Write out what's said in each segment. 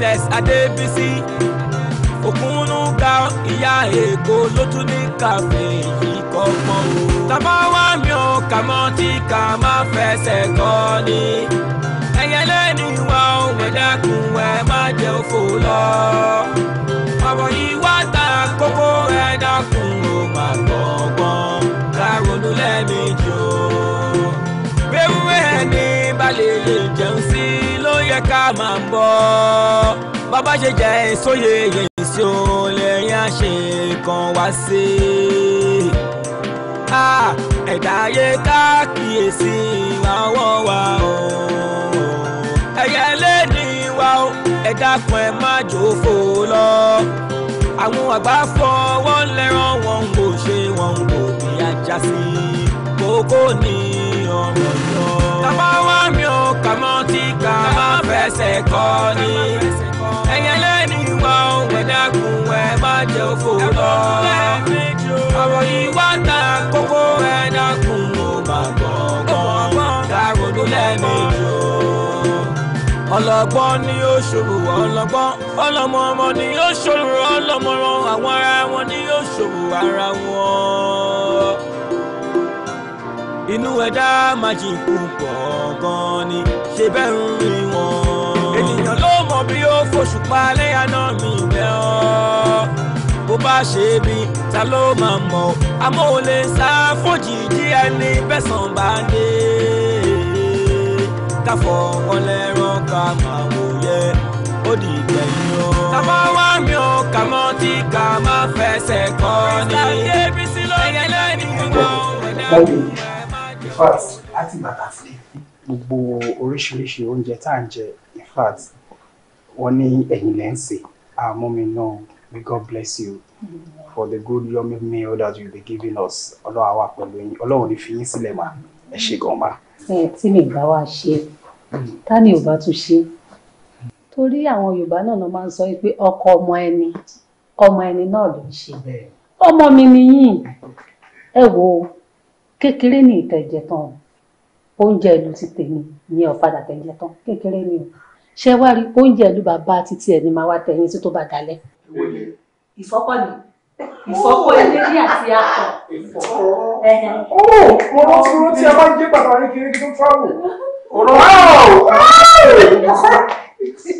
princess adébísí òkúnnúga ìyá èkó ló tún ní kàfé yìí kọ́gbọ́n o. tàbá wá mi ò kà mọ́ tí ká má fẹsẹ̀ kọ́ ni ẹyẹlé ni wà ó wẹ̀dẹ́kùn ẹ má jẹ́ òfò lọ. ọ̀bọ̀ yìí wá ta kókó ẹ dákun ó má gbọ̀ngbọ̀n ká ronú lẹ́ẹ̀mejì o. bẹ́ẹ̀ ni balẹ̀ lè jẹun sí jẹ́ ká máa bọ́ bàbá ṣe jẹ́ sóye yẹ̀yìn sí o lẹ́yìn àṣẹ kan wá sí i ẹ̀dá ayé ká kíyèsí àwọn wa o ẹ̀yẹ lẹ́ni wa o ẹ̀dá kan ẹ̀ má jòfó lọ àwọn àgbà fọwọ́ lẹ́rán wọn kò ṣe wọn kò ní ajá sí kókó ní ọ̀run tọ́fọ́wọ́ mi ò kà mọ́ tí kà mọ́ fẹsẹ̀ kọ́ ni. ẹ̀yẹ lẹ́nu ìwọ òwẹ̀dẹ́kùn ẹ̀ má jẹ́ òfò lọ. ọ̀rọ̀ yìí wá ta kókó ẹ̀ dákun mo bà gbọ̀ngàn dàrúdú lẹ́ẹ̀mejì o. ọlọ́gbọ́n ni ó ṣòro ọlọ́gbọ́n ọlọ́mọ ọmọ ni ó ṣòro ọlọ́mọràn àwọn ará wọn ni ó ṣòro ara wọn inú ẹ̀dá májì púpọ̀ gan ni ṣe bẹ́ẹ̀ ń rìn wọ́n. ènìyàn ló mọ̀ bí ó fòṣùpá lẹ́yà náà mi bẹ́ ọ́ bó bá ṣe bí ta ló máa mọ̀ àmọ́ ò lè sá fòjì jí ẹni bẹ́sàn bá dé káfọ́ ọlẹ́rán ká máa wò yẹ ó di ìgbẹ̀yìn o. tábà wá mi ò kà mọ́ tí ká máa fẹsẹ̀ kọ́ ni. ìsàlẹ̀ bí sí lóye fact láti bàtà fún gbogbo oríṣiríṣi oúnjẹ tá à ń jẹ in fact wọ́n ní ẹ̀yin lẹ́ ń sè ah mummy no may God bless you for the good yummy meal that you be giving us ọlọ́wà wà pẹ̀lú yín ọlọ́run ní fi yín sílẹ̀ mà ẹ ṣe gan ma. tí mi bá wá ṣe ta ni ò bá tún ṣe torí àwọn yorùbá náà ló máa ń sọ pé ọkọ ọmọ ẹni ọmọ ẹni náà ló ń ṣe ọmọ mi nìyí ẹ wo kékeré ní ìtẹ̀jẹ̀ tán oúnjẹ ìlú ti tèmi ní ọ̀fadà tẹ̀jẹ̀ tán kékeré ní o ṣé wá rí oúnjẹ ìlú bàbá títí ẹ̀ ní máa wá tẹ̀yìn tí tó bá dalẹ̀. ìfọ́kọ̀ ni ìfọ́kọ̀ eléyìí àti akọ. ìfọ́kọ̀ ó oh, mo rántí rántí a máa ń jẹ́ bàbá rí kiri tó fáwọ̀. ọ̀rọ̀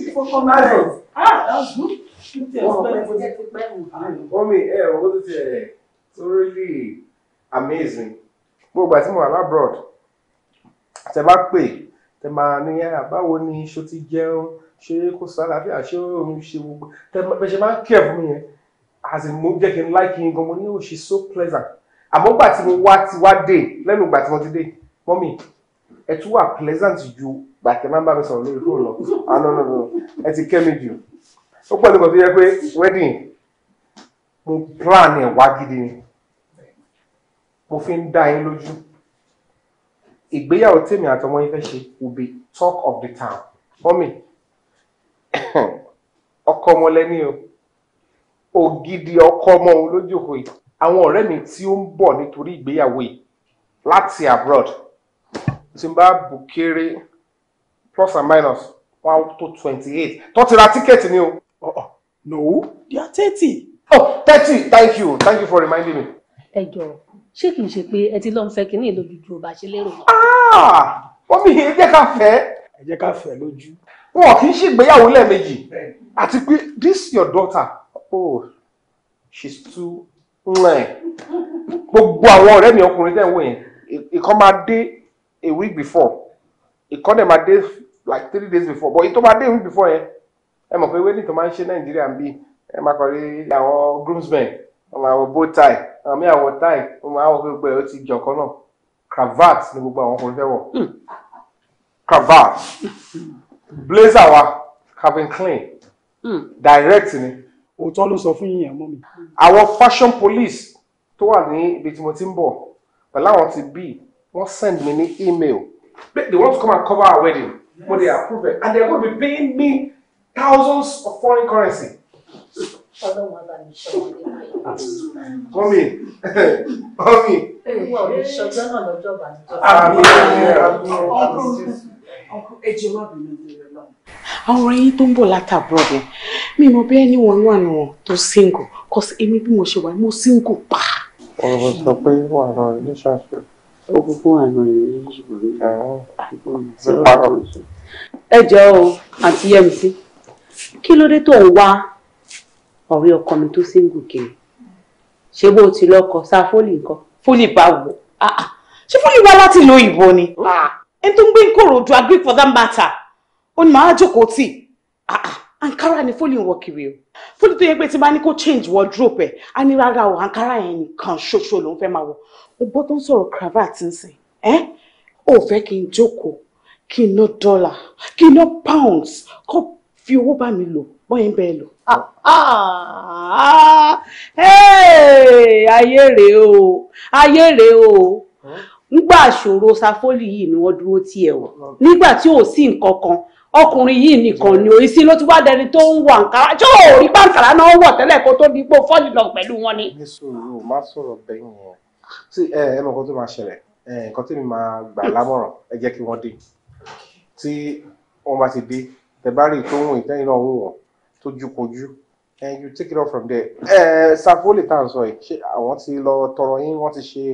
ìfọ́kọ̀ máa rẹ̀. omi ẹ̀ owó ti tẹ̀ tó rí amazing gbogbo ìgbà tí mo wà labroad tẹ bá pè tẹ máa ní àbáwo ni ṣo ti jẹun ṣe kó sálàáfíà ṣe omi ṣe gbogbo tẹ bẹ ṣe máa ń kí fún mi yẹn as in mo jẹ́ kí n láì kí gan mo ní òṣì oh, so pleasant àmọ́ gbà tí mo wá ti wá dé lẹ́nu ìgbà tí mo ti dé mọ́mì ẹ tún wà pleasant ju gbà tẹ máa ń bá mi sọ̀rọ̀ lórí fóònù lọ ah, no, nà nà ẹ ti kẹ́ mi jù ó pẹ̀lú kan tó yẹ pé wedding mo plan ẹ̀ wá gidi ni mo fi ń dá yín lójú ìgbéyàwó tèmi àtọmọ yín fẹ́ ṣe will be talk of the town mọ́mì ọkọ ọmọ lẹ́ni o ògidì ọkọ ọmọ òun lójókòó yìí àwọn ọ̀rẹ́ mi tí ó ń bọ̀ nítorí ìgbéyàwó yìí láti abroad tí n bá bù kéré plus and minus one to twenty eight tó ti ra tíkẹ́ẹ̀tì ni o. no they are thirty. oh thirty thank you thank you for reminding me ẹ jọ ṣé kìí ṣe pé ẹ ti lọ́n fẹ́ kínní lójú ju bá ṣe lérò lọ. omi ah! ẹ jẹ́ ká fẹ́ ẹ jẹ́ ká fẹ́ lójú. wọn kì í ṣègbéyàwó lẹ́ẹ̀mejì àti pé this your daughter oh she's too nlẹ̀ gbogbo àwọn ọ̀rẹ́ mi ọkùnrin tẹ̀ ń wò yẹn ìkan máa dé a week before ìkan dẹ̀ máa dé like three days before but ìtọ́ máa dé a week before yẹn ẹ mọ̀ pé wedding tó máa ń ṣe Nàìjíríà ń bí ẹ máa kọ́ rí àwọn groomsmen wọ́n máa wọ bow tie àwọn míì àwọ̀ tie wọ́n máa wọ gbogbo ẹ̀ ó ti jọ̀kan náà cravat ni gbogbo àwọn ọkùnrin fẹ́ wọ̀ hmm. cravat blazer wa Calvin Klein hmm. direct ni. òótọ́ ló sọ fún yíyan mọ́ mi. àwọn fashion police tó wà ní ibi tí mo ti ń bọ̀ pẹ̀lú àwọn ti bí wọ́n send me ní email they want to come and cover our wedding mo dey approve it and they go be paying me thousands of foreign currency ọlọ́run ọba mi ṣọwọ́n dé báyìí. mọ́mì mọ́mì. wọ́n ò ní ṣọgbọ́n náà lọ́jọ́ bá mi. àmì àmì àmì àwọn ọ̀rẹ́ tó ń bọ̀ látàbúrò yẹn mi mọ bí ẹni wọn wà nù tó single cause èmi bí mo ṣe wà mo single pa. ọ̀rọ̀ sọ pé wà nù relationship. ó kúkú wà nù relationship. ẹ jọ̀ọ́ àǹtí Yẹ́misí kí ló dé tó ń wá ọ̀rẹ́ ọkọ mi tó single kiri ṣé bó ti lọ́kọ sá fólì nǹkan fólì bá wò ah, ah. ṣé fólì wá láti lo ìbò ni ah. ẹni tó ń gbé Ìkòròdú agree for that matter ó ní màá jókòó tì Ankara ni fólì ń wọ kiri o fólì tó yẹ pé tí bá ní kó change wardrobe ẹ̀ á ní rárá o Ankara yẹn nìkan ṣoṣo ló ń fẹ́ máa wọ̀ o gbọ́ tó ń sọ̀rọ̀ cravat ń sìn ẹ́ ò fẹ́ kí n jókòó kí n ná dọ́là kí n ná pounds kó fi owó bá mi lò wọ́n yẹn bẹ́ẹ̀ lò. ayé rèé o ayé rèé o nígbà àṣòro sáfólì yìí ni wọ́n dúró tì ẹ̀ wọ̀ nígbà tí ò sí nǹkan kan ọkùnrin yìí nìkan ni òyìnsí ló ti wá dẹni tó ń wọ àǹkárá tí ò rí pàǹkárá náà wọ̀ tẹ́lẹ̀ kó tó di pé ó fọ́ọ̀lì lọ pẹ̀lú wọn ni. ní sòrò má sọ̀rọ̀ bẹ́yìn wọn tí ẹ ẹ mọ̀ kó tó máa ṣẹlẹ̀ nǹkan tí mi máa gbà lámọ̀ràn ẹ jẹ́ kí wọ́n dé tí wọ́n bá ti dé tẹ bá rí ìtòhùn ìtẹ́yìn náà ń wọ̀ tójúkojú and you take it off from there. ẹ eh, Savoli lè tà ń sọ yìí ṣé àwọn ti lọ tọrọ yín wọ́n ti ṣe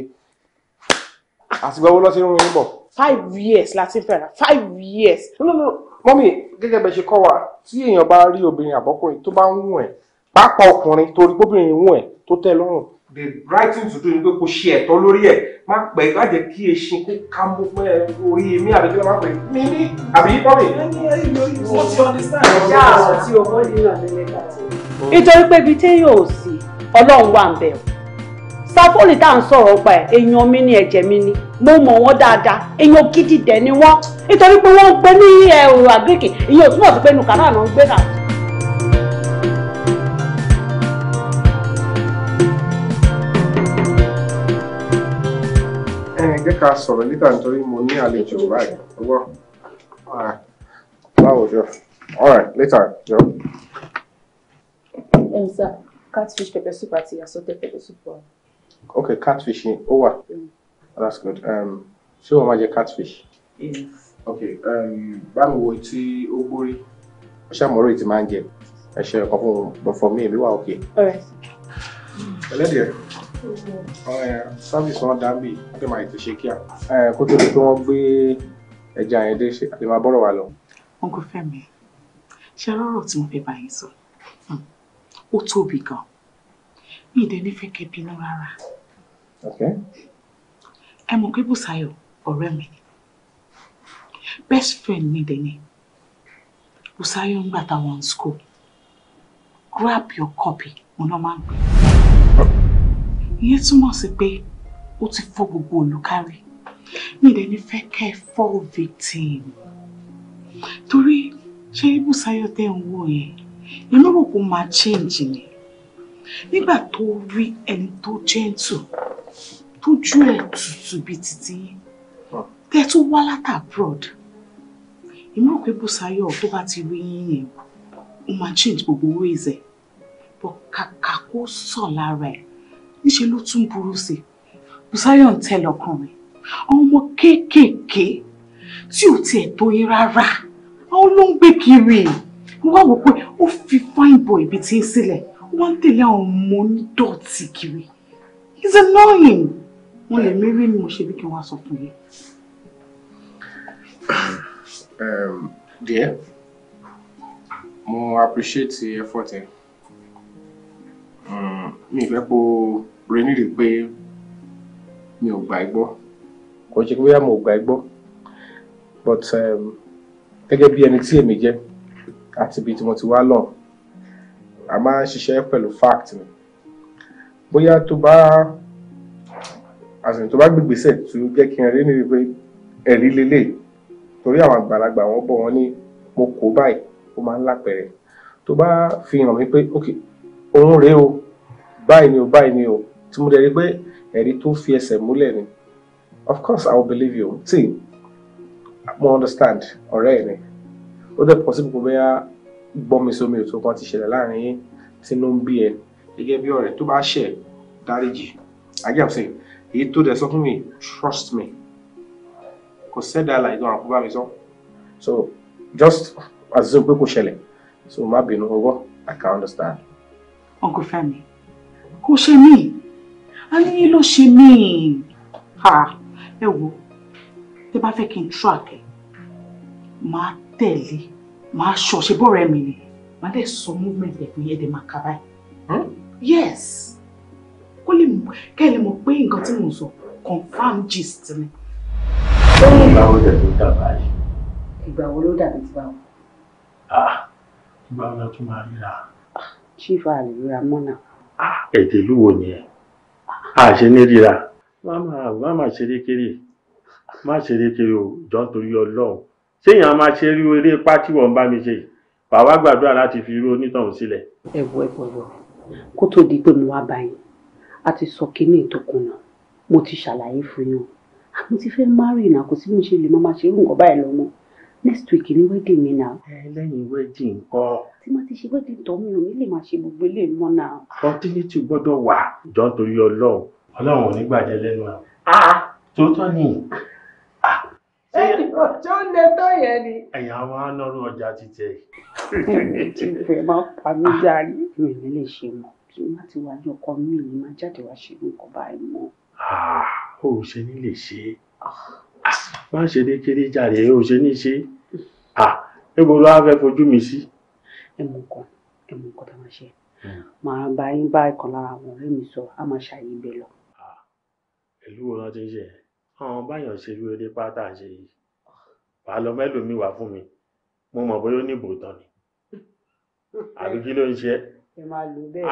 àtìgbà owó lọ́sí rún yín bọ̀. five years Latin fẹ́ra five years. no no no mọ́mí gẹ́gẹ́ be ṣe kọ́ wa tí èèyàn bá rí obìnrin àbọ́kùnrin tó bá ń wù ẹ́ pàápàá ọkùnrin torí gbóbìnrin wù ẹ́ tó tẹ́ lọ́rùn the right thing to do ni kò ṣe ẹ̀tọ́ lórí ẹ̀ má pẹ́ má jẹ́ kí eṣin kó ká mú pẹ́ orí mi àbí kí ló má pẹ́ mi ní àbí yí pọ́mì. mo ti understand. ìyá àwọn tí nínú tí yóò sí ọlọ́run wà ń bẹ̀ tá à ń sọ̀rọ̀ èèyàn mi ni ẹ̀jẹ̀ mi ni mo mọ̀ wọ́n dáadáa èèyàn gidi dẹ̀ ni wọ́n nítorí pé wọ́n ń gbé ní àgbèkè ìyẹn ò sí pé nùkàrà náà ń gbé náà jẹ́ ká sọ̀rọ̀ níta nítorí mo ní àlejò báyìí ọwọ́ láwùjọ all right later jọ. ẹ ǹ sá catfish pepper soup àti assorted pepper soup wa. ok catfish yẹn ó wà mm. that's good um, ṣé wọ́n máa jẹ catfish. yes. ok um, báwo wo tí ó gbórí ó ṣàmúrò ìtì máa ń jẹ ẹ ṣe ọkọ fún mi mi wà ok. all right. ẹlẹ́dẹ̀ẹ́ sáfìsì wọn dábì pé màá ètò ṣe kíá kó tó di pé wọ́n gbé ẹja yẹn dé ṣe àlè máa bọ́rọ̀ wa lọ. wọn kò fẹ́ mi ṣe rọrọ tí mo fẹ́ bá yín sọ hmm, ó tóbi gan mi ì dẹ nífẹ̀ẹ́ kẹ́ bínú rárá ẹ mọ̀ pé Bùsáyọ̀ ọ̀rẹ́ mi ni best friend mi dẹ̀ ni Bùsáyọ̀ ń gbà táwọn school grab your copy mo náà máa ń pè é ìyẹn túmọ̀ sí pé ó ti fọ́ gbogbo olùkárí ní ìdẹ ní fẹ́ kẹ́ fọ́ victim torí ṣé ibùsáyọ̀ tẹ́ ń wò yẹn inú rò kó máa change ni nígbà tó rí ẹni tó gentle tójú ẹ̀ tutù bíi títí tẹ́ tó wá látà abroad inú rò pé ibùsáyọ̀ tó bá ti rí yín yẹn ó máa change gbogbo ways ẹ̀ bọ́ kàkà kó sọ̀ lára ẹ̀ níṣẹ́ ló tún burú sí Bùsáyọ̀ ń tẹ̀lé ọkùnrin àwọn ọmọ kéékèèké tí ò tiẹ̀ tó yín rárá àwọn ló ń gbé kiri mo wá wò pé ó fi fine boy ibi tí ń sílẹ̀ ó wá ń tẹ̀lé àwọn ọmọ onídọ̀tí kiri it's annoying wọn lè mí rí ni mo ṣe bí kí wọn sọ fún yín. Ehm, díẹ̀ mo appreciate effort ehm, mi fẹ́ kó rẹni rè pé mi ò gbà ẹ́ gbọ́ kò ṣe pé mo gbà gbọ́ but um, gẹ́gẹ́ bí ẹni tí èmi jẹ́ àti ibi tí mo ti wá lọ a máa ń ṣiṣẹ́ pẹ̀lú fact ni bóyá tó bá àsìkò tó bá gbègbèsè tó jẹ́ kí n rí ni pé ẹ̀rí lélẹ̀ torí àwọn àgbàlagbà wọn bọ̀ wọ́n ní mo kó báyìí ó máa ń lápẹ̀rẹ̀ tó bá fi hàn mí pé òun rèé o báyìí ni o báyìí ni o tí mo dẹ̀ rí pé ẹ̀rí tó fi ẹsẹ̀ múlẹ̀ ni of course I will believe you tí mo understand ọ̀rẹ́ ẹ̀ ni ó dẹ̀ possible kó bẹ́yà gbọ́n mi sómi òtún kan ti ṣẹlẹ̀ láàrin yín tí ló ń bí ẹ gẹ́gẹ́ bí ọ̀rẹ́ tó bá ṣẹ̀ dáríjì àgẹ́ èyí tó dẹ̀ sọ fún mi trust me kò sẹ́dá àlàyé tó hàn kó bá mi sọ so just assume pé kò ṣẹlẹ̀ so má bínú ọwọ́ I can understand. Uncle Femi kò ṣe mí ayé ló ṣe mí ẹ wo tẹ bá fẹ́ kí n track ẹ máa tẹ̀lé máa ṣọṣẹ bọ̀rẹ̀ mi ni máa dẹ sọ movement ẹkùn yẹn dẹ máa kà báyìí hmm? yes kó lè mọ kẹ́ ẹ lè mọ̀ pé nǹkan tí mò ń sọ confam gist ni. ìgbà wo lè ló dábàá yìí. ìgbà wo ló dàbí ti báwo. ìgbà wo la tún máa ríra. ṣífà àlè ríra mọ́nà. Ah, èdè ìlú wo ni ẹ àṣẹ ní ríra má má ṣeré kéré má ṣeré kéré o jọ nítorí ọlọ́run séèyàn máa ṣe rí eré pátí wọ́n bá mi ṣe bàbá gbàdúrà láti fi irú onítọ̀hún sílẹ̀. ẹ̀wọ̀ ẹ̀wọ̀ ẹ̀wọ̀ kó tó di pé mo wá báyìí a ti sọ kínní ìtòkùnà mo ti ṣàlàyé fún yín mo ti fẹ́ márìn náà kò sí mi ṣe lè má má ṣe irú nǹkan báyìí lọ́mọ next week ni wedding mi náà. ẹ lẹ́yìn wedding ńkọ́. tí wọ́n ti ṣe wedding tó mi ò ní lè máa ṣe gbogbo ilé mọ́ náà. continuity gbọ́dọ̀ wà jọ nítorí ọlọ́run ọlọ́run ò ní gbàjẹ́ lẹ́nu à. ah tòótọ́ ni. ẹnì kan tó lè tó yẹn ni. ẹ̀yà wa ń nọ́rú ọjà títẹ̀. ti fẹ́ máa pa mí ah. járe. mi ò ní lè ṣe mọ́ kí n má ti wá ní ọkọ mi ni má jáde wá ṣe nǹkan báyìí mọ́. Ah, ó ṣe ní lè ṣe ah. má ṣe ní kéré jàre ó ṣe ní ṣe. Ah, níbo ló wá fẹ́ fojú mi sí. ẹ mọ nǹkan ẹ mọ nǹkan tá a máa ṣe hmm. màá bá yín bá ìkan lára àwọn mi sọ a máa ṣàyè ibẹ̀ Ah, ìlú o ló ti ń ṣe àwọn báyọ̀ ṣe ló dé pátá ṣe yìí wàá lọ mẹ́lòmíì wá fún mi mo mọ̀ bóyá ó ní ìbòtán ni àbí kí ló ń ṣe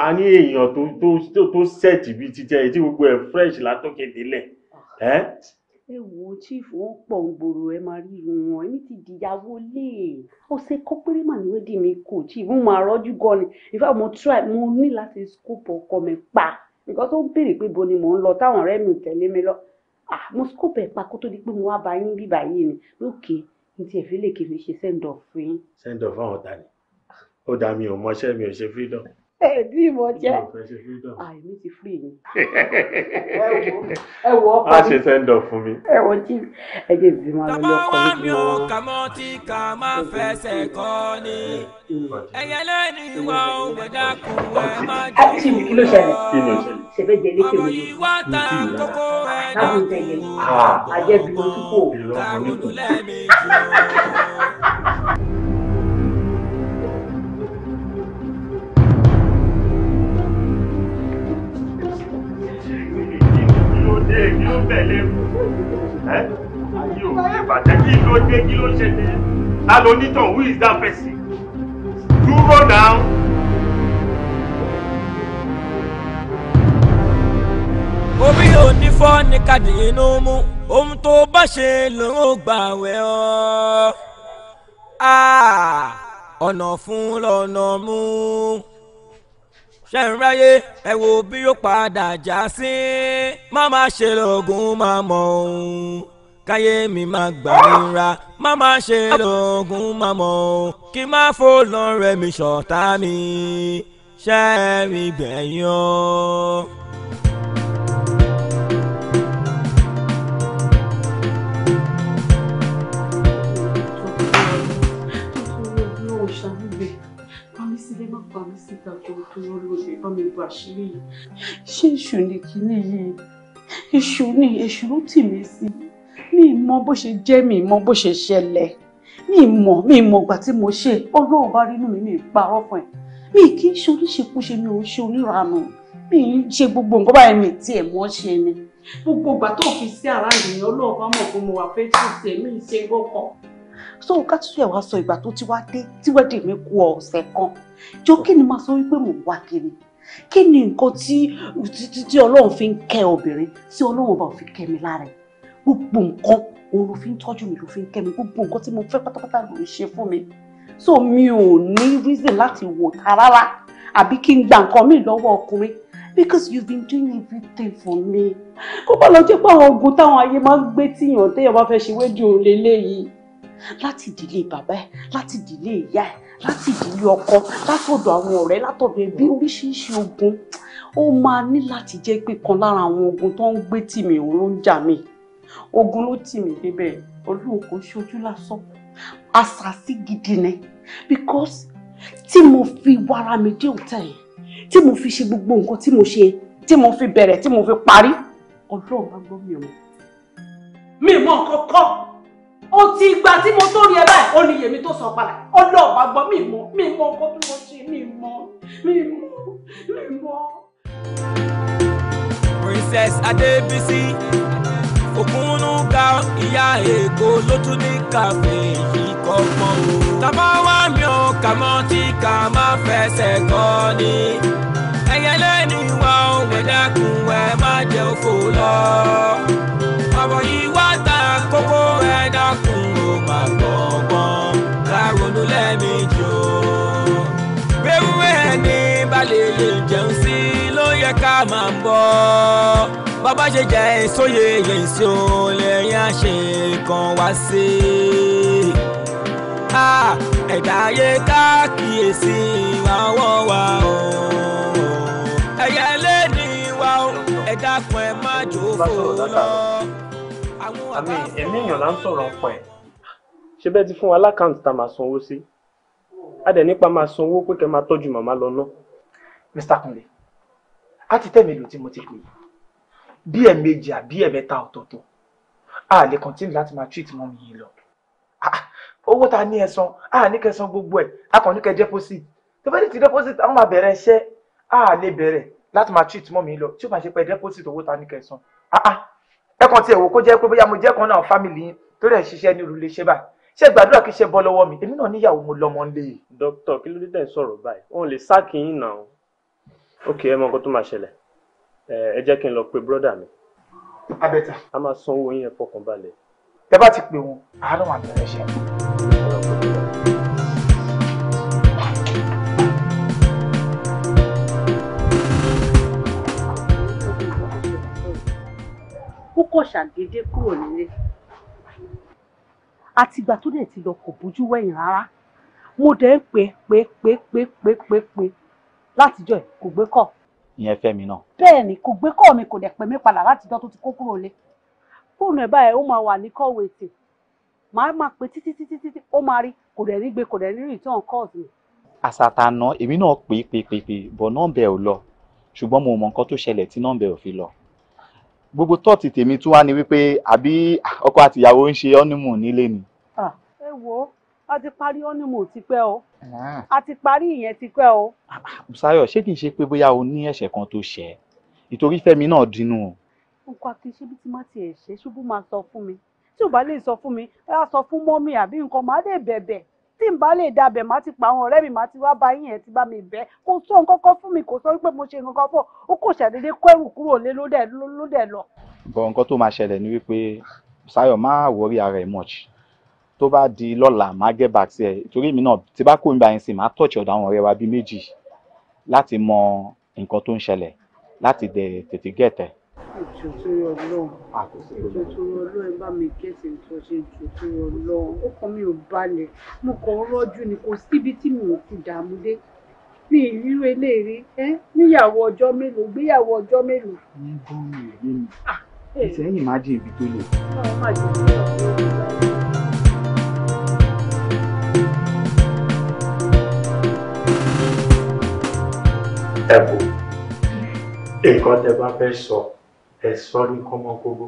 a ní èèyàn tó tó tó sẹ́ẹ̀tì bíi títẹ tí gbogbo ẹ̀ fresh látọ́kẹ́ délẹ̀ ah. ẹ́ ẹ wo chief wọn pọ̀ ń gbòòrò ẹ máa rí wọn èmi ti dìyàwó lé e. ọ̀sẹ̀ kan péré mà ní wẹ́dí mi kò chief mo máa rọ́jú gan ni in fact mo try mo ní láti scope ọkọ mi pa nǹkan tó ń béèrè pé bo ni mò ń lọ táwọn ọ̀rẹ́ mi ò mi lọ ah mo scope ẹ̀ pa kó tó di pé mo wá bá yín bíbá yìí ni lókè ní ti ẹ̀fín lè kí mi ṣe send off fún yín. send off fáwọn ta ni ó dá mi ò mọṣẹ́ mi ò ṣe freedom ẹbí ìmọ̀ jẹ́ àìní ah, ti free yín. ẹ wọ ọkọ mi. a ṣe mi. ẹ wọ jí ẹgbẹ́ ìbí máa lọ lọ ọkọ mi. tọ́wọ́ mi ò kà mọ́ tí ká máa fẹsẹ̀ kọ́ ni. ẹ̀yẹ lẹ́nu ìwà òmùdá kù ẹ̀ máa jẹ́ kí ni kí ló ṣẹlẹ̀ kí ló ṣẹlẹ̀ ṣẹlẹ̀ jẹ́ lékè mi. láwùjọ yẹn ajẹ́bí ojú kò. ló tẹ̀lé mu ẹ́ ayé ò lè bàjẹ́ kí ló dé kí ló ṣẹlẹ̀ ta ló ní tàn who is that person dúró náà. orí onífọ́ ni kàdé inú mú ohun tó bá ṣe ló ń gbà wẹ̀ ọ́ ah, ọ̀nà fún lọ́nà mú ṣẹ̀ǹráyé ẹ wo bí yóò padà já sí má má ṣe lóògùn má mọ̀ òun káyé mi má gbà nira má má ṣe lóògùn má mọ̀ òun kí má fò lọ́rẹ̀ mi ṣọ̀tá mi ṣẹ́ẹ̀rì gbẹ̀yàn. nígbà tó tó yọ lóde bá mi bọ àṣírí yìí ṣé èṣù ni kinní yìí èṣù ni èṣù ló tì mí sí mi mọ bó ṣe jẹ́ mi mọ bó ṣe ṣẹlẹ̀ mi mọ mi mọ ìgbà tí mo ṣe ọlọ́run bá rí inú mi mi parọ́ fún ẹ mi kì í ṣe oríṣekúṣe mi ò ṣe oníranù mi ń ṣe gbogbo nǹkan báyìí mi tiẹ̀ mọ́ ṣe ni gbogbo ìgbà tó fi sí ara ènìyàn ọlọ́run bá mọ̀ pé mo wà fẹ́ tì sí èmi ìṣe gbọ́kàn. so ká tún yẹ wá sọ ìgbà tó ti wá dé tí wẹ́dì mi kù ọ̀sẹ̀ kan jọ kí ni máa sọ wípé mò ń wá kiri kí ni nǹkan tí tí ọlọ́run fi ń kẹ́ obìnrin tí ọlọ́run ọba ò fi kẹ́ mi lára ẹ̀ gbogbo nǹkan òun ló fi ń tọ́jú mi ló fi ń kẹ́ mi gbogbo nǹkan tí mo fẹ́ pátápátá ló ń ṣe fún mi so mi ò ní reason láti wò ta rárá àbí kí n gba nǹkan mi lọ́wọ́ ọkùnrin because you've been doing everything for me kó bá lọ jẹ́ pé àwọn ogun táwọn ayé máa ń gbé tíyàn téèyàn bá fẹ́ ṣe wéjú òun lélẹ́yìí láti ìdílé bàbá ẹ̀ láti ìdílé ìyá ẹ̀ láti ìdílé ọkọ látọ̀dọ̀ àwọn ọ̀rẹ́ látọ̀dọ̀ ẹbí oríṣiríṣi ogun ó máa ní láti jẹ́ pé kan lára àwọn ogun tó ń gbé tì mí òun ló ń jà mí ogun ló tì mí débẹ̀ olóhùn kò ṣojú lásán àṣàṣì gidi ni because tí mo fi wàrà mi dé òtẹ́ yẹn tí mo fi ṣe gbogbo nǹkan tí mo ṣe tí mo fi bẹ̀rẹ̀ tí mo fi parí ọlọ́run á gbọ́ mi ò mi mọ̀ kọ́kọ́ ó ti gba tí mo tó rí ẹ báyìí ó ní yèmí tó sọ padà ọlọ́ọ̀bá gbọ́ mi mọ́ mi mọ́ nǹkan tí mo ṣe mi mọ́ mi mọ́ mi mọ́. Princess Adébísí Ògúnnúgà ìyá Èkó ló ní kàfé yìí kọ́gbọ́n o. Tàbá wá mi ò kà mọ́ tí kà má fẹsẹ̀ kọ́ ni. Ẹyẹlé ni wà ó wẹ̀dẹ́kùn ẹ má jẹ́ òfò lọ. Ọ̀rọ̀ yìí wá dákun ó máa gbọ́ ọgbọ́n láronú lẹ́ẹ̀mejì o. Bẹ́wúwé ẹni balẹ̀ lè jẹun sí ló yẹ ká máa ń bọ̀. Bàbá ṣe jẹ́ ìsóye yẹn sí o lẹ́yìn àṣẹ kan wá sí Ẹ̀dá ayé ká kíyèsí ìwà ọwọ́ o. Ẹ̀yẹ lé wa o, ẹ dákun ẹ má jòó lọ àmì ẹ̀mí èèyàn là ń sọ̀rọ̀ ọ̀pọ̀ ẹ̀. ṣé bẹ́ẹ̀ ti fún wa lákàntì tá a máa sanwó sí a dẹ̀ nípa máa sanwó pé kẹ́ máa tọ́jú màmá lọ ná. Mr. Kunle a ti tẹ̀mí lò tí mo ti pè é bí ẹ̀ẹ̀mejì àbí ẹ̀ẹ̀mẹ́ta ọ̀tọ̀ọ̀tọ̀ a lè kọ́ntínú láti máa treat mọ́mí yìí lọ ah, owó tá a ní ẹ̀san a ní kẹsan gbogbo ẹ̀ a kàn ní kẹ deposit tó bá ní ti deposit a máa bẹ̀rẹ̀ iṣẹ́ a lè bẹ̀rẹ̀ láti máa treat mọ́mí lọ tí ó bá ṣe pé deposit owó tá ní kẹsan ah, ah, ẹ kàn tiẹ̀ wò kó jẹ́ pé bóyá mo jẹ́ kan náà fámìlì yín tó rẹ̀ ṣiṣẹ́ ní ìrùlé ṣe báyìí ṣé gbàdúrà kí ṣe bọ́ lọ́wọ́ mi èmi náà níyàwó mo lọ́mọ ń lé. E. dókítà kí ló dé tẹ̀ sọ̀rọ̀ báyìí wọn lè sáàkì yín náà ok ẹ mọ nǹkan tó máa ṣẹlẹ̀ ẹ jẹ́ kí n lọ pe bírọ́dà mi. abẹ́ta. a máa sanwó yín ẹ fọkàn tẹ bá ti pè wọn àánú àti ẹ̀ṣẹ̀. kọ̀ ṣàdédé kúrò nílé àtìgbà tó dẹ̀ ti lọ kò bójú wẹ̀yìn rárá mo dẹ̀ ń pè pè pè pè pè pè pè látijọ́ ẹ̀ kò gbé kọ̀. ìyẹn fẹ́mi náà. bẹ́ẹ̀ ni kò gbé kọ̀ mi kò dẹ̀ pè mí padà látijọ́ tó ti kó kúrò lé fóònù ẹ̀ báyìí ó máa wà ní kọ̀wé ètè màá máa pè títí títí títí ó máa rí kò dẹ̀ rí gbé kò dẹ̀ rí return calls mi. èmi náà pè pè pè pè bọ̀ nọ́ọ̀bẹ̀ ò lọ ṣùgbọ́n mo mọ nǹkan tó ṣẹlẹ̀ tí nọ́ọ̀bẹ̀ ò fi lọ gbogbo tọ́ọ̀tì tèmi tún wá ní wípé àbí ọkọ àti ìyàwó ń ṣe ọ́nìmù nílé ni. ẹ wo a ti parí ọ́nìmù tipẹ́ o ah. a ti parí ìyẹn tipẹ́ o. Ah, ah, Bùsáyọ̀ ṣé kì í ṣe pé bóyá o ní ẹ̀ṣẹ̀ kan tó ṣẹ̀ ìtorí Fẹ́mi náà dínú o. nǹkan àti ṣébi tí má tiẹ̀ ṣe ṣubú máa sọ fún mi tí ò bá lè sọ fún mi ẹ á sọ fún mọ́mì àbí nǹkan máa dé bẹ̀bẹ̀ tí n bá lè dabẹ̀ má ti pa àwọn ọ̀rẹ́ mi má ti wá bá yín ẹ̀ ti bá mi bẹ́ kò sọ nǹkan kan fún mi kò sọ wípé mo ṣe nǹkan kan fún ọ ó kò ṣàdédé kó ẹrù kúrò lé ló dẹ̀ lọ. bọ̀ nǹkan tó máa ṣẹlẹ̀ ni wípé Ṣayọ̀ máa wọrí ara ẹ̀ much tó bá di lọ́la máa gẹ́ back sí ẹ̀ torí mi náà tí bá kó mi bá yín sí máa tọ̀ọ̀ṣì ọ̀dọ̀ àwọn ọ̀rẹ́ wa bíi méjì láti mọ nǹkan tó ń ṣẹlẹ̀ láti tètè gẹ̀tẹ̀ ìjọ tó yọ lọ́hùn ìjọ tó yọ lọ́hùn ẹ bá mi gẹ̀ẹ́sì nǹkan ṣe ìjọ tó yọ lọ́hùn ò balẹ̀ mo kàn rọ́jú ni kò síbi tí mi ò fi dààmú dé ní ìrírú eléèrè ẹ níyàwó ọjọ́ mélòó gbéyàwó ọjọ́ mélòó. ní bọ́ọ̀lù èmi ni ìsẹ́yìn má jẹ́ ibi tó lò. ẹ wo nǹkan tẹ bá fẹ́ sọ. So ẹ sọ ní kọ́mọ́kóbó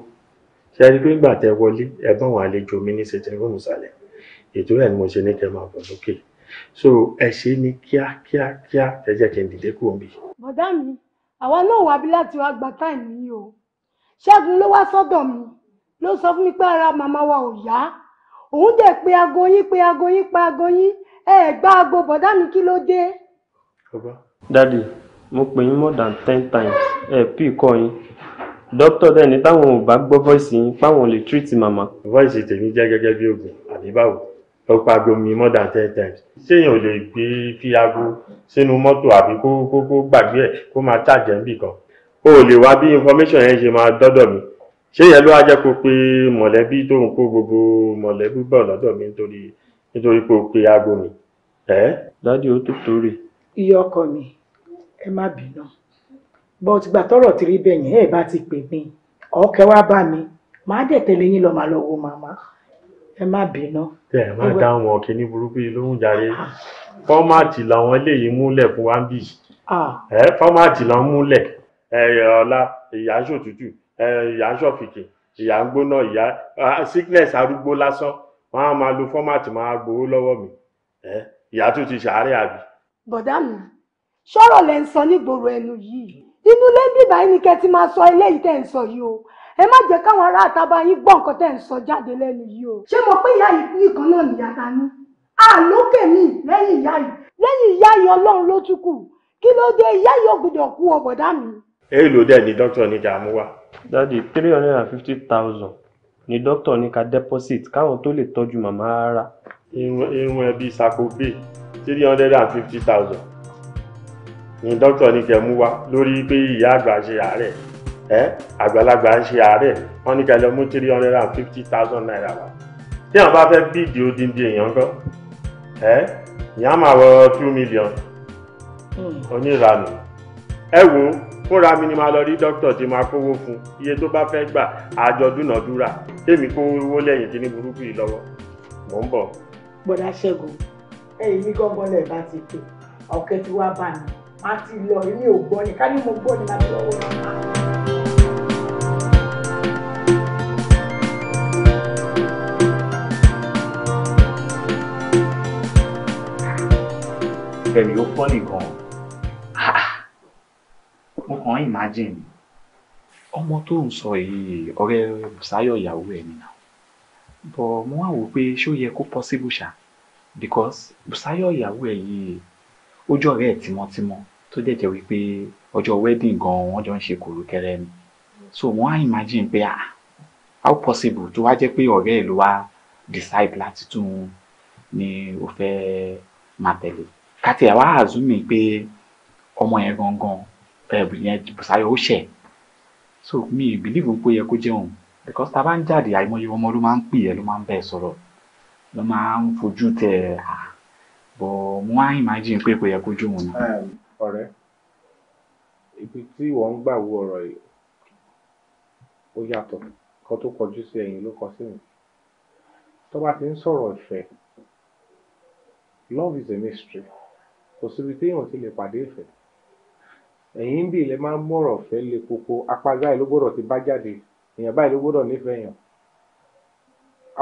ṣe é rí pé nígbà tẹ wọlé ẹ bá wọn àlejò mi ní sitting ìsàlẹ̀ ètò ẹ̀ ni mo ṣe ní kẹ́ máa bọ̀ lókè so ẹ ṣe ní kíákíákíá ẹ jẹ́ kí n dìde kúrò níbí. bọ̀dá mi àwa náà wà bí láti wá gba táìmù yìí o ṣẹ́gun ló wá sọ́dọ̀ mi ló sọ fún mi pé ara màmá wa ò yá òun dẹ̀ pé aago yín pé aago yín pé aago yín ẹ ẹ̀ gbá aago bọ̀dá mi kí ló dé. dadi mo pè yín more than ten times ẹ pí ìkọ yín dókítà dẹ̀ ní táwọn ò bá gbọ́ voice yín páwọn lè treat màmá. voice tèmi jẹ́ gẹ́gẹ́ bí oògùn àbí báwo ó paago mi more than ten times ṣéèyàn ò lè gbé fi aago sínú mọ́tò àbí kó kó kó gbàgbé ẹ̀ kó máa ṣàjẹ́ níbì kan o ò lè wá bí information yẹn ṣe máa dọ́dọ̀ mi ṣé yẹn ló wá jẹ́ kó pé mọ̀lẹ́bí tó ń kó gbogbo mọ̀lẹ́bí bọ̀ lọ́dọ̀ mi nítorí nítorí pé o pe aago mi. dádì ó tó torí. iye ọkọ mi ẹ má bínú but ìgbà tọ́rọ̀ ti rí bẹ́ẹ̀ yẹn ẹ bá ti pè mí ọkẹ wá bá mi màá dẹ̀ tẹ̀lé yín lọ màá lọ wo màmá ẹ má bínú. tẹ ẹ má dá wọn kíní burúkú yìí lóhùn jàre ah, ah. fọ́máàtì làwọn eléyìí múlẹ̀ fún wa bí ah. ẹ fọ́máàtì làwọn múlẹ̀ ẹ ọlá ìyá sòtútù ẹ ìyá sọfìkì ìyá gbóná ìyá sickness arúgbó lásán wọn á máa lo fọ́máàtì máa gbowó lọ́wọ́ mi ẹ ìyá tó ti ṣàárẹ̀ àbí. bọ̀dá mi sọ̀rọ̀ lẹ́ ń sọ nígboro ẹnu yìí inú ilé ń bíbá yín ni kẹ́ ti máa sọ eléyìí tẹ́ ń sọ yìí o ẹ má jẹ́ káwọn ará àtàbá yín gbọ́ nǹkan tẹ́ ń sọ jáde lẹ́nu yìí o. ṣé mo pé ìyá yìí nìkan náà nìyá ta ní. àlókè mi lẹ́yìn ìyá yìí lẹ́yìn ìyá yìí ọlọ́run ló tún kù kí ló dé ìyá yìí ògùdọ̀ kú ọ̀bọ̀dá mi. èèlò dẹ̀ ni dókítà ní dààmú wa. dadi three hundred and fifty thousand ni dókítà ní ká deposit káwọn tó lè tọ́jú màmá rárá. irun ẹbí sako bay three hundred and fifty thousand ni dókítà ní kẹ́ mú wá lórí pé ìyá àgbà ṣe àárẹ̀ ẹ àgbàlagbà ń ṣe àárẹ̀ wọ́n ní kẹ́ lọ mú three hundred and fifty thousand naira wá tí àwọn bá fẹ́ bíìdì odindi èèyàn gan ẹ ìyá máa wọ two million hmm. oníranù ẹ wo fúnra mi ni máa lọ rí dókítà tí máa kówó fún iye tó bá fẹ́ gbà àjọ dúnàdúrà tèmi kó owó lẹ́yìn tí ní burúkú yìí lọ́wọ́ mò ń bọ̀. gbọ́dọ̀ ṣẹ́gun ẹ̀yìn mi gángan lẹ̀ bá ti pè ọ̀kẹ́ tí wàá bà mí má ti lọ èmi ò gbọ́ ni ká ní mo gbọ́ ni má lọ́wọ́ rárá. Fẹ́mi ó pọ́ nìkan mo kàn ń imagine ọmọ tó ń sọ èyí ọ̀rẹ́ Bùsáyọ̀ ìyàwó ẹ̀ nìyà bọ̀ mo wá wò pé ṣó yẹ kó possible ṣá because Bùsáyọ̀ ìyàwó ẹ̀ yìí ó jọ ọ̀rẹ́ ẹ̀ tímọ́tímọ́ tó dẹ̀ jẹ́ wípé ọjọ́ wedding gan wọ́n jọ ń ṣe kòrókẹ́rẹ́ ni so wọ́n á imagine pé ah how possible tó wá jẹ́ pé ọ̀rẹ́ ẹ̀ ló wá decide láti tún ni o fẹ́ máa tẹ̀lé kàtí àwa àzúmi pé ọmọ yẹn gangan eh, ẹ̀bùn Bùsáyọ̀ ó ṣẹ̀ so mi believe pé ó yẹ kó jẹun because tá a bá ń jáde àìmọye ọmọ ló máa ń pè ẹ́ ló máa ń bẹ́ẹ̀ sọ̀rọ̀ ló máa ń fojú tẹ̀ ẹ́ ah, bọ̀ mo á imagine pé kò yẹ kó jó wọn ni. ọ̀rẹ́ ibi tí ìwọ ń gbà wo ọ̀rọ̀ yìí ó yàtọ̀ kan tó kọjú sí ẹ̀yìn ló kọ sí mi tó bá ti ń sọ̀rọ̀ ìfẹ́ love is a mystery kò síbi téèyàn ti lè pàdé ìfẹ́ ẹ̀yìn ń bì lè máa ń mọ̀rọ̀ fẹ́ le koko apá báyìí ló gbọ́dọ̀ ti bá jáde èèyàn báyìí ló gbọ́dọ̀ nífẹ̀ẹ́ yàn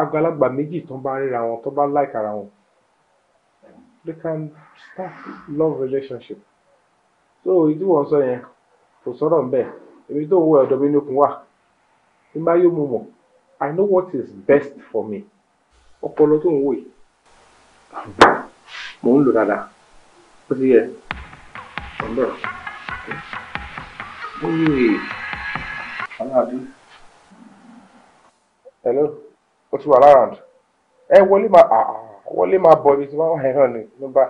àgbàlagbà méjì tó bá ríra wọn tó bá láìka ara wọn they can start love relationship so èyí tí wọ́n sọ yẹn kò sọ̀rọ̀ ń bẹ̀ èmi tó ń wọ ọ̀dọ̀ mi nìkún wà ní bá yóò mọ̀ I know what is best for me ọpọlọ tó ń wò yìí mò ń lò dáadáa ó ti yẹ ọ̀dọ̀ oye aláàbí. hello o ti wà lárànd ẹ wọlé máa wọlé máa bọ ibi tí wọ́n wà náà ni ló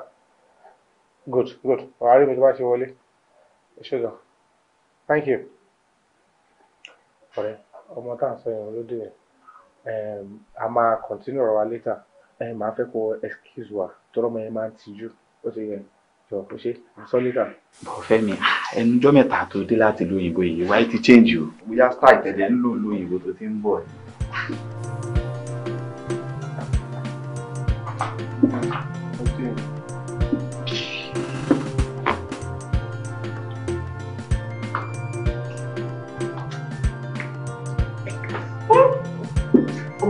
good good ọ̀rá rí mi tí wọ́n ṣe wọlé ẹ ṣe gan thank you ọ̀rẹ́ ọmọ tá à ń sọ yẹn ló dé a máa continue ọ̀rọ̀ wa later ẹ máa fẹ́ kó excuse wa tọ́rọ ọmọ yẹn máa ń tijú ó ti yẹ jọ ó ṣe sọ later. bọ̀ fẹ́mi ẹnu ọjọ́ mẹ́ta tó dé láti lóyìnbó yìí wáyé ti change you? bóyá style tẹ̀lé ń lò lóyìnbó tó ti ń bọ̀ ni.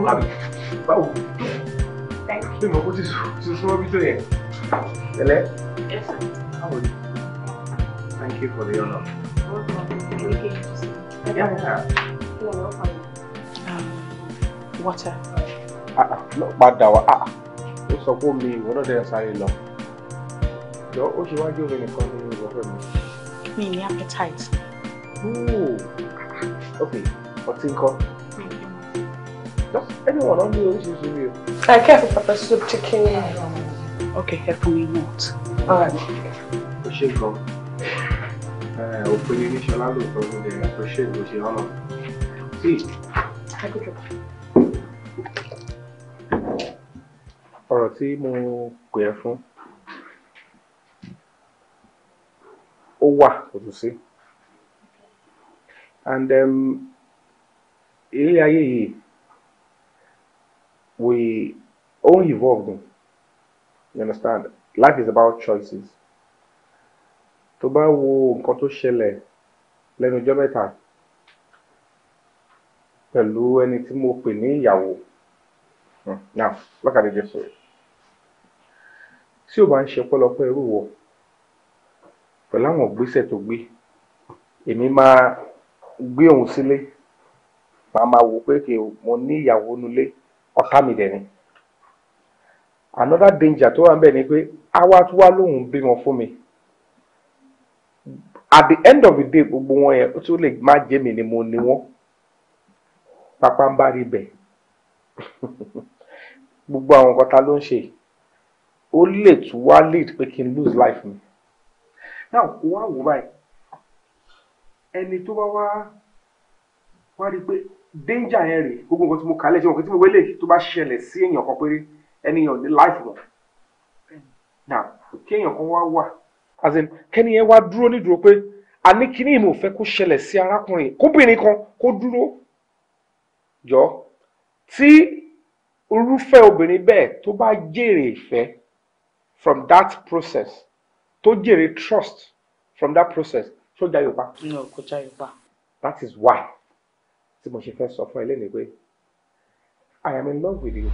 òun àbí thank you for the honour. Yeah, Um, water. Ah, no, ah, bad wá. Ah, ah, ó sọ pé omi ìwọ náà dẹ̀ sáré lọ. Jọ ó ṣe wájú omi nìkan ní ìwọ fẹ́ mi. appetite. Oh, Okay, ọtí ńkọ́ anyone on me always use you. I uh, care for pepper soup chicken. Okay, help me not. Alright. Ó eh, ṣe gan. Ẹ òpin ní Ṣọlá ló sọ fún mi ó ṣe ló ṣe ọ̀nà. Sí. Ọ̀rọ̀ tí mo pè ẹ́ fún ó wà kò tún sí and um, ilé ayé yìí we only evolve, evolved. You understand? Life is about choices. Tó bá wo nǹkan tó ṣẹlẹ̀ lẹ́nu ọjọ́ mẹ́ta pẹ̀lú ẹni tí mo pè ní ìyàwó. Hmm, now, lọ́kàdé jẹ́ sọ̀rọ̀. Tí o bá ń ṣe pọ́lọpọ́ irú wọ̀ pẹ̀lú àwọn ìgbésẹ̀ tó gbé, èmi máa gbé òun sílé. Màá máa wò pé kí mo ní ìyàwó nulé ọ̀tá mi dẹ̀ ni another danger tó wà ń bẹ̀ ni pé àwa tó wá lóhùn bímọ fún mi at the end of the day gbogbo wọn yẹn tó lè má jẹ́ mi ni mo ní wọn pápá ń bá rí bẹ̀ gbogbo àwọn nǹkan ta ló ń ṣe ó lè tún wá lead pé kí n lose life mi. now wá wò báyìí ẹni tó bá wá wá rí i pé danger yẹn rèé gbogbo nǹkan tí mo kálẹ̀ ṣe wọn kí tí mo wélé tó bá ṣẹlẹ̀ sí èèyàn kan péré ènìyàn ní life wọn now kí èèyàn kan wá wà as in kẹ́ni yẹn wá dúró nídúró pé àní kíní ìmọ̀ òfẹ́ kó ṣẹlẹ̀ sí arákùnrin kóbìnrin kan kó dúró jọ tí irúfẹ́ obìnrin bẹ́ẹ̀ tó bá jèrè ìfẹ́ from that process tó jèrè trust from that process ṣó jayò pa. no kò jayò pa. that is why tí mo ṣe fẹ́ sọ fún ẹ pé I am in love with you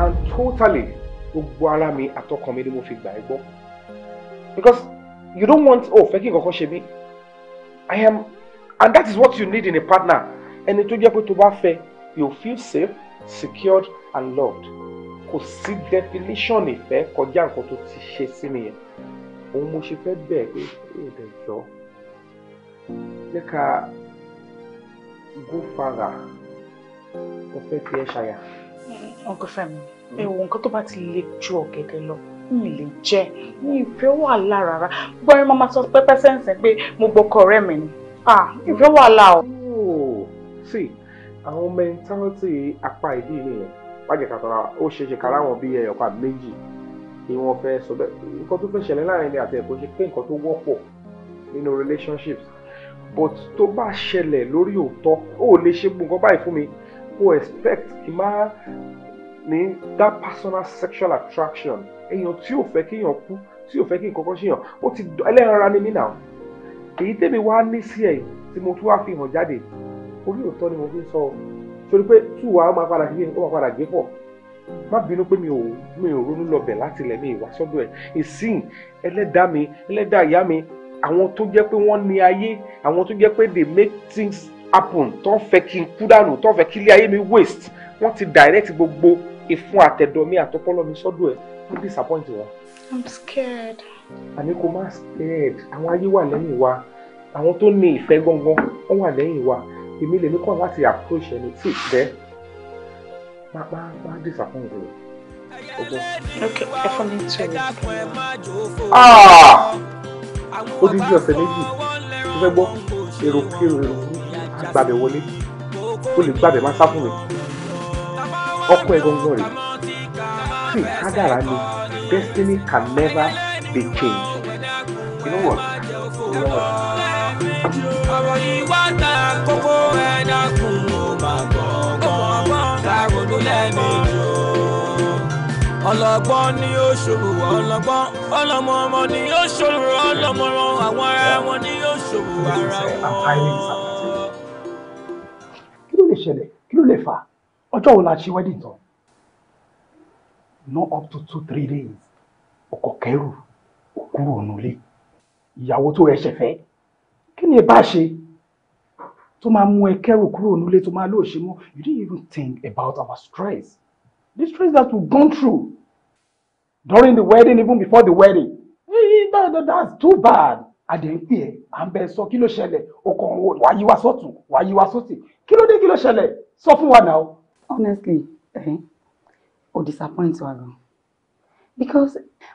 and totally gbogbo ara mi àtọkàn mi ni mo fi gbà ẹ́ gbọ́ because you don't want oh fẹ́ kí nǹkan ṣe mí I am and that is what you need in a partner ẹni tó jẹ́ pé tó bá fẹ́ you feel safe secured and loved kò sí definition ìfẹ́ kọjá nǹkan tó ti ṣe sí mi yẹn òun mo ṣe fẹ́ bẹ̀ pé èdè jẹ́ ká go para o fẹ́ fi ẹ́ ṣàyà. ọgọ fẹmi ewu nǹkan tó bá ti le ju ọ̀gẹ̀dẹ̀ lọ mi lè hmm. jẹ mi ìfẹ́ wàhálà rárá gbọ́n máa sọ pẹ́pẹ́ sẹ́ǹsì pé mo gbọ́kọ̀ ọ̀rẹ́ mi ni ìfẹ́ wàhálà o. sí àwọn mẹńtálítì apá ìdí nìyẹn wájú kàtàrà ó ṣeéṣe kára wọn bíi ẹyọkà méjì ni wọn fẹ́ sọ bẹ́ẹ̀ nǹkan tó fẹ́ ṣẹlẹ̀ láàrin ni àti ẹ̀kọ́ ṣe pé nǹkan tó wọ́pọ̀ nínú relationships but tó bá ṣẹlẹ̀ lórí òótọ́ ó lè ṣe gbogbo báyìí fún mi kò expect kí n má ní that personal sexual attraction èèyàn tí ò fẹ́ kéèyàn kú tí ò fẹ́ kí nǹkan kan ṣèyàn ó ti ẹlẹ́ranra ni mí nà èyí tèmi wá ní sí ẹ̀ tí mo tún wá fi hàn jáde orí òótọ́ ni mo fi ń sọ torí pé tù wá ó máa padà ṣe ó máa padà gbé pọ̀ má bínú pé mi ò mi ò ronú lọbẹ̀ láti ilẹ̀ mi ìwà sọ́dọ̀ ẹ̀ ìsìn ẹlẹ́dàá mi ẹlẹ́dàá ìyá mi àwọn tó jẹ́ pé wọ́n ní ayé àwọn tó jẹ́ pé they make things happen tó ń fẹ́ kí n kú dànù tó ń fẹ́ kí ilé ayé mi waste wọ́n ti direct gbogbo ìfun àtẹ̀dọ̀ mi àtọpọ́lọ́ mi sọ́dọ̀ ẹ̀ wọ́n disappoint wa. I'm scared. àní kò má scared àwọn ayé wà lẹ́yìn wa àwọn tó ní ìfẹ́ gangan wọ́n wà lẹ́yìn wa èmi lèmi kàn láti approach ẹni tí ìfẹ́ má má má disappoint rẹ̀. ok ẹ fún mi two weeks ó dín ọ̀sẹ̀ méjì tó fẹ́ gbọ́ èrò kéèrò èrò gbàbẹ̀ wọlé ó lè gbàbẹ̀ máa sá fún mi ọkọ ẹ̀ gangan rẹ̀ tí kádàrá ni destiny can never be changed you know what. ọ̀rọ̀ yìí wá ta kókó ẹ̀dá kùn ó máa gbọ̀ngàn láàrọ̀ ló lẹ́mìí ọlọ́gbọ́n ni ó ṣòro ọlọ́gbọ́n ọlọ́mọ ọmọ ni ó ṣòro ọlọ́mọràn àwọn ará wọn ni ó ṣòro ara wọn. kí ló lè ṣẹlẹ̀ kí ló lè fà ọjọ́ wo la ṣe wedding tán not up to two three days ọkọ̀ kẹrù òkúrò ònulé ìyàwó tó ẹsẹ̀ fẹ́ kí ni ẹ bá ṣe tó máa mú ẹ kẹrù kúrò nílé tó máa lóòṣe mọ́ you didn't even think about our stress the stress that we gone through during the wedding even before the wedding that, that, that's too bad àdéhùnpé ẹ à ń bẹ sọ kí ló ṣẹlẹ̀ ọkàn òun wàá yí wa sọ́tún wàá yí wa sósì kí ló dé kí ló ṣẹlẹ̀ sọ fún wa náà. honestly eh, o disappoint wa gan because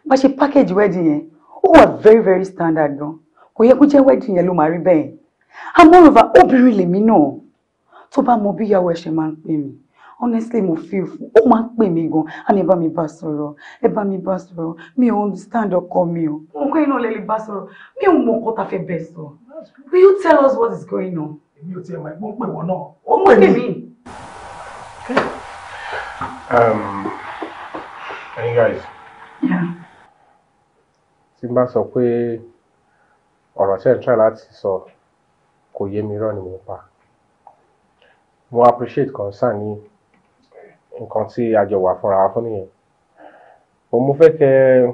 bá ṣe package wedding yẹn ó wà very very standard gan kò yẹ kó jẹ́ wedding yẹn ló máa rí bẹ́ẹ̀ and moreover obìnrin lèmi náà tó bá mọ bí ìyàwó ẹ̀ ṣe máa ń pè mí honestly mo feel fún ó máa ń pè mí gan á ní ẹ bá mi bá sọ̀rọ̀ ẹ bá mi bá sọ̀rọ̀ mi ò understand ọkọ mi o nǹkan iná lè lè bá sọ̀rọ̀ mi ò mọ nǹkan tá a fẹ́ bẹ̀ will you tell us what is going on. èmi ò tiẹ̀ mọ ẹgbọ́n pè wọ́n náà ó pè mí. ẹyin um, guys tí n bá sọ pé ọ̀rọ̀ ṣe ń try láti sọ kò yé mi rọ́ ni mo pa mo appreciate concern yìí nǹkan tí a jọ wà fúnra wa fún nìyẹn mo mú fẹ́ kẹ́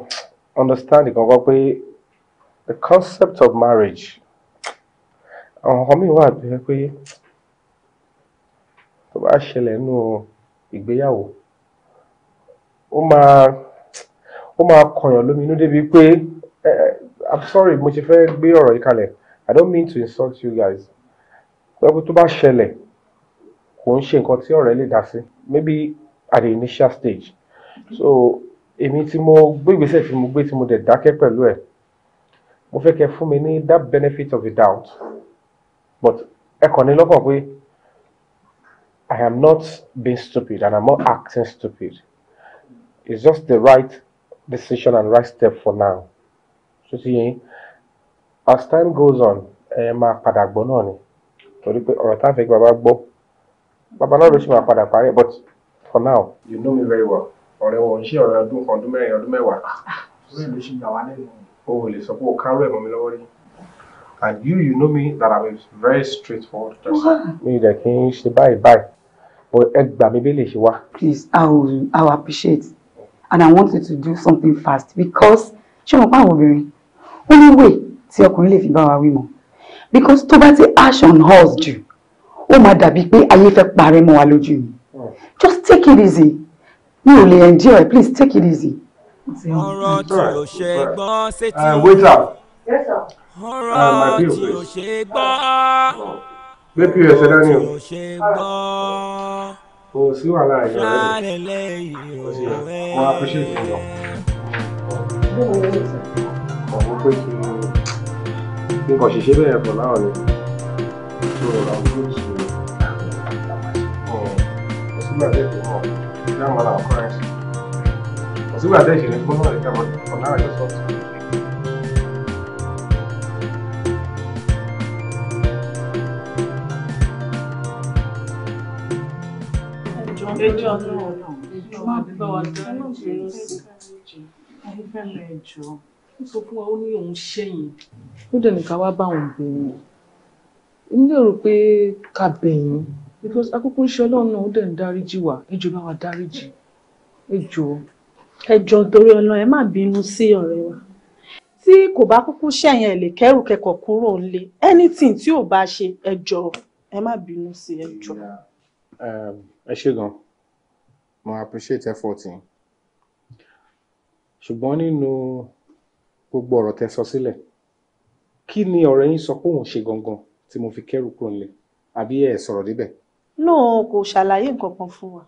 understand kankan pé the concept of marriage àwọn kan mi wà bẹ́ẹ̀ pé tó bá ṣẹlẹ̀ nínú ìgbéyàwó ó máa ó máa kọyàn lóminú débi pé i'm sorry mo ṣe fẹ́ gbé ọ̀rọ̀ yìí kalẹ̀ i don't mean to insult you guys pẹ̀lú tó bá ṣẹlẹ̀ kò ń ṣe nǹkan tí ọ̀rẹ́ lè dá sí maybe at the initial stage so èmi tí mo gbé ìgbésẹ̀ tí mo gbé tí mo dẹ̀ dákẹ́ pẹ̀lú ẹ̀ mo fẹ́ kẹ́ fún mi ní that benefit of the doubt but ẹ kàn ní lọ́kàn pé I am not being stupid and I am not acting stupid it's just the right decision and right step for now so ti yẹn as time goes on ẹ máa padà gbọ́ náà ni torí pé ọ̀rọ̀ tá a fẹ́ gbà bá gbọ́ babaláwo ló ṣì máa padà parí but for now. you know me very well ọ̀rẹ́ wọn ṣé ọ̀rẹ́ ọdún kan ọdún mẹ́rin ọdún mẹ́wàá. orí ló ṣì gbà wá lẹ́nu. o ò lè sọ pé o kárò ẹ̀ mọ́ mi lọ́wọ́ rí. and you you know me that i'm a very straightforward person. mi ò dẹ̀ kí n ṣe báyìí báyìí but ẹ gbà mí bí lè ṣe wá. please i will i will appreciate and i want you to do something fast because ṣé mo pa àwọn obìnrin ó ní wèé tí ọkùnrin lè fi bá wa wí mọ́ because tó bá ti ash on horse jù ó máa dàbí pé ayé fẹ́ parẹ́ mọ́ wa lójú mi just take it easy mi ò lè endure please take it easy. ọ̀rọ̀ tí o ṣe gbọ́ uh, sétí ọ̀rọ̀ uh, tí o ṣe gbọ́ lẹ́pì rẹ̀ sẹ́dá ni o kò sí wàhálà ìyá rẹ̀ kò sí wọn appreciate you lọ ọ̀hún pé kí n kàn ṣiṣẹ́ bẹ́ẹ̀ pọ̀ láwọn ni tó sígbà tẹ́ fi mọ̀ ìdá mọ́ làwọn kọ́rẹ́ǹsì kò sígbà tẹ́ ìṣẹ̀lẹ̀ fún náà ìjọba ọ̀nà àjọ sọ́ọ̀tù. ẹjọ́ náà ó dẹ̀ ní wá bá òun bẹ̀yìn èmi lè pé ká bẹ̀yìn because akókó ń ṣe ọlọ́run náà ó dẹ̀ ń dáríjì wá ẹjọ́ bá wa dáríjì ẹjọ́. ẹjọ́ torí ọlọ́run ẹ má bínú sí ọ̀rẹ́ wa tí kò bá kúkú ṣẹ̀yìn ẹ̀ lè kẹ́rù kẹ́kọ̀ọ́ kúrò ńlé anything tí ò bá ṣe ẹjọ́ ẹ má bínú sí ẹjọ́. Um, ẹ ṣé gan mo appreciate effort yín ṣùgbọ́n nínú gbogbo ọ̀rọ̀ tẹ́ sọ sílẹ̀ kí ni ọ̀rẹ́ yín sọ pé òun ṣe gangan tí mo fi kẹ́rù kúrò nílé àbí ẹ sọ̀rọ̀ débẹ̀ náà kò ṣàlàyé nǹkan kan fún wa.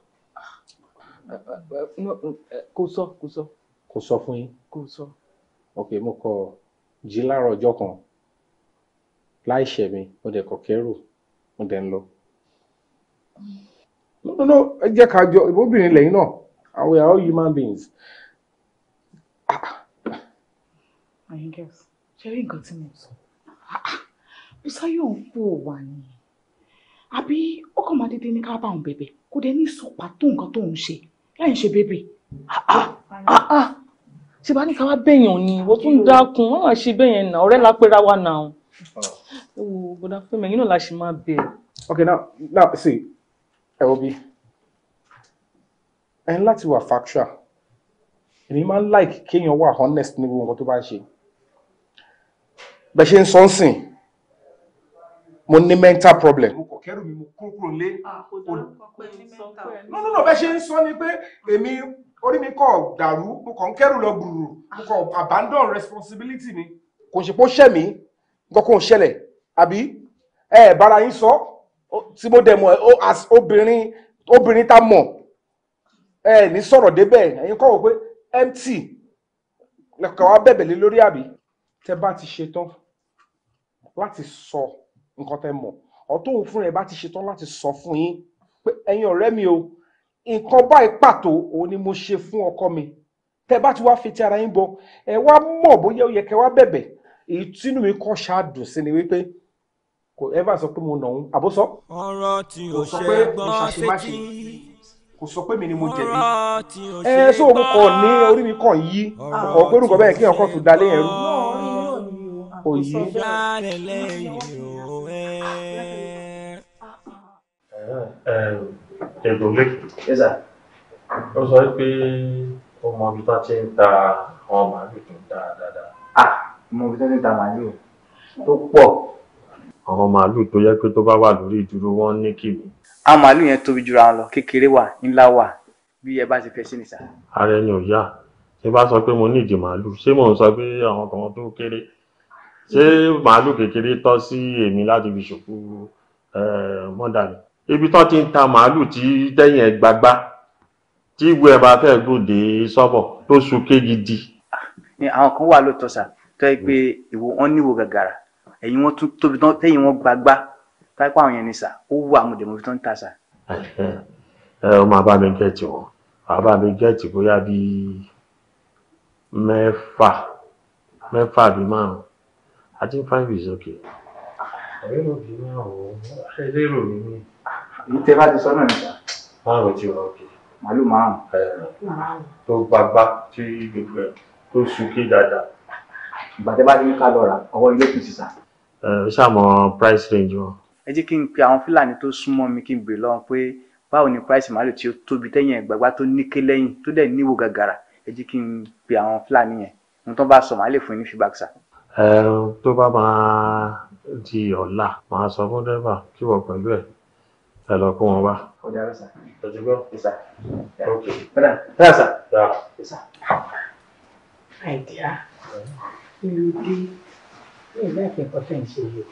kò sọ kò sọ. kò sọ fún yín. kò sọ. ok mo kọ jí láàárọ̀ ọjọ́ kan láì ṣẹ̀mí mo dẹ̀ kọ̀ kẹ́rù mo dẹ̀ ń lọ. no no ẹ jẹ́ ká jọ obìnrin lẹ́yìn náà and we are all human beings. Àyìnkẹ́ ṣe rí nǹkan tí mo sọ. Musa yóò ń kó wa nìyẹn àbí ó kàn máa dédé ní ká bá òun bẹ̀bẹ̀ kó dé ní sọ pàtó nǹkan tó ń ṣe láì ṣe bébè ah, ah, ah, ṣe bá ní ká wá bẹ̀yàn ni ìwọ tún dákun wọn máa ṣe bẹ́yẹn náà ọ̀rẹ́ la pera wa náà oh. ẹ gbọdọ fún mi ẹ̀yin náà la ṣe máa bẹ̀. okay now now see ẹ wo bí ẹ ní láti wà factual èmi máa ń like kéèyàn wà honest ní gbogbo nǹkan tó bá ń ṣe bẹ́ẹ̀ ṣe ń sọ́nsìn mo ní mental problem. mo kò kẹ́rù mi mo kó kúrò lé. Ah, no no no bẹ́ẹ̀ ṣe ń sọ ni pé èmi orí mi kò dàrú mo kàn ń kẹ́rù lọ gbùrù mo kàn abandon responsibility mi. kò ṣe pé ó ṣẹ̀ mí nǹkan kò ń ṣẹlẹ̀ àbí ẹ bára yín sọ tí mo dẹ̀ mọ̀ obìnrin obìnrin tá mọ̀ ẹ ní sọ̀rọ̀ débẹ̀ ẹ̀yin kọ́ wò pé empty lẹ́kọ̀ọ́ wa bẹ̀bẹ̀ lé lórí àbí tẹ́ bá ti ṣe láti sọ. So nǹkan tẹ́ mọ̀ ọ̀tún òun fúnra ẹ̀ bá ti ṣetán láti sọ fún yín pé ẹ̀yin ọ̀rẹ́ mi o nǹkan báyìí pàtó òun ni mo ṣe fún ọkọ mi tẹ́ bá ti wá fi ti ara yín bọ ẹ wá mọ̀ bóyá ó yẹ kẹ́ wá bẹ̀bẹ̀ èyí tínú mi kọ́ ṣáàdùn sí ni wípé kò ẹ́fà sọ pé mo nà òun àbó sọ kò sọ pé mo ṣàṣemáṣe kò sọ pé mi ni mo jẹ̀bi ẹ sọ òun kọ ní orí mi kàn yí ọkọ̀ gbórúkọ bẹ́ẹ̀ kí ọkọ̀ tún dalé yẹn rú òyì. ẹ̀gbọ́nlé. ó sọ pé ọmọ ibi tó ti ń ta àwọn màálù tó ń ta dáadáa. ọmọ ibi tó ti ń ta malu tó pọ̀. àwọn màálù tó yẹ pé tó bá wà lórí ìdúró wọn ní kìmí. àwọn màálù yẹn tóbi jura wọn lọ kékeré wà ńlá wà bí ẹ bá ti fẹ́ sí nìsa. ara ẹni ò yá ṣé bá sọ pé mo ní ìdí màálù ṣé mò ń sọ pé àwọn kan tó kéré ṣé màálù kékeré tọ́ sí èmi láti fi ṣòkú mọ́dà mi ibi tó ti ń ta màálù tí tẹ́yìn ẹ̀ gbagbá tí ìwé ẹ̀ bá fẹ́ gbòde sọ́bọ̀ tó sun kéji di. ni àwọn kan wà lóòótọ́ sà tó yẹ pé ìwò wọn níwò gàgàrà ẹ̀yìn wọn tún tóbi tán tẹ́yìn wọn gbagbá táyé pàwọn yẹn ni sà ó wù àmọ̀dẹ̀mọ̀ fi tán ń ta sà. ẹ ẹ ó máa bá mi gẹ̀ẹ́tì wọn bàbá mi gẹ̀ẹ́tì bóyá bíi mẹ́fà mẹ́fà bíi márùn I think five is okay. ẹ̀rọ mi náà ò ẹlẹ́rọ mi ni èyí tẹ́ bá ti sọ náà nìyà. márùn ti wà òkè. màálù márùn. tó gbagbá tí gbogbo ẹ tó sunké dáadáa. ìgbà tẹ́ bá ti ní ká lọ rà ọwọ́ ilé kù sísà. ẹ ṣàmọ price range wọn. ẹ jẹ́ kí n pe àwọn fúlàní tó súnmọ́ mi kí n bèrè lọ́wọ́ pé báwo ni price màálù tí ó tóbi tẹ́yìn ẹ̀ gbagbá tó níké lẹ́yìn tó dẹ̀ níwò gàgàrà ẹ jẹ́ kí n pe àwọn fúlàní yẹn ohun tó bá sọ màá lè fún yín ní feedback sir tó bá máa di ọ̀la máa sọ fún dẹ́bà kí wọ́n pẹ̀lú ẹ̀ ẹ lọ kó wọn wá. ọjà rẹ sà. ọjọ gbọ́. ìsà. ok. padà padà sà. ra ìsà. àìdíà ìlú dé ní ìlú àfẹ́kọ̀ọ́ tẹ̀ ń ṣe yìí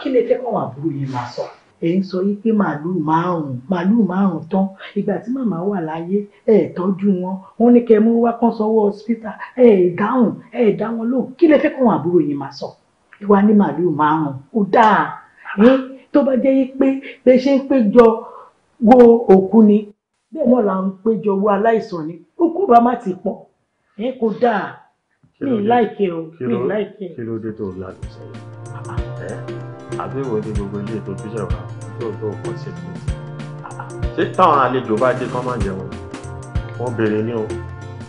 kí lè fẹ́ kọ́ wọn àbúrò yìí máa sọ ẹ ń sọ yí pé màálù márùn màálù márùn tán ìgbà tí màmá wà láyé ẹ tọ́jú wọn wọn ní kẹ́ mú wá kán sọ́wọ́ hospital Eh, down. Eh, down. wọn lóhùn kí lẹ fẹ́ kó wọn àbúrò yìí máa sọ ìwà ní màálù márùn ó tó bá jẹ́ pé bẹ́ẹ̀ ṣe ń péjọ wo òkú ni bẹ́ẹ̀ náà là ń péjọ wo aláìsàn ni òkú bá má ti pọ̀ ẹ kò dáa mi láìkẹ́ o mi láìkẹ́. kí ló dé tó o lálù sẹ́yìn ẹ àbẹ̀wò ní gbogbo ilé ètò bíṣẹ̀ wa tó tó pọ̀ sí i ṣé táwọn àlejò bá dé kán má jẹun wọn béèrè ní o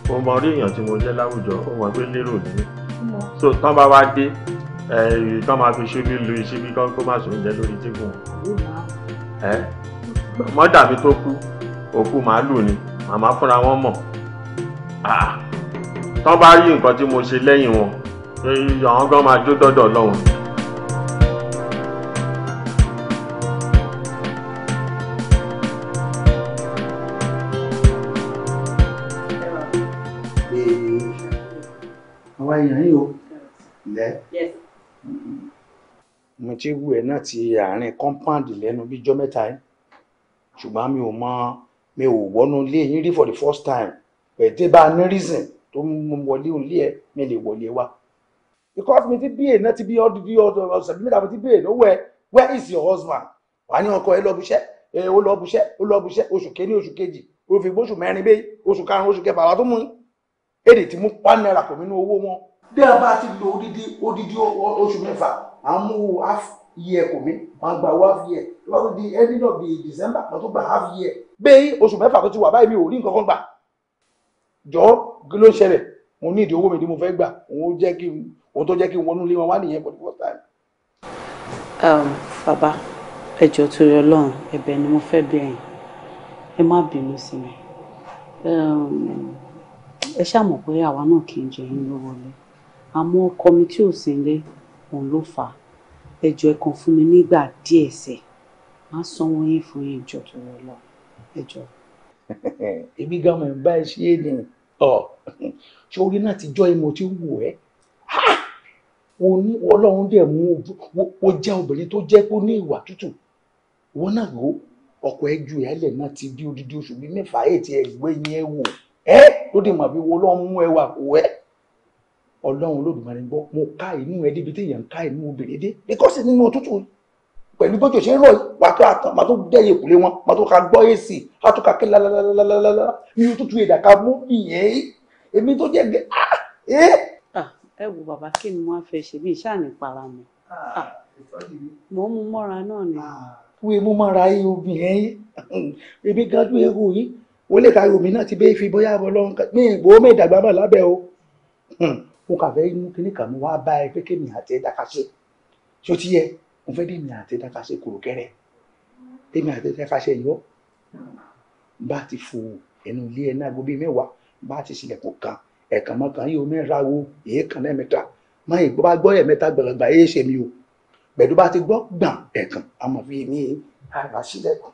mo mọ orí èèyàn tí mo jẹ́ láwùjọ ó mọ pé lérò ní so tán bá wá dé kán máa fi ṣíbí lu ìṣíbí kán kó má sóúnjẹ lórí tíkùn mọ́dà mi tó kú òkú màálù ni màmá fúnra wọn mọ̀ tán bá rí nǹkan tí mo ṣe lẹ́yìn wọn àwọn gan máa jó dọ́dọ̀ lọ́wọ́. àwa èèyàn yìí o lẹ́ mo ti wù ẹ́ náà ti àárín compound lẹ́nu bíi jọ́ mẹ́ta yìí ṣùgbọ́n mi ò mọ mi ò wọnú ilé yín rí for the first time pẹ̀tẹ́ bá a ní reason tó mú wọlé ilé ẹ mi lè wọlé wa because mi ti bíyè náà ti bí ọdún bí ọdún ọ̀sẹ̀ mi làwọn ti bíyè lọ́wọ́ ẹ where is your husband wà á ní ọkọ ẹ lọ buṣẹ́ ẹ ó lọ buṣẹ́ ó lọ buṣẹ́ oṣù kìíní oṣù kejì ó fi gbóṣù mẹ́rin bẹ́ẹ̀ oṣù karùn-ún oṣù kẹfà àwọn tó mú èdè ti mú pánẹ́rà kò mí ní owó wọn bí a bá ti lo odidi odidi oṣù mẹ́fà à ń mú half year kò mí wọ́n gba half year lọ́dún di ending of the December wọ́n tó gba half year. bẹ́ẹ̀ oṣù mẹ́fà tó ti wà báyìí mi ò rí nǹkan kan gbà jọ kí ló ń ṣẹlẹ̀ mo ní ìdí owó mi ni mo fẹ́ gbà òun jẹ́ kí òun tó jẹ́ kí n wọnú ilé wọn wá nìyẹn for the first time. Um, bàbá ẹjọ́ torí Ọlọ́run ẹ̀bẹ̀ ni mo fẹ́ bẹ̀ yín ẹ má bínú sí mi um, ẹ ṣàmọ̀ pé àwa náà kì í jẹ yín lówó lẹ́yìn àmọ́ ọkọ mi tí ò sínlé òun ló fà á ẹ jọ̀ọ́ ẹ kàn fún mi nígbà díẹ̀ sẹ̀ má sanwó yín fún yín jọ tó rọ lọ ẹ jọ̀ọ́. èmi gan mọ̀ bá ẹ ṣe é ní ọ ṣé orí náà ti jọ ìmọ̀ tí ń wù ẹ́ ọlọ́run dẹ̀ mú o jẹ́ obìnrin tó jẹ́ pé ó ní ìwà tútù wọn náà wò ọkọ ẹ ju ìyálẹ̀ náà ti bí odidi oṣù bíi mẹ́fà èyí ti ẹ̀ gbé yín wò ẹ́ ló mọ̀ bí wọ́n lọ́ mú ẹwà kó ẹ́ ọlọ́run olódùmarè ń gbọ́ mo ká inú ẹ débi tí èèyàn ń ká inú obìnrin dé bíkọ́sì nínú òtútù pẹ̀lú bójú ṣe ń rọ̀ wà tó àtàn màá tó dẹ́yẹ kùlé wọn màá tó ka gbọ́ èsì á tó ka kí lálálálálálá ní òtútù èdè ká mú ìyẹn èmi tó jẹ́ gẹ́ ẹ́. Ah, eh. ẹ wo bàbá kí ni wọn fẹ́ ṣe bí iṣẹ́ àmì para mi ah, mo mú mọ́ra náà ni. wíwé ah. mú mọ́ra yìí obìnrin yìí ebi gájú ewu yìí wọlé ka omi náà ti bẹ́ẹ̀ fi bóyá ọlọ́run mi ìgbò mẹ́ẹ̀dàgbà mọ́ lábẹ́ o. Hmm mo kà fẹ́ mú kíní kan mo wá bá ẹ pé kémi àti ẹ dáka ṣe ṣó ti yẹ mo fẹ́ dèmi àti ẹ dáka ṣe kòrò kẹrẹ èmi àti ẹ dáka ṣe yọ bá ti fò ẹnu ilé ẹ náà gbóbi mẹ́wàá bá ti ṣílẹ̀kùn kan ẹ̀ẹ̀kan mọ́kàn yìí omi ra wo èékàn lẹ́ẹ̀mẹ́ta máa yìí gbọ́ bá gbọ́ ẹ̀ẹ̀mẹ́ta gbàgbà yéé ṣe mi o pẹ̀lú bá ti gbọ́ gbàn ẹ̀ẹ̀kan àmọ́ fi èmi ara ṣílẹ̀kùn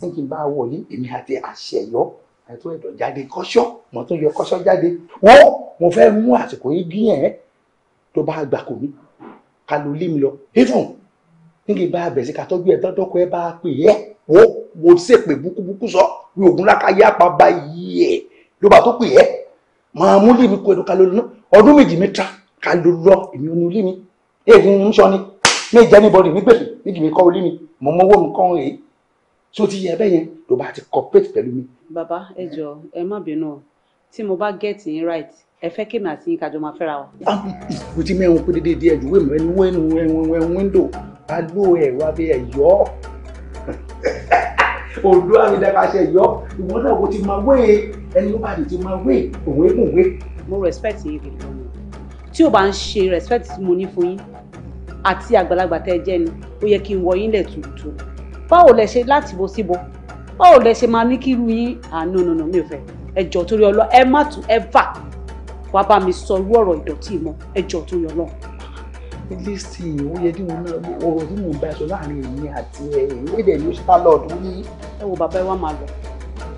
ní kí wọlé èmi àti àṣẹyọ́ ẹtú ẹ̀dọ̀ jáde kọ́ṣọ́ mo tún yọ kọ́ṣọ́ jáde wọ́n mo fẹ́ mú àsìkò yìí dín ẹ̀ tó bá gbà kò mí ká ló lé mi lọ ifun nígbà bá a bẹ̀ sí ká tọ́jú ẹ̀ tọ́tọ́kọ ẹ bá a pè ẹ́ wọ́n mo ṣèpè búkúbúkú sọ mi ògùn lákàyè àpábá yìí ẹ̀ ló bá tó pè ẹ́ máa mú lé mi kó ẹnu ká ló lọ ọdún méjì mi ta ká ló lọ èmi ò ní lé mi èyí ń sọ ni mi jẹ́ níbọ̀dì mi gbèsè níbi mi kọ́ lé mi mo mọ owó mi kọ́ rèé so ti yẹ bẹ́ẹ̀ yẹn ló bá ti cooperate pẹ̀lú mi. bàbá ẹ jọ̀ọ́ ẹ má bínú o tí mo bá get yín right ẹ fẹ́ kémi àti yín kájọ máa fẹ́ra wa. mo ah, ti mẹ́rin pé dédé díẹ̀ ju wẹ́ẹ̀mù ẹnu wẹ́ẹ̀nu wẹ́ẹ̀nu wíńdò bá ló ẹ̀rọ abẹ́ ẹ̀ yọ ọ́ odò àrídàkàṣẹ yọ ìwọ náà kò ti máa wéé ẹni ló bá ti ti máa wéé òun é mùwé. mo respect yín kìí lọ́nà tí o bá ń ṣe respect tí mo ní fún yín àti àgbàlagbà tẹ́ ẹ jẹ́ ni ó yẹ kí n wọ yín lẹ̀ tuntun báwo lẹ ṣe láti bo síbo báwo lẹ ṣe máa ní kí irú yín àánú ah, nùnú mi ò fẹ́ ẹjọ́ torí ọlọ ẹ má tún ẹ fà wàá bá mi sọ irú ọ̀rọ̀ ìdọ̀tí mọ́ ẹjọ́ torí ọlọ. ilé sí i ó yẹ kí mo ná ọ̀rọ̀ tí mò ń bá ẹ sọ láàrin èmi àti ẹ èdè ni ó ṣe bá lọọdún ní. ẹ wo bàbá ẹ wá máa lọ.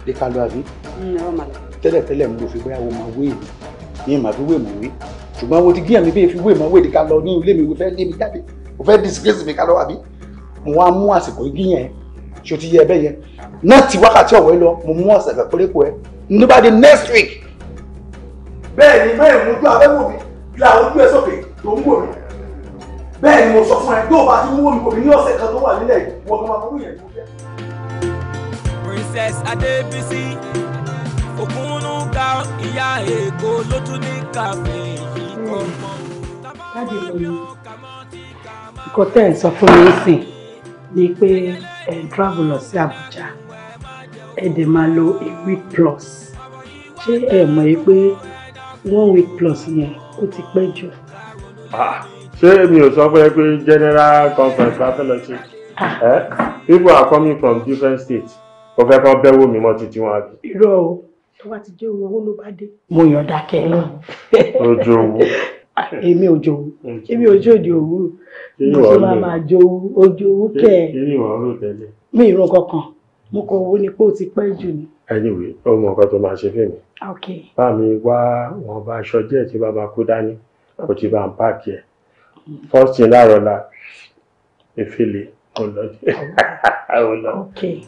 lè ka lọ àbí. Mm, ẹ wá mo fi bẹ́ẹ̀ wo máa wé èmi ní ìmọ̀ àfi wé mọ̀ wé ṣùgbọ́n wo ti gíyàn mi bí mo wá mú àsìkò igi yẹn ṣe ti yẹ ẹbẹ yẹn ti wákàtí ọ̀wẹ́ lọ mo mú ọ̀sẹ̀ fẹ̀ péréko ẹ nígbà dé next week. bẹ́ẹ̀ ni bẹ́ẹ̀ mojú abẹ́wò mi ju àwọn ojú ẹ sókè tó ń wò mí bẹ́ẹ̀ ni mo sọ fún ẹ bí o ti mú omi kò ní ní ọ̀sẹ̀ kan tó wà nílẹ̀ yìí wọ́n máa fún yẹn tó Princess Adébísí Ògúnnúgà ìyá Èkó ló tún ní kàfé yìí kọ́ mọ́. nǹkan tẹ́ ẹ̀ ń sọ fún mi ń ni pé ẹ ń travel lọ sí Abuja ẹ dẹ̀ máa lo a week plus ṣé ẹ mọ̀ yìí pé one week plus yẹn ó ti pẹ́ jù. ṣé mi ò sọ pé pé general conference la fẹ́ lọ ṣe people are coming from different states kò fẹ́ kọ́ bẹ́wò mi mọ́ títí wọn àbí. irọ́ o tó bá ti jẹ́ owó owó ló bá dé. mo yàn dákẹ́ náà. ojú owó. èmi ò jòwó èmi ò jòdì òwúrò mo ṣe máa máa jó ojú kẹ mi ìró kankan mo kàn wo ni pé ó ti pẹ́ jù ni. anyway ọmọ nǹkan tó máa ṣe fèmí. Ah, bá mi wá wọn bá aṣọ díẹ̀ tí bàbá kó dání kò tí bá ń páàkì ẹ̀ first thing láàárọ̀ la efele ọlọ́dẹ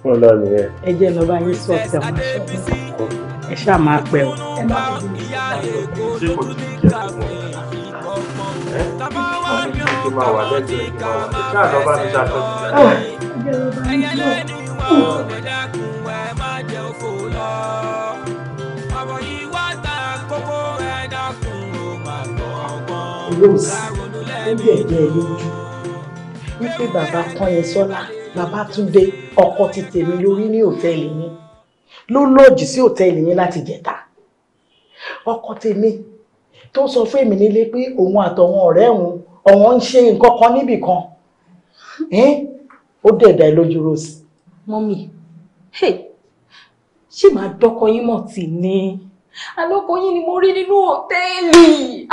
ọlọ́dẹ nìyẹn. ẹ jẹ́ lọ bá yín sọ ọ̀sẹ̀ ọmọ ṣọ́ọ̀ ẹ ṣáà máa pẹ́ o. ẹ má fi bí kò tí jẹ́ ọmọ kí n máa wà lẹ́gbẹ̀ẹ́ kí n máa wà lẹ́gbẹ̀ẹ́ ṣáà lọ bá mi ṣàtọ́. Rose ó lè jẹ́ lójú wípé bàbá kan yẹn sọ́lá bàbá Túndé ọkọ ti tèmi lórí ní òtẹ́ẹ̀lì yín ló lọ́ọ̀jì sí òtẹ́ẹ̀lì yín láti jẹ̀ta ọkọ tèmi tó sọ fún èmi nílé pé òun àtọ̀wọn ọ̀rẹ́ òun ọ̀wọ́n ń ṣe nǹkan kan níbì kan ó dẹ̀dà lójú rose. mọ́mì ṣé màá dọ́kọ yín mọ̀ tì ní alọ́kọ yín ni mo rí nínú òtẹ́ẹ̀lì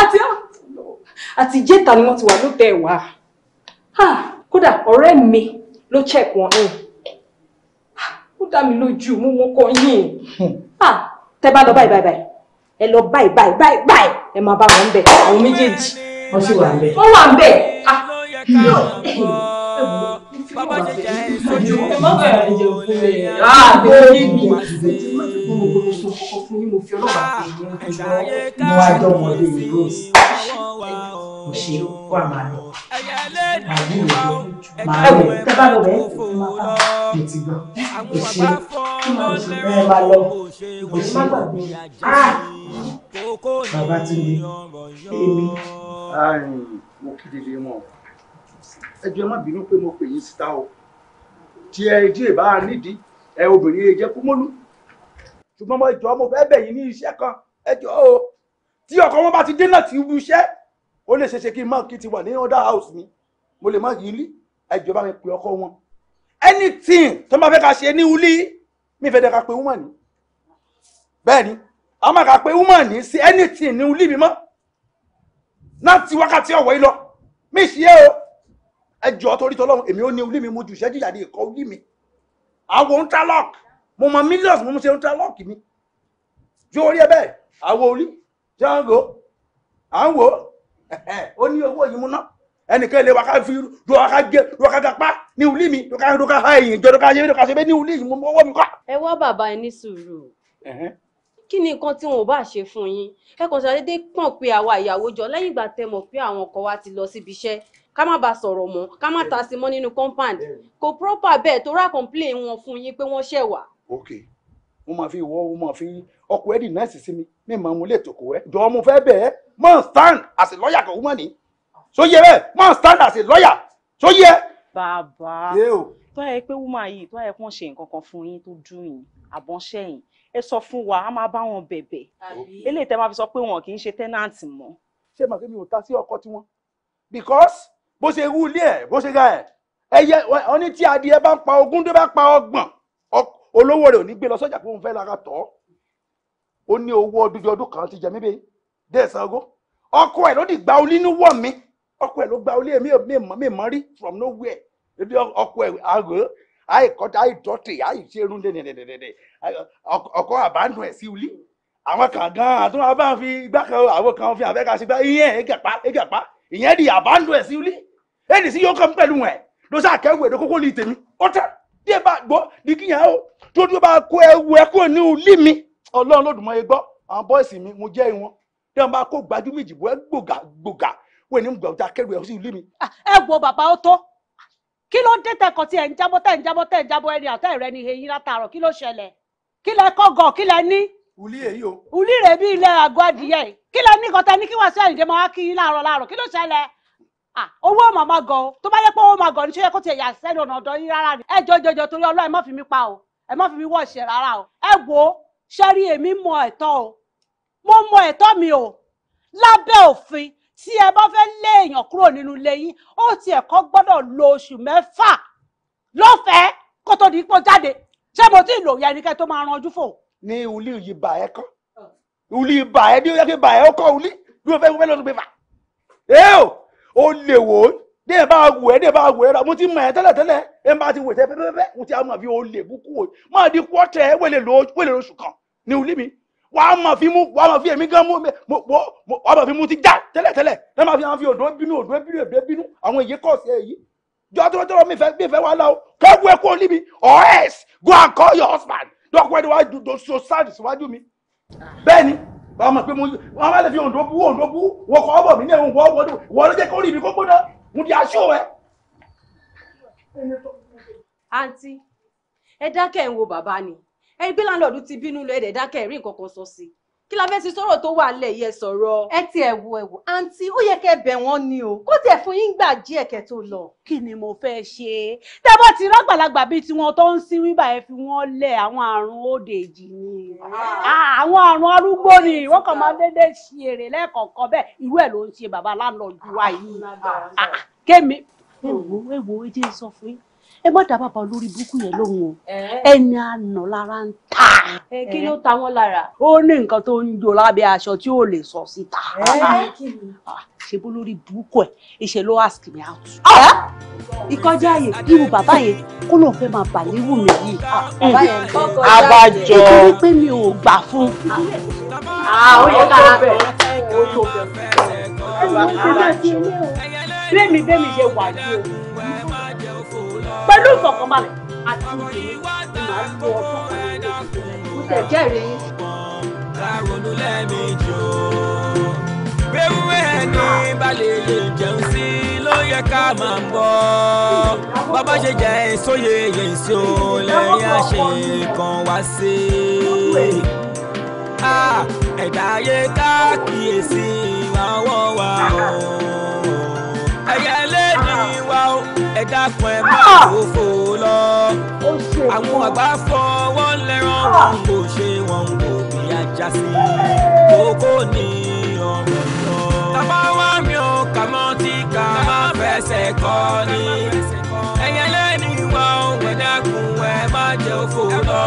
àti àti jẹ́ta ni wọ́n ti wà lóòtẹ́ wa kódà ọ̀rẹ́ mi ló check wọn in ó dá mi lójú mú wọn kọ yín hmm. tẹ bá lọ báyìí báyìí báyìí ẹ lọ báyìí báyìí báyìí báyìí ẹ máa bá wọn bẹ àwọn méjèèjì wọ́n sì wà ń bẹ̀. ó wà ń bẹ̀. Ah. Bàbá jẹjẹ sojú ọmọ bẹ̀rẹ̀ jẹ òkú rẹ̀. Àà bẹ̀rẹ̀ ní ìgbìmọ̀ àti bẹ̀rẹ̀ mo gbogbo mo sọ kọkọ fún yín mo fi ọlọ́pàá pè yín lójúmọ́ mo wá dọ́mọ lé mi rose mo ṣe wà máa lọ màá wù lọ màá wù tábà lọ bẹ́ẹ̀ tó fún máa bá mo ti gbọ́ mo ṣe mo ṣe bẹ́ẹ̀ máa lọ mo ṣe má gbàgbé bàbá tún ní èmi mo kídìdì wọn ẹjọ má bínú pé mo pè yín síta o tí ẹ díẹ̀ bá nídìí ẹ obìnrin ẹ jẹ kú mọ́lú ṣùgbọ́n mo jọ mo fẹ́ bẹ̀ yín ní iṣẹ́ kan ẹ jọ o tí ọkọ wọn bá ti dé náà ti wú iṣẹ́ ó lè ṣeéṣe kí n máa kí ti wà ní other house mi mo lè má yí lí ẹ jọ bá mi pè ọkọ wọn anything tó máa fẹ́ ká ṣe ní wúlí mi fẹ́ dẹ́ ká pe woman ní bẹ́ẹ̀ a máa ká pe woman ní sí anything ní wúlí mi mọ́ láti wákàtí ọ̀wọ́ yìí lọ mí ṣe é o ẹjọ́ torí tọ́lọ́run èmi ò ní orí mi mo jù ṣẹ́jú ìyàdí ìkọ́ orí mi àwo ń ta lọ́ọ̀k mo mọ millions mo ṣe ń ta lọ́ọ̀kì mi ju orí ẹ bẹ́ẹ̀ àwo orí Ṣàngó à ń wò ó ó ní owó yìí mú ná ẹnìkan ilé wákà fi ro wákà gé ro wákà gapá ní ulí mi ro ká ha èyí jọ ro ká ṣe bẹ́ẹ̀ ní ulí yìí mo mọ owó mi kọ́. ẹ wá bàbá ẹ ní sùúrù kí ni nǹkan tí wọn ò bá ṣe fún yín ẹ kàn ṣàdédé pọ̀n pé àwa ìyàwó jọ lẹ́yìn ìgbà tẹ́ mọ̀ pé àwọn ọkọ wa ti lọ síbi iṣẹ́ ká má bàa sọ̀rọ̀ mọ́ ká má ta sí mọ́ nínú compound kò proper bẹ́ẹ̀ tó rà complain wọn fún yín pé wọ́n ṣẹ̀ wá. ok mo máa fi ìwọ mo máa fi ọkọ ẹdì náà sì sí mi mi máa mú létò kó ẹ jọ mo fẹ́ bẹ́ẹ̀ mọ stand as a lawyer kò wúmọ ní sóyè bẹ́ẹ̀ mọ stand as a lawyer sóyè. bàbá tó yẹ pé wúmọ yìí tó yẹ kó ń ṣe nǹkan kan fún yín tó dùn yín àbọ̀nṣẹ́yìn ẹ sọ fún wa a máa bá wọn bẹ̀bẹ̀ eléyìí tẹ́ máa fi sọ pé wọn kì í ṣe tẹ́nàǹtì mọ́. ṣé màá kémi ò ta sí ọkọ tiwọn because bó ṣe wú ilé ẹ bó ṣe ga ẹ ẹyẹ ọní tí adìẹ bá ń pa ogún tó bá pa ọgbọ̀n olówó rẹ ò ní gbé lọ sọ́jà pé òun fẹ́ lára tọ́ ó ní owó ọdún ju ọdún kan ti jẹ mí bẹ́ẹ̀ dẹ́ sango ọkọ ẹ ló di gba onínú wọ̀ mí ọkọ ẹ ló gba olé mi ò mọ̀ mí rí from nowhere ọkọ ẹ àgọ́ àìkọ́tà àìdọ́tì àìṣerun dẹ̀dẹ̀dẹ̀dẹ̀ ọkọ̀ àbádùn ẹ̀ sí ulí àwọn kan gan àtúntò àbá fi igbá kan àwọn kan fi àfẹ́ ká sí gbá ìyẹn ẹ̀gàpá ẹ̀gàpá ìyẹn di àbádùn ẹ̀ sí ulí èdè sí yóò kàn pẹ̀lú ẹ̀ ló sá kẹ́wù èdè kókó lè tèmi ó tẹ́ díẹ̀ bá gbọ́ di kí yẹn o tó tó bá kó ẹwù ẹ kúrò ní ulí mi ọlọ́run lódùmọ̀ yẹn gbọ́ àwọn bọ́ìsì mi mo jẹ́ ìwọ̀n tí wọ́n bá kó gbajúmọ̀ ìjìbò ẹ gbògà gbògà wọ́n ní gbọ̀dá kẹ́wù ẹ sí ulí mi. Ah, ẹ wo bàbá ó tó kí ló dé tẹkọ tí ẹ ń jábọ́ tẹ ń jábọ́ tẹ ń jábọ́ ẹni àtẹ rẹ ni eyín látàárọ̀ kí ló ṣẹlẹ̀ kí lẹ kọgọ kí lẹ ní. wùlí èyí o. wùlí rẹ bí ilẹ̀ àgọ́ adìyẹ kí lẹ ní kọtẹ ní kí wàá sí àyìndé máa kí láàárọ̀ láàárọ̀ kí ló ṣẹlẹ̀. owó ọmọ máa gọ o tó bá yẹ pé owó máa gọ ní ṣẹyẹ kó tiẹ̀ yà sẹ́nu ọ̀nà ọ̀dọ́ yín rárá ni. ẹ jọ jọjọ torí Ọlọ́run ẹ má fi mí o ẹ má fi mí wọ̀ ṣẹ̀ rárá o. mo mọ ẹ̀tọ́ mi o lábẹ́ òfin tí ẹ bá fẹ́ lé èèyàn kúrò nínú ilé yín ó tiẹ̀ kọ́ gbọ́dọ̀ lo oṣù mẹ́fà lọ́fẹ̀ẹ́ kó tó di ipò jáde ṣé mo ti lò yẹn nìkẹ́ tó máa ranjú fò. ní ulí yìí bà ẹ kọ́ ulí bà ẹ bí ó yẹ kí bà ẹ ó kọ́ ulí bí wọ́n fẹ́ wọ́n fẹ́ lọ́dún pépà. ẹ o ò lè wò ó ní ẹ bá wò ẹ ní ẹ bá wò ẹ rà mo ti mọ ẹ tẹ́lẹ̀ tẹ́lẹ̀ ẹ máa ti wò ẹ pẹ́pẹ́pẹ́ mo ti àmọ̀ fi ó lè kúkú o máa di kú ọ̀tẹ̀ wẹ́lẹ̀ lóṣù kan ní ulí mi wà á mọ̀ fi mú wà á mọ̀ fi èmi gan mú wà á mọ̀ fi mú ti já tẹ́lẹ̀tẹ́lẹ̀ ẹ máa fi àwọn fi òdò bínú òdò bínú èdè bínú àwọn èyí kọ̀ sí èyí jọ tó tọrọ mi fẹ́ mi fẹ́ wà láwo kẹ́kù ẹ kúrò níbi or else go and call your husband dọ́kọ̀ ẹni wàá dùn so sad síwájú mi bẹ́ẹ̀ ni wà á mọ̀ pé mo wọ́n máa lè fi òǹdó bú òǹdó bú wọ́n kọ́ ọ̀bọ̀ mi ní ẹ̀hún wọ́n wọ́n wọ́n ló jẹ́ kó rí ibi kó gbóná mo di aṣọ ẹ. àǹtí ẹ dákẹ́ ń wo bàbá ni ẹ̀rí pé láńlọ́ọ̀dù ti bínú lọ ẹ̀dẹ̀ dákẹ́ ẹ̀rí nǹkan kan sọ sí i kí la fẹ́ sí sọ̀rọ̀ tó wà lẹ̀ yẹ sọ̀rọ̀. ẹ ti ẹ̀ wo ẹ̀ wo àǹtí ó yẹ kẹ́ bẹ̀ wọ́n ni o kó tiẹ̀ fún yín gbà jí ẹ̀kẹ́ tó lọ. kí ni mo fẹ́ ṣe tẹ́ bá ti rágbàlagbà bíi tiwọn tó ń sin wíwá ẹ fi wọ́n lẹ̀ àwọn àrùn òde èjì ni ah. Ah, àwọn àrùn arúgbó ni wọ́n kàn máa dédé ṣe èrè lẹ́ẹ̀kọ̀ọ̀kan bẹ́ẹ̀ irú ẹ̀ ló ń ṣe bàbá láńlọ́ọ̀dù wa yìí. kémi ewo ewo ẹ jẹ́ sọ fún yín ẹ má dábàá bá olórí burúkú yẹn lóhùn o ẹni àná lára ń ta. kí ló ta wọn lára. ó ní nǹkan tó ń jò lábẹ́ aṣọ tí ò lè sọ síta. ṣe bó lórí burúkú ẹ iṣẹ́ ló ask me out. ìkọjá yẹn irú bàbá yẹn kó lóun fẹ́ máa bà nírú mi yìí. abájọ ìdílé pé mi ò gbà fún. Ah, ó yẹ ká lọ bẹ̀ ó tó bẹ̀ fún ẹ. bẹ́ẹ̀ mi bẹ́ẹ̀ mi ṣe wà ní o pẹ̀lú ìfọ̀kànbalẹ̀ àti ìdílé ni màá lo ọdún kan ní ìdílé mo tẹ̀ jẹ́rìí yín. láronú lẹ́ẹ̀mejì o wéwúwé ẹni balẹ̀ lè jẹun sí ló yẹ ká máa ń bọ̀ bàbá ṣe jẹ́ yẹn sí o lẹ́yìn àṣẹ kan wá sí i ẹ̀dá ayé ká kíyèsí ìwà ọwọ́ wa o ẹ dákun ẹ má fòfò ah! lọ àwọn àgbà fọwọ́ lẹ́rán ah! wọn kò ṣe wọn kò bí ajá sí kókó ní ọ̀rọ̀ lọ. tábà wá mi ò kà mọ́ tí ká má fẹsẹ̀ kọ́ ni ẹ̀yẹ lẹ́ni wá ò wẹ̀ dákun ẹ má jẹ́ òfò lọ.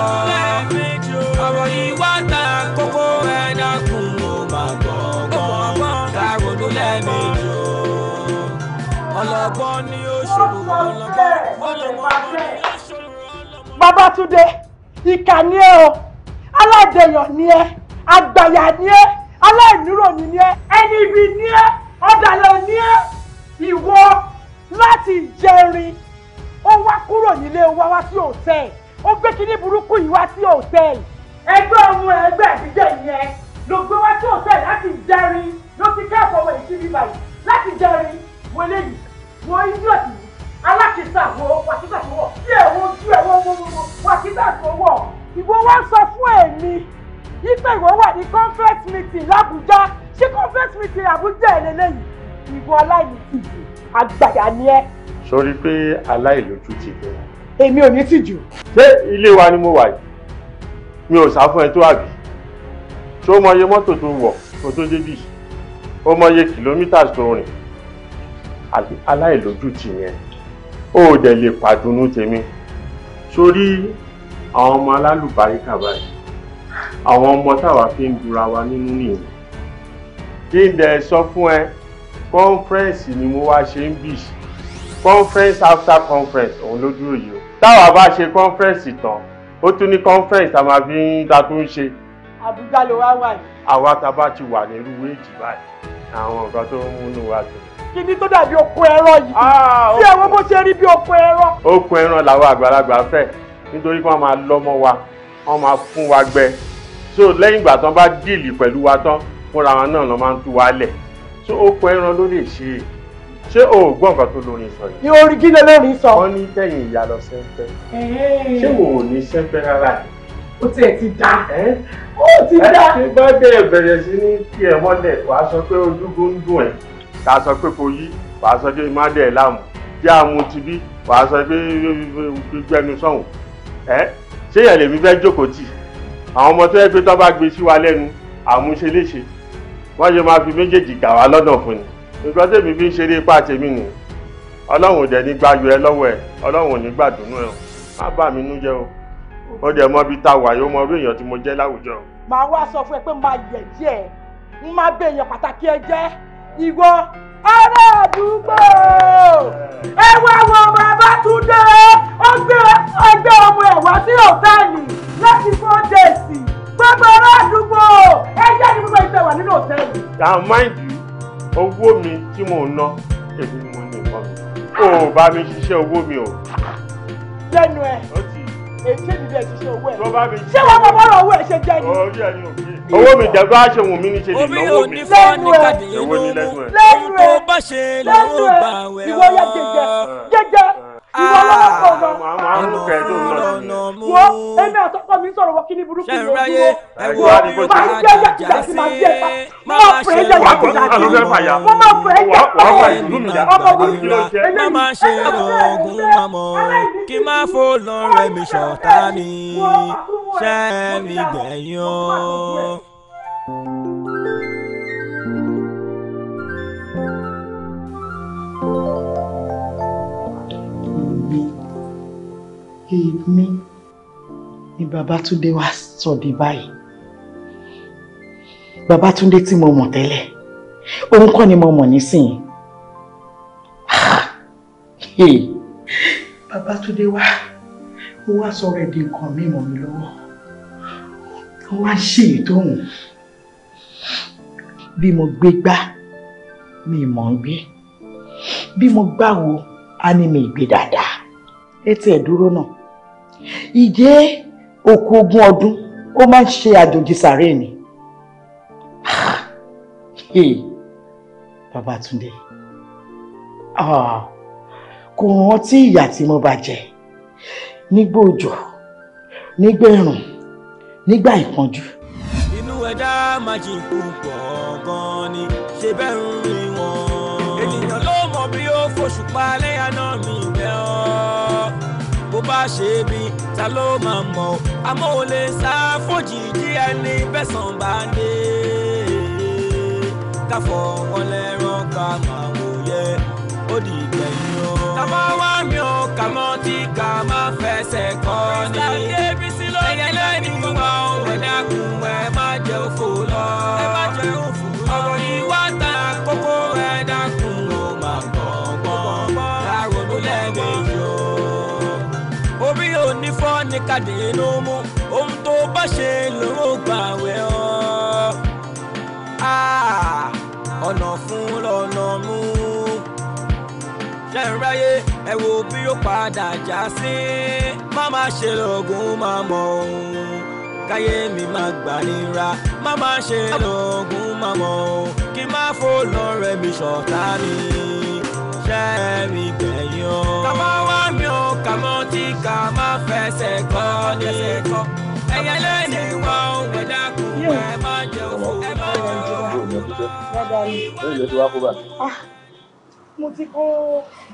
ọ̀rọ̀ yìí wá ta kókó ẹ dákun ó má gbọ̀ngàn dárò ló lẹ́ẹ̀mejì ọlọ́gbọ́n ni ó. Baba Babátúndé ìkà ni ẹ́ o aládèyàn ni ẹ́ àgbàyà ni ẹ́ aláìníròyìn ni ẹ́ ẹni ibi ni ẹ́ ọ̀dàlẹ̀ ni ẹ́ ìwọ láti jẹrin ó wá kúrò nílé wa wá sí òtẹ́ẹ̀lì ó gbé kíní burúkú yìí wá sí òtẹ́ẹ̀lì ẹgbẹ́ ọmọ ẹgbẹ́ ìdíje yẹn ló gbé wá sí òtẹ́ẹ̀lì láti jẹrin ló ti kẹ́kọ̀ọ́ wẹ̀ ìṣíbí báyìí láti jẹrin wọlé yìí wọ́n idiot yìí alákìísà wo wàkísà tó wọ̀ bí ẹ̀wọ̀n ojú ẹ̀wọ̀n wọ́wọ́wọ́ wàkísà tó wọ̀. ìwọ wá sọ fún èmi yípa ìwọ wà ní conference meeting làbújá ṣé conference meeting àbújá ẹ̀ lélẹ́yìí ìwọ aláìlójútì àgbàyà ni ẹ. sọrí pé aláìlójútì ni wọn. èmi ò ní tìjú. ṣé ilé wa ni mo wà yìí mi ò sá fún ẹ tó àbí ṣó mọye mọ́tò tó wọ̀ kó tó débì ó mọye kìlómítà tó rìn aláìlójútì yẹn ó dẹ̀ lè pàdùnnú tèmi sórí àwọn ọmọ alálùbáríkà báyìí àwọn ọmọ táwa fi ń dura wa nínú nìyẹn kí n dẹ̀ sọ fún ẹ kọ́nfẹ́rẹ́nsì ni mo wá ṣe ń bì conference after conference òun ló dúró yìí o táwa bá ṣe conference tán ó tún ní conference àmà fi ń ta tó ń ṣe. àbújá ló wá wà yìí. àwa tá a bá ti wà nírú wéèjì báyìí àwọn nǹkan tó ń múnú wa dùn kíní tó dàbí okun ẹran yìí tí ah, ẹ̀wọ̀n bó ṣe rí bí okun ẹran. okun ẹran làwọn àgbàlagbà fẹ́ nítorí kí wọ́n máa lọ́mọ wa wọ́n máa fún wa gbẹ so lẹ́yìn ìgbà tán bá díìlì pẹ̀lú wa tán fúnra wọn náà lọ́ máa ń tú wa lẹ̀ so okun ẹran ló lè ṣe ṣé o ò gbọ́ nǹkan tó lórin sọ yìí. orin kí lolórin sọ. wọ́n ní tẹ̀yìn ìyá lọ sẹ́ńpẹ́. ṣé wò ó ní sẹ́ńpẹ́ rárá yìí. ó tiẹ̀ ti da. ó ti da. ẹ ṣe bá bẹ̀rẹ̀ sí ní tiẹ̀ mọ́lẹ̀ wàá sọ pé ojúgun ń dùn ẹ̀ ká sọ pé kò yí wàá sọ pé má dẹ̀ láàmú bí àmú ti bí wàá sọ pé gbẹnu sọ̀hún ẹ ṣé yẹn lèmi fẹ́ jókòó tì àwọn ọmọ tó yẹ pé tó bá gbé sí wa lẹ́nu àmúṣe léṣe wọ́n ṣe máa fi méjèèjì gà wá lọ́nà fún ni nǹkan tèmi fi ń ṣeré ipá tèmi nù ọlọ́run dẹ̀ ní gbayọ̀ ẹ lọ́wọ́ ẹ ọlọ́run ní gbàdúnú ẹ má bà mí nú jẹ́ o ó dẹ̀ mọ bí tá a wà yóò mọ orí èèyàn tí mo jẹ́ láwùjọ. màá wá sọ fún ẹ pé màá yẹ̀ jẹ́ ẹ ń má bẹ pàtàkì ẹ jẹ́ ìwọ ará àdúgbò ẹ wá wọ bàbá Túndé ọgbẹ ọgbẹ ọmọ ẹ wá sí òtẹ́ẹ̀lì láti fọ́ dèsì gbogbo ará àdúgbò ẹ jẹ́ ní gbogbo ìtẹ̀ wà nínú òtẹ́ẹ̀lì. dàá máìdì owó mi tí mò ń ná èmi ni mo ní ìfọ́ mi ò bá mi ṣiṣẹ́ owó mi o. lẹ́nu ẹ̀ èyíkéyìí bí ṣe owó mọ bọ́rọ̀ owó ẹ ṣe jẹ ni. owó mi jẹ bá ṣe wù mí ní ṣe lè lọ́wọ́ mi. lẹ́nu ẹ lẹ́nu ẹ lẹ́nu ẹ ìwọ yẹ jẹjẹ jẹjẹ ìwọ lọ́wọ́ ah, tó lọ. ọ̀nà ọ̀nà mú. wo èmi àtọ́kọ mi sọ̀rọ̀ wọ́n kí ni burúkú ló dúró. ẹ̀wọ́ máa ń jẹ́ jàkìjà sí máa jẹ́ pa. máa fẹ́ jẹ́ jàkìjà sí. wọ́n máa fẹ́ jẹ́ pa. ọmọ burúkú ló ṣe. má má ṣe oògùn mamọ kí má èmi ni Babátúndé wá sọ di báyìí Babátúndé tí mo mọ̀ tẹ́lẹ̀ òun kọ́ ni mo mọ̀ nísìnyí ah, Babátúndé wá ó wá sọ̀rọ̀ ẹ̀ di nǹkan mímọ̀ mi lọ́wọ́ ó wá ṣe ìtòhùn bí mo gbé gbá mi mọ̀ ń gbé bí mo gbáwo á ní mi gbé dáadáa etí ẹ̀ dúró náà ìjẹ́ òkú ogún ọdún ó máa ń ṣe àjòjì sàárè ni ah, eh, Babátúndé ah, kò rántí ìyà tí mo bá jẹ nígbà òjò nígbà ẹ̀rùn inú ẹ̀dá máa jí gan-an ni ṣe bẹ́ẹ̀ ń wọ́n. ènìyàn ló mọ bí ó fòṣùpá lẹ́yìn náà mi bẹ́ bó bá ṣe bí ta ló máa mọ̀ ọ́ àmọ́ ò lè sá fòjì kí ẹni bẹ́sàn bá dé káfọ́ ọlẹ́rán ká máa wò yẹ ó di ìgbẹ̀yìn o. tàbá wá mi ò kà mọ́ tí ká máa fẹsẹ̀ kọ́ ni. ṣe lówó gbàwẹ̀ ọ́ ah, ọ̀nà fún lọ́nà mú ṣe ń ráyé ẹ wo bí ó padà já sí má má ṣe lọ́gùn má mọ̀ ohun káyé mi má gbà nira má má ṣe lọ́gùn má mọ̀ ohun kí má fò lọ́rẹ̀ mi ṣọ̀tá mi ṣe mi gbẹ̀yàn. kàmọ́ wá mi ò kàmọ́ tí ká má fẹsẹ̀ kọ́ ni ẹ̀yẹ lẹ́nu wọ wẹ̀dá kù ẹ má jẹ òfò ẹ má jẹ òfò. mo ti kó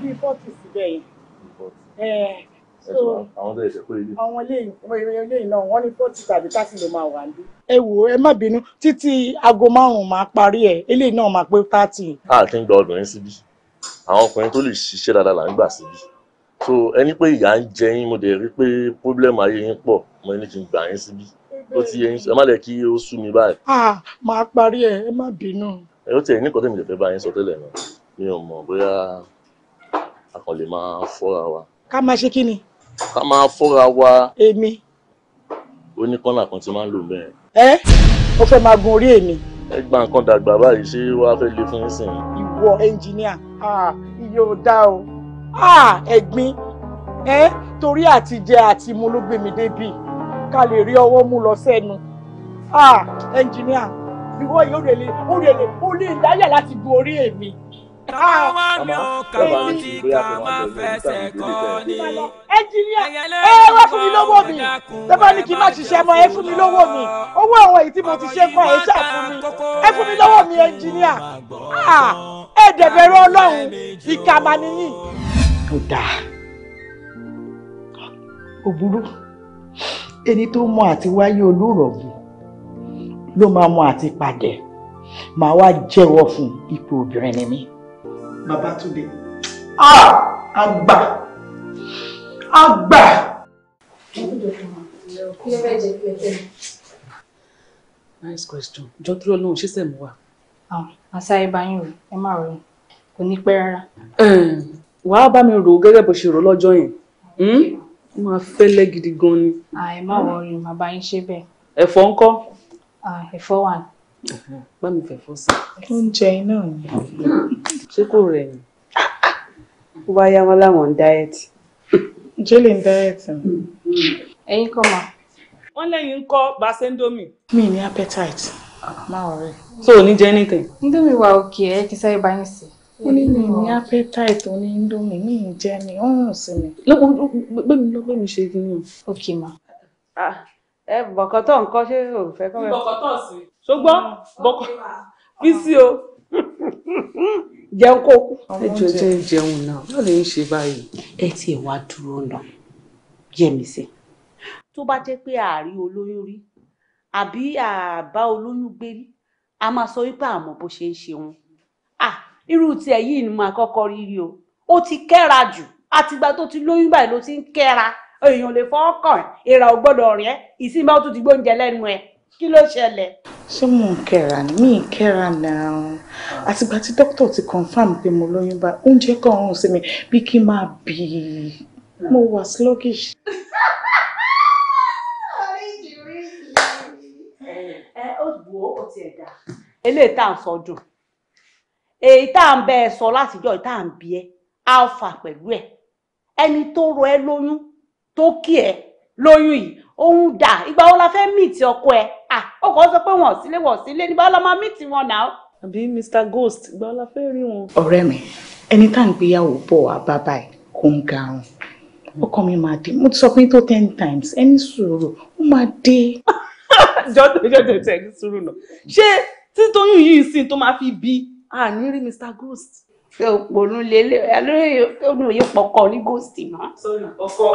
bíi fọ́tì síbẹ̀ yìí àwọn tó ẹsẹ̀ pé ilé. àwọn eléyìí náà wọ́n ní fọ́ọ̀tì tàbí táàsì ló máa wà ní. ẹ wò ẹ má bínú títí aago márùn-ún máa parí ẹ eléyìí náà máa pé táàtì. a kì í gba obìnrin síbí àwọn ọkùnrin tó lè ṣiṣẹ́ dáadáa là ń gbà síbí so ẹni pé ìyà ń jẹ yín mo dẹ̀ rí pé problem ayé yín pọ̀ mo ní kí n gbà yín síbí ó ti yẹ yín ẹ má lẹ kí ó sú mi báyìí. ah máa parí ẹ ẹ má bínú. ẹ ó tiẹ̀ ní nǹkan tẹ̀mí lè fẹ́ bá yín sọ tẹ́lẹ̀ náà mi ò mọ̀ bóyá a kàn lè máa fọ́ra wa. ká máa ṣe kí ni. ká máa fọ́ra wa. èmi. ó ní kọ́nà kan tí máa ń lò bẹ́ẹ̀. ẹ ó fẹ́ máa gun orí èmi. ẹ gba nǹkan dàgbà báyìí ṣé wàá fẹ́ le fún yín sìn. ìwọ ẹnjìníà ah iye ò dá o ẹ̀gbin torí àtijẹ àti mu ló gbé mi débi ká lè rí ọwọ́ mú lọ sẹ́nu ẹnjìníà ìwọ yìí ó lè ó lè ó lè dáyà láti bu orí èmi. Káwá ni ó kàwá tí ká máa fẹsẹ̀ kọ́ ni. Ẹnjìníà ẹ wá fún mi lówó mi. Tẹ́fà ní kí n má ṣiṣẹ́ mọ́ ẹ fún mi lówó mi. Owó àwọn èyí tí mo ti ṣe fún ẹ ṣáà fún mi. Ẹ fún mi lówó mi ẹnjìníà. Ẹ dẹ̀bẹ̀rẹ̀ Ọlọ́run ìkà nìyí tó dáa òbúrú ẹni tó mọ àti wáyé olórọ̀bù ló máa mọ àti padẹ̀ màá wá jẹ́wọ́ fún ipò obìnrin ni mí. Babátúndé àgbà àgbà. nice question jọ dúró lóhùn ṣíṣẹ́ mú wa. Ah, àṣà ìbáyín o ẹ má rọrùn kò ní pẹ́ rárá wàá bá mi rò ó gẹ́gẹ́ bó ṣe rò lọ́jọ́ yẹn hmm? ó máa fẹ́lẹ́ gidi gan ni. àì má wọrí màá bá yín ṣe bẹ́ẹ̀. ẹ̀fọ́ ń kọ́. ẹ̀fọ́ wà. bá mi fẹ̀fọ́ sí. oúnjẹ iná ni. ṣé kò rẹ̀ ni. ó bá yá wọn láwọn ń dáẹ́tì. jẹ́lẹ̀ ń dáẹ́tì. ẹ̀yin kọ́ ma. wọ́n lẹ́yìn ń kọ́ basendomi. mi ní appetite. má wọrí. so ò ní jẹ́ anything. ndomi wa òkè ẹ kí sáré bá yín sí i ó ní mi ní appetite ó ní indomie mi ń jẹ mi ó rùn sí mi. gbé mi lọ gbé mi ṣe kí ni o. ok ma. ẹ bọ̀kọ̀tọ̀ nǹkan ṣé o fẹ́ kọ́ mi. bọ̀kọ̀tọ̀ sí. ṣùgbọ́n bọ̀kọ̀ bí o jẹun kó kú. ẹ jọ jẹ jẹun náà yóò lè ń ṣe báyìí. ẹ tiẹ̀ wá dúró lọ yẹmi sí. tó bá jẹ́ pé àárí olóyún rí àbí àbá olóyún gbé rí a máa sọ wípé àmọ́ bó ṣe ń ṣe wọn. ah irú tiẹ̀ yìí ni mo àkọ́kọ́ rí rí o ó ti kẹ́ra jù àtìgbà tó ti lóyún báyìí ló ti ń kẹ́ra èèyàn lè fọ́ kàn ìrà ò gbọ́dọ̀ rìn ẹ́ ìsinmi ó tún ti gbóúnjẹ lẹ́nu ẹ̀ kí ló ṣẹlẹ̀. ṣé mò ń kẹ́ra ni mí kẹ́ra náà àtìgbà tí dókítà ti confam pé mo lóyún bá oúnjẹ kan ọ̀run sí mi bí kí n máa bì í mo wà sluggish. ẹ ó wò ó ti ẹ̀ dà eléyìí tá à ń sọ dùn èyí tá à ń bẹ ẹ sọ látijọ́ èyí tá à ń bí ẹ á fà pẹ̀lú ẹ ẹni tó rọ ẹ lóyún tó kí ẹ lóyún yìí òun dà ìgbà wo la fẹ́ mìtì ọkọ ẹ à ọkọ sọ pé wọn sílé wọn sílé nígbà wo la máa mìtì wọn náà. àbí Mr Ghost ìgbà wo la fẹ́ rí wọn. ọ̀rẹ́ mi ẹni tá à ń gbéyàwó bọ̀ wá bá báyìí kò ń garun ọkọ mi máa dé mo ti sọ pé tó ten times ẹni sùúrù ó máa dé. jọ́dọ̀ jọ́dọ̀ tẹ̀ ní sùúrù náà ṣé títóyún yìí sìn tó máa fi bí a ní rí Mr Ghost. ṣé o pònú lélẹ̀ alóyè ọdún òye pọkọ ní ghost mọ́. ọkọ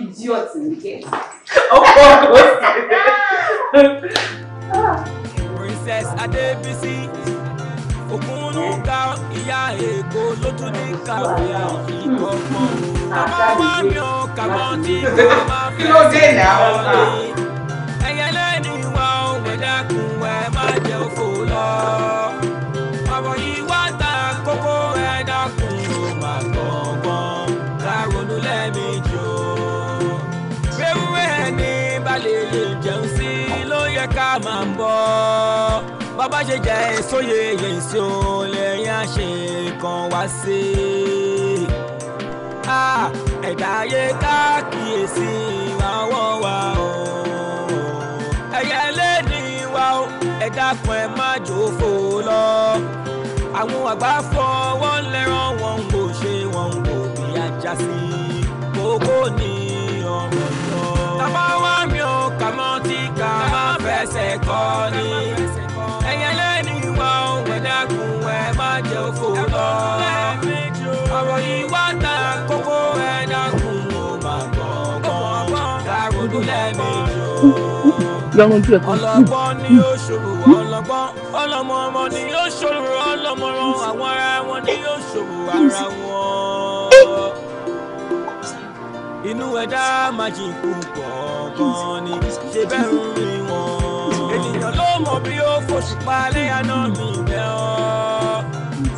idiot ní kẹ́. ọkọ ghost. Princess Adébísí ògúnnúga ìyá èkó ló tún ní kàwéyà ìkọ̀kọ̀ bàbá wa mi ò kàwọ́ tí kò máa fi ṣe ìwọlé ẹ̀yẹ lẹ́nu wa ò wẹ̀dá kùn wẹ̀ má jẹ́ òfò lọ. bọ́ bàbá ṣe jẹ́ èso yeye èsì ò lẹ́yìn àṣẹ kan wá sí i. ẹ̀dá ayé káàkiyèsí àwọn wa o ẹ̀yẹ lẹ́ni wa o ẹ̀dá kan ẹ̀ má jòfò lọ àwọn àgbà fọ́. yọrun ojú ẹ kan. ọlọ́gbọ́n ni yóò ṣòro ọlọ́gbọ́n ọlọ́mọ ọmọ ni yóò ṣòro ọlọ́mọ àwọn ará wọn ni yóò ṣòro ara wọn. inú ẹ̀dá májì púpọ̀ gan ni ṣe bẹ́ẹ̀ ń rí wọn. ènìyàn ló mọ̀ bí ó fòṣù pa léyà náà ní ìbẹ́ ọ́.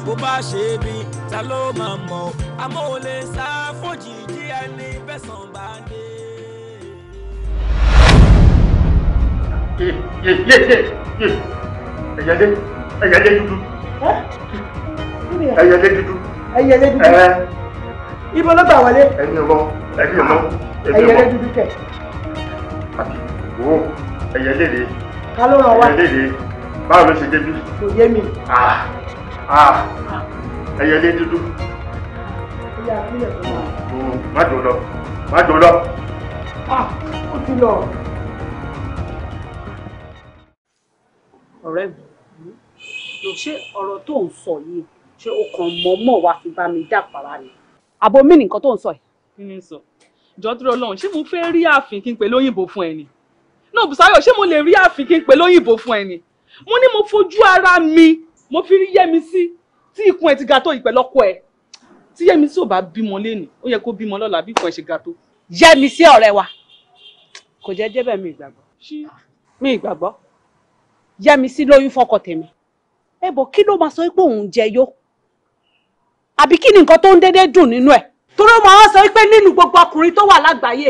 bó bá ṣe bí ta ló máa mọ̀ àmọ́ ò lè sá fòjì jí ẹni bẹ́sàn-án bá dé. ẹyẹlé ẹyẹlé dúdú ẹyẹlé dúdú ẹyẹlé dúdú ibo ló gbà wọlé ẹni ọmọ ẹni ọmọ ẹyẹlé dúdú kẹ àti wo ẹyẹlé rè ká ló ràn wá ẹyẹlé rè báwo ló ṣe débi kò yé mi ẹyẹlé dúdú má dùn lọ má dùn lọ ó ti lọ. ọ̀rẹ́ mi lò ṣé ọ̀rọ̀ tó ń sọ yìí ṣé o kàn mọ̀ọ́mọ̀ wá fi bá mi dà ni àbò mí nìkan tó ń sọ yìí. kí ni sọ jọdúró lọhùn ṣé mo fẹ́ rí ààfin kí n pè lóyìnbó fún ẹ ni náà Bùsáyọ̀ ṣé mo lè rí ààfin kí n pè lóyìnbó fún ẹ ni mo ní mo fojú ara mi mo fi rí yẹmi sí tí ikùn ẹ ti ga tó ìpẹ́lọ́kọ ẹ tí yẹmi sí ò bá bímọ lénìí ó yẹ kó bímọ lọ́la bí ikùn ẹ ṣe ga tó. yẹmi sí ọ̀rẹ́ wa kò jẹ́ jẹ́ bẹ́ẹ̀ mi ìgbàgbọ́ mi ìgbàgbọ́ Yẹ́misí lóyún fọkọ tèmi ẹ bọ̀ kí ló máa sọ pé òun jẹ yó àbí kí ni nǹkan tó ń déédéé dùn nínú ẹ̀ torí ó máa wá sọ pé nínú gbogbo ọkùnrin tó wà lágbàáyé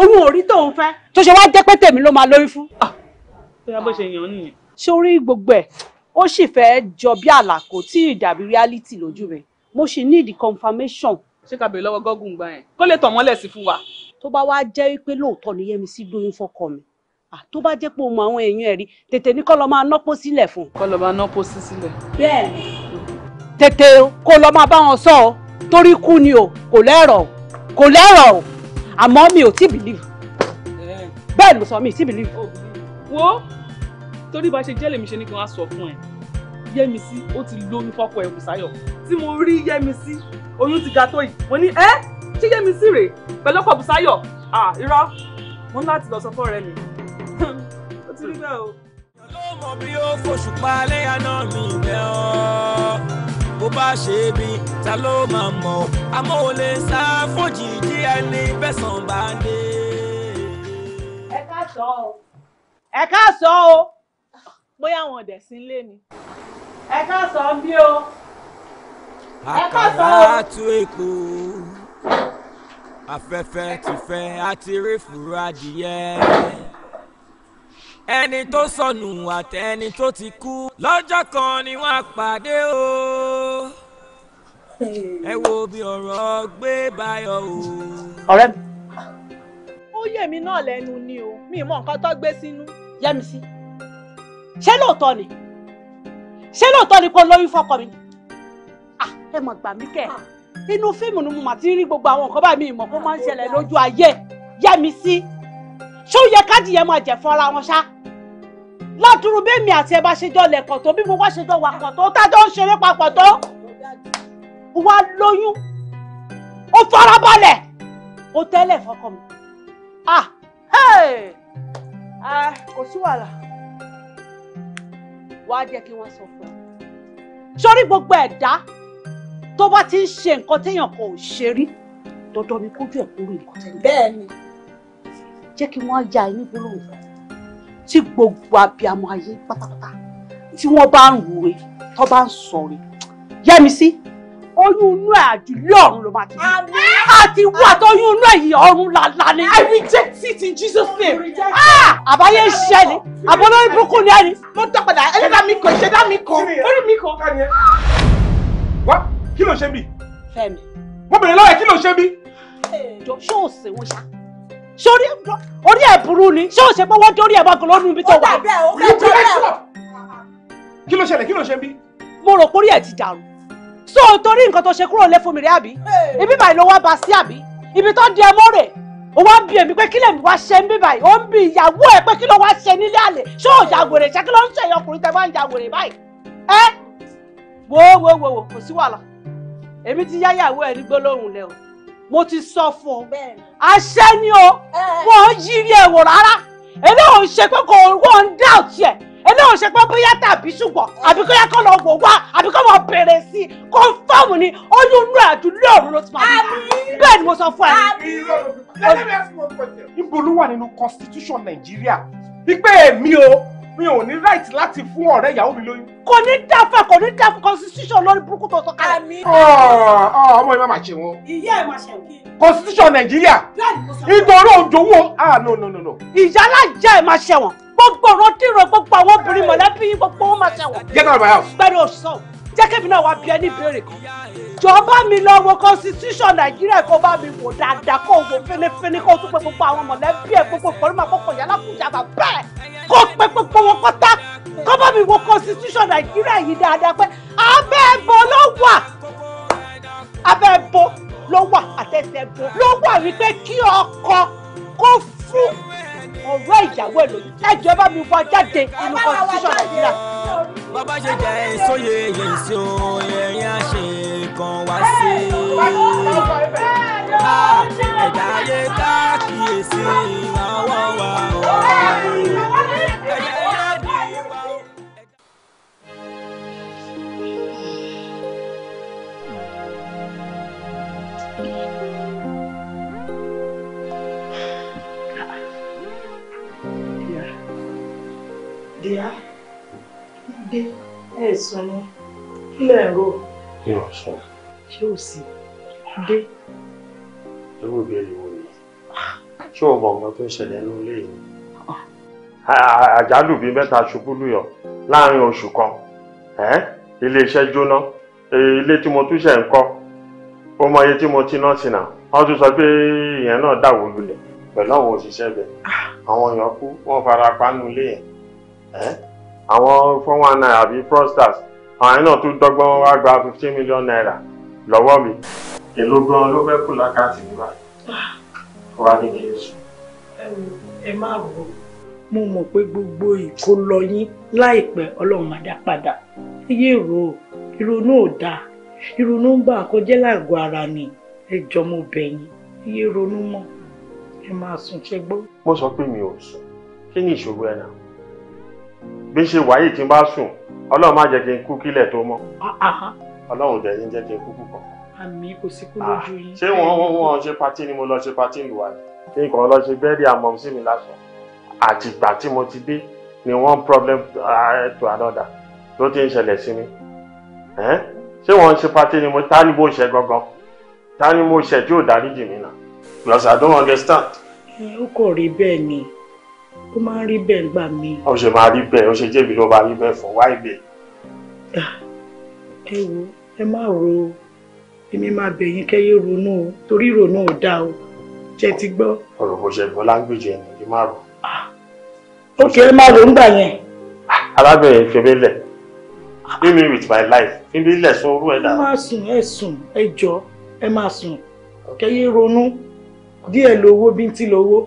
òun ò rí tóun fẹ́ tó ṣe wá jẹ́ pé tèmi ló máa lóyún fún. Ah, bóyá bó ṣe yàn án nìyẹn. sórí gbogbo ẹ̀ ó sì fẹ́ jọ bí àlàkò tí ìdàbí reality lójú mi mo sì ní confirmation. ṣé ká bèrè lọ́wọ́ gọ́gùn gbà yẹn kó lè tàn mọ́lẹ̀ sí fún wa. tó bá wá jẹ́ pé lóòótọ́ ni Yẹ́misí lóyún fọ́kọ mi tó bá jẹ́ pé o mọ àwọn èèyàn ẹ̀ rí tètè ní kó lọ máa nọ́pọ̀ sílẹ̀ fún. kó lọ máa nọ́pọ̀ sí sílẹ̀. bẹ́ẹ̀ tètè kó lọ máa bá wọn sọ ọ torí kú ni o kò lẹ́rọ̀ o kò lẹ́rọ̀ o àmọ́ mi ò tí bìlíìfù bẹ́ẹ̀ ló sọ mi tí bìlíìfù. wo torí bá ṣe jẹ́ lèmi ṣe ni kí wọ́n á sọ fún ẹ yẹ́misí ó ti lóyún fọ́kọ ẹ̀ Bùsáyọ̀ tí mo rí yẹ́misí oyún ti ga tó yìí mo ní ẹ́ ṣé yẹ́misí rèé pẹ̀lú ọkọ Bùsáyọ̀ ah irọ́ mo ní láti lọ sọ fọ́ọ̀rẹ́ mi ó ti rí bẹ́ẹ̀ o. ló mọ bí bó bá ṣe bí ta ló máa mọ̀ àmọ́ ò lè sá fòjì jí ẹni bẹ́sàn bá dé. ẹ ká o ẹ ká o bóyá àwọn ọ̀dẹ̀ sí ń ni ẹ ká bí o ẹ ká o. àkàrà tó èkó afẹ́fẹ́ ti fẹ́ àti rí fùrọ̀ adìyẹ ẹni tó sọnù àtẹni tó ti kú lọ́jọ́ kan ni wọ́n pàdé o ẹ wo bí ọ̀rọ̀ gbé báyọ̀ o. ọ̀rẹ́ mi. ó yẹ mi náà lẹ́nu ni o mi mọ nǹkan tó gbé sínú. Yẹ́misí ṣé lóòótọ́ ni ṣé lóòótọ́ ni kò lóyún fọkọ mi. ẹ mọ̀ gbà mí kẹ́ inú fíìmù ni mo mà ti rí gbogbo àwọn nǹkan báyìí mi ìmọ̀ kó máa ń ṣẹlẹ̀ lójú ayé Yẹ́misí ṣé ó yẹ káàdì yẹn máa jẹ̀ fọ́ra wọn ṣáá ládùúrú bẹ́ẹ̀mí àti ẹ bá ṣe jọ lẹ̀kọ̀ tó bí mo wá ṣe jọ wàkọ̀ tó tájọ́ ń ṣeré papọ̀ tó wá lóyún ó farabalẹ̀ ó tẹ́lẹ̀ fọkọ mi ah, ah kò sí wàhálà wàá jẹ́ kí wọ́n sọ fún ọ sórí gbogbo ẹ̀dá tó bá ti ń ṣe nǹkan téèyàn kò ṣe rí dandan ni kójú ẹ̀ kúrò nǹkan tẹ́lẹ̀ bẹ́ẹ̀ ni jẹ́ kí wọ́n ya inú gbólóhùn fún ọ tí gbogbo abiyamọ ayé pátápátá tí wọ́n bá ń wúre tó bá ń sọre Yẹ́misí oyún inú ẹ̀ àjùlé ọ̀run ló máa ti rí àti wà tó oyún inú ẹ̀ yìí ọ̀run làlá ni. I reject it in Jesus name. Ah! àbáyé iṣẹ́ ni àbọ̀lọ́ ìbùkún ni ẹni. mo tọ́ padà ẹlẹ́dà mi kan ìṣẹ̀dá mi kan orí mi kan. wá kí ló ṣe bí. Fẹ́mi. mo bèrè lọ́wọ́ ẹ̀ kí ló ṣe bí. ẹ̀ẹ́dọ̀ ṣé wọn ṣá sórí orí ẹ̀ burú ni ṣé o ṣe pé wọ́n dórí ẹ̀ bákan lọ́nu ibi tó wà. kí ló ṣẹlẹ̀ kí ló ṣe bí. mo rò pórí ẹ̀ ti dàrú so torí nǹkan tó ṣe kúrò lé fún mi rẹ àbí ibi báyìí ló wá ba sí àbí ibi tó di ẹmọ rẹ̀ o wá bí èmi pé kí lèmi wá ṣe ń bí báyìí ó ń bí ìyàwó ẹ pé kí ló wá ṣe nílé àlè ṣé ò jàgòrè ṣé kí ló ń ṣe ọkùnrin tẹ bá ń jàgòrè báyìí ẹ wo wo wo kò sí wàhálà èmi ti yá ẹ ní gbólóhùn lẹ o mo ti sọ fún ọ àṣẹ ni o wọn yiri ẹwọ rárá eléyìí ò ń ṣe pé kò wọn ń dá òtí ẹ eléyìí ò ń ṣe pé bóyá tàbí ṣùgbọ́n àbí kóyá kó lọ wò wá àbí kó wọn bèrè sí i kọfọọmù ni oyún inú àdúlé ọ̀run ló ti máa bí bẹ́ẹ̀ ni mo sọ fún ẹ. ìbolú wà nínú constitution Nàìjíríà wípé èmi o mi ò ní right láti fún ọ̀rẹ́ ìyàwó mi lóyún. kò ní dáfẹ́ kò ní dáfẹ́ constitution lórí burúkú tó sọ kalẹ̀. àmì. Ah, ah, ọmọ yìí má máa ṣe wọn. ìyá ẹ̀ máa ṣe kí. constitution nàìjíríà. ìdọ̀rọ̀ òjòwò ah no no no no. ìyálà jẹ́ ẹ̀ máa ṣẹ̀wọ̀n gbogbo ọ̀rọ̀ tí gbogbo àwọn obìnrin mọ̀lẹ́bí gbogbo wọn máa ṣẹ̀wọ̀n. get out of my house. gbẹ́rù òṣìṣọ́ jẹ́ kébì náà wá bí ẹni ìbéèrè kan jọba mi lọ wo constitution nàìjíríà kó bá mi wò dáadáa kó wo fínífíní kó tún pé gbogbo àwọn mọ̀lẹ́bí ẹ̀ gbogbo ìfọ̀rọ̀mọ̀ àkọ́kọ́ yàrá kùjàbà bẹ́ẹ̀ kó pé gbogbo wọn kọ́tà kó bá mi wo constitution nàìjíríà yìí dáadáa pé abẹ́ ẹ̀bọ ló wà abẹ́ ẹ̀bọ ló wà àtẹ̀sẹ̀ ẹ̀bọ ló wà wípé kí ọkọ kó fún ọ̀rọ̀ ìyàwó ẹ̀ lóyún ẹ̀jọ̀ bá mi wá jáde inú constitution nàìjíríà. bàbá ṣe jẹ ìsóye èsì òyìnbó àṣẹ kan wá sí i ẹ̀dá ayé ká kíyèsí ìrànwọ́ wa ìyá dé ẹ̀ sùn ni kí lẹ̀ ń rò. mi ò sùn. ṣé o sì dé. irú ìbéèrè wo ni ṣé o mọ nǹkan tó ṣẹlẹ̀ ní ilé yìí. àjálù bíi mẹ́ta ṣubú lùyọ̀ láàrin oṣù kan iléeṣẹ́ jóná e, ilé tí mo tún ṣe ń kọ́ ó mọ iye tí mo ti ná sí náà wọ́n tún sọ pé ìyẹn náà dàwó lulẹ̀ pẹ̀lú àwọn òṣìṣẹ́ bẹ̀ àwọn èèyàn kú wọ́n fara pa nínú ilé àwọn four one nine àbí fraudsters àwọn náà tún dọ́gbọ́n wá gba fifteen million naira lọ́wọ́ mi. èló gan ló fẹ́ kù lákàtì nígbà tó wá ní kéésù. ẹ má rò mo gbogbo ìkó yín láìpẹ́ ọlọ́run máa padà ẹ yé ìrònú ò dáa ìrònú ń bá àkọjẹ́ láàgọ́ ara ni ẹ jọ mo bẹ̀ yín mo sọ pé mi ò sùn kí ni ìṣòro ẹ náà bí ṣe wáyé tí n bá sùn ọlọ́run má jẹ́ kí n kú kílẹ̀ tó mọ́ ah, ah, ah. ọlọ́run dẹ̀ yín jẹ́ kí n kú kúkan. àmì kò sí kú lójú yín. ṣé wọ́n wọ́n wọ́n ṣe patí ni mo lọ ṣe patí lù wá ni kí n kàn lọ ṣe bẹ́ẹ̀rì àmọ́ sí mi lásán àtìgbà tí mo ti dé ni one problem eh, to another ló ti ń ṣẹlẹ̀ sí mi ṣé wọ́n ṣe patí ni mo ta ni mo ṣe gangan ta ni mo ṣe tí ò dáríjì mi náà because I don't understand. ó kò rí bẹ́ẹ̀ ni ó máa ń rí bẹ́ẹ̀ gbà mí. ó ṣe máa rí bẹ́ẹ̀ ó ṣe jẹ́bi ló máa rí bẹ́ẹ̀ fún wáì bẹ́ẹ̀. Ah, ẹ wo ẹ má ro èmi máa bẹ̀ yín kẹ́yẹ́ ronú o torí ìrònú ò dáa o ṣe ti gbọ́. ọ̀rọ̀ kò ṣe gbọ́ lágbèjì ẹni ah, ẹ má rò. ókè ẹ má rò ń gbà yẹn. arábìnrin ah, fèmílẹ̀ leave me with my life fèmílẹ̀ sún orú ẹ̀ dà. ẹ má sùn ẹ sùn ẹ jọ ẹ má sùn kẹ́yẹ́ ronú díẹ̀ lówó bíntí lówó.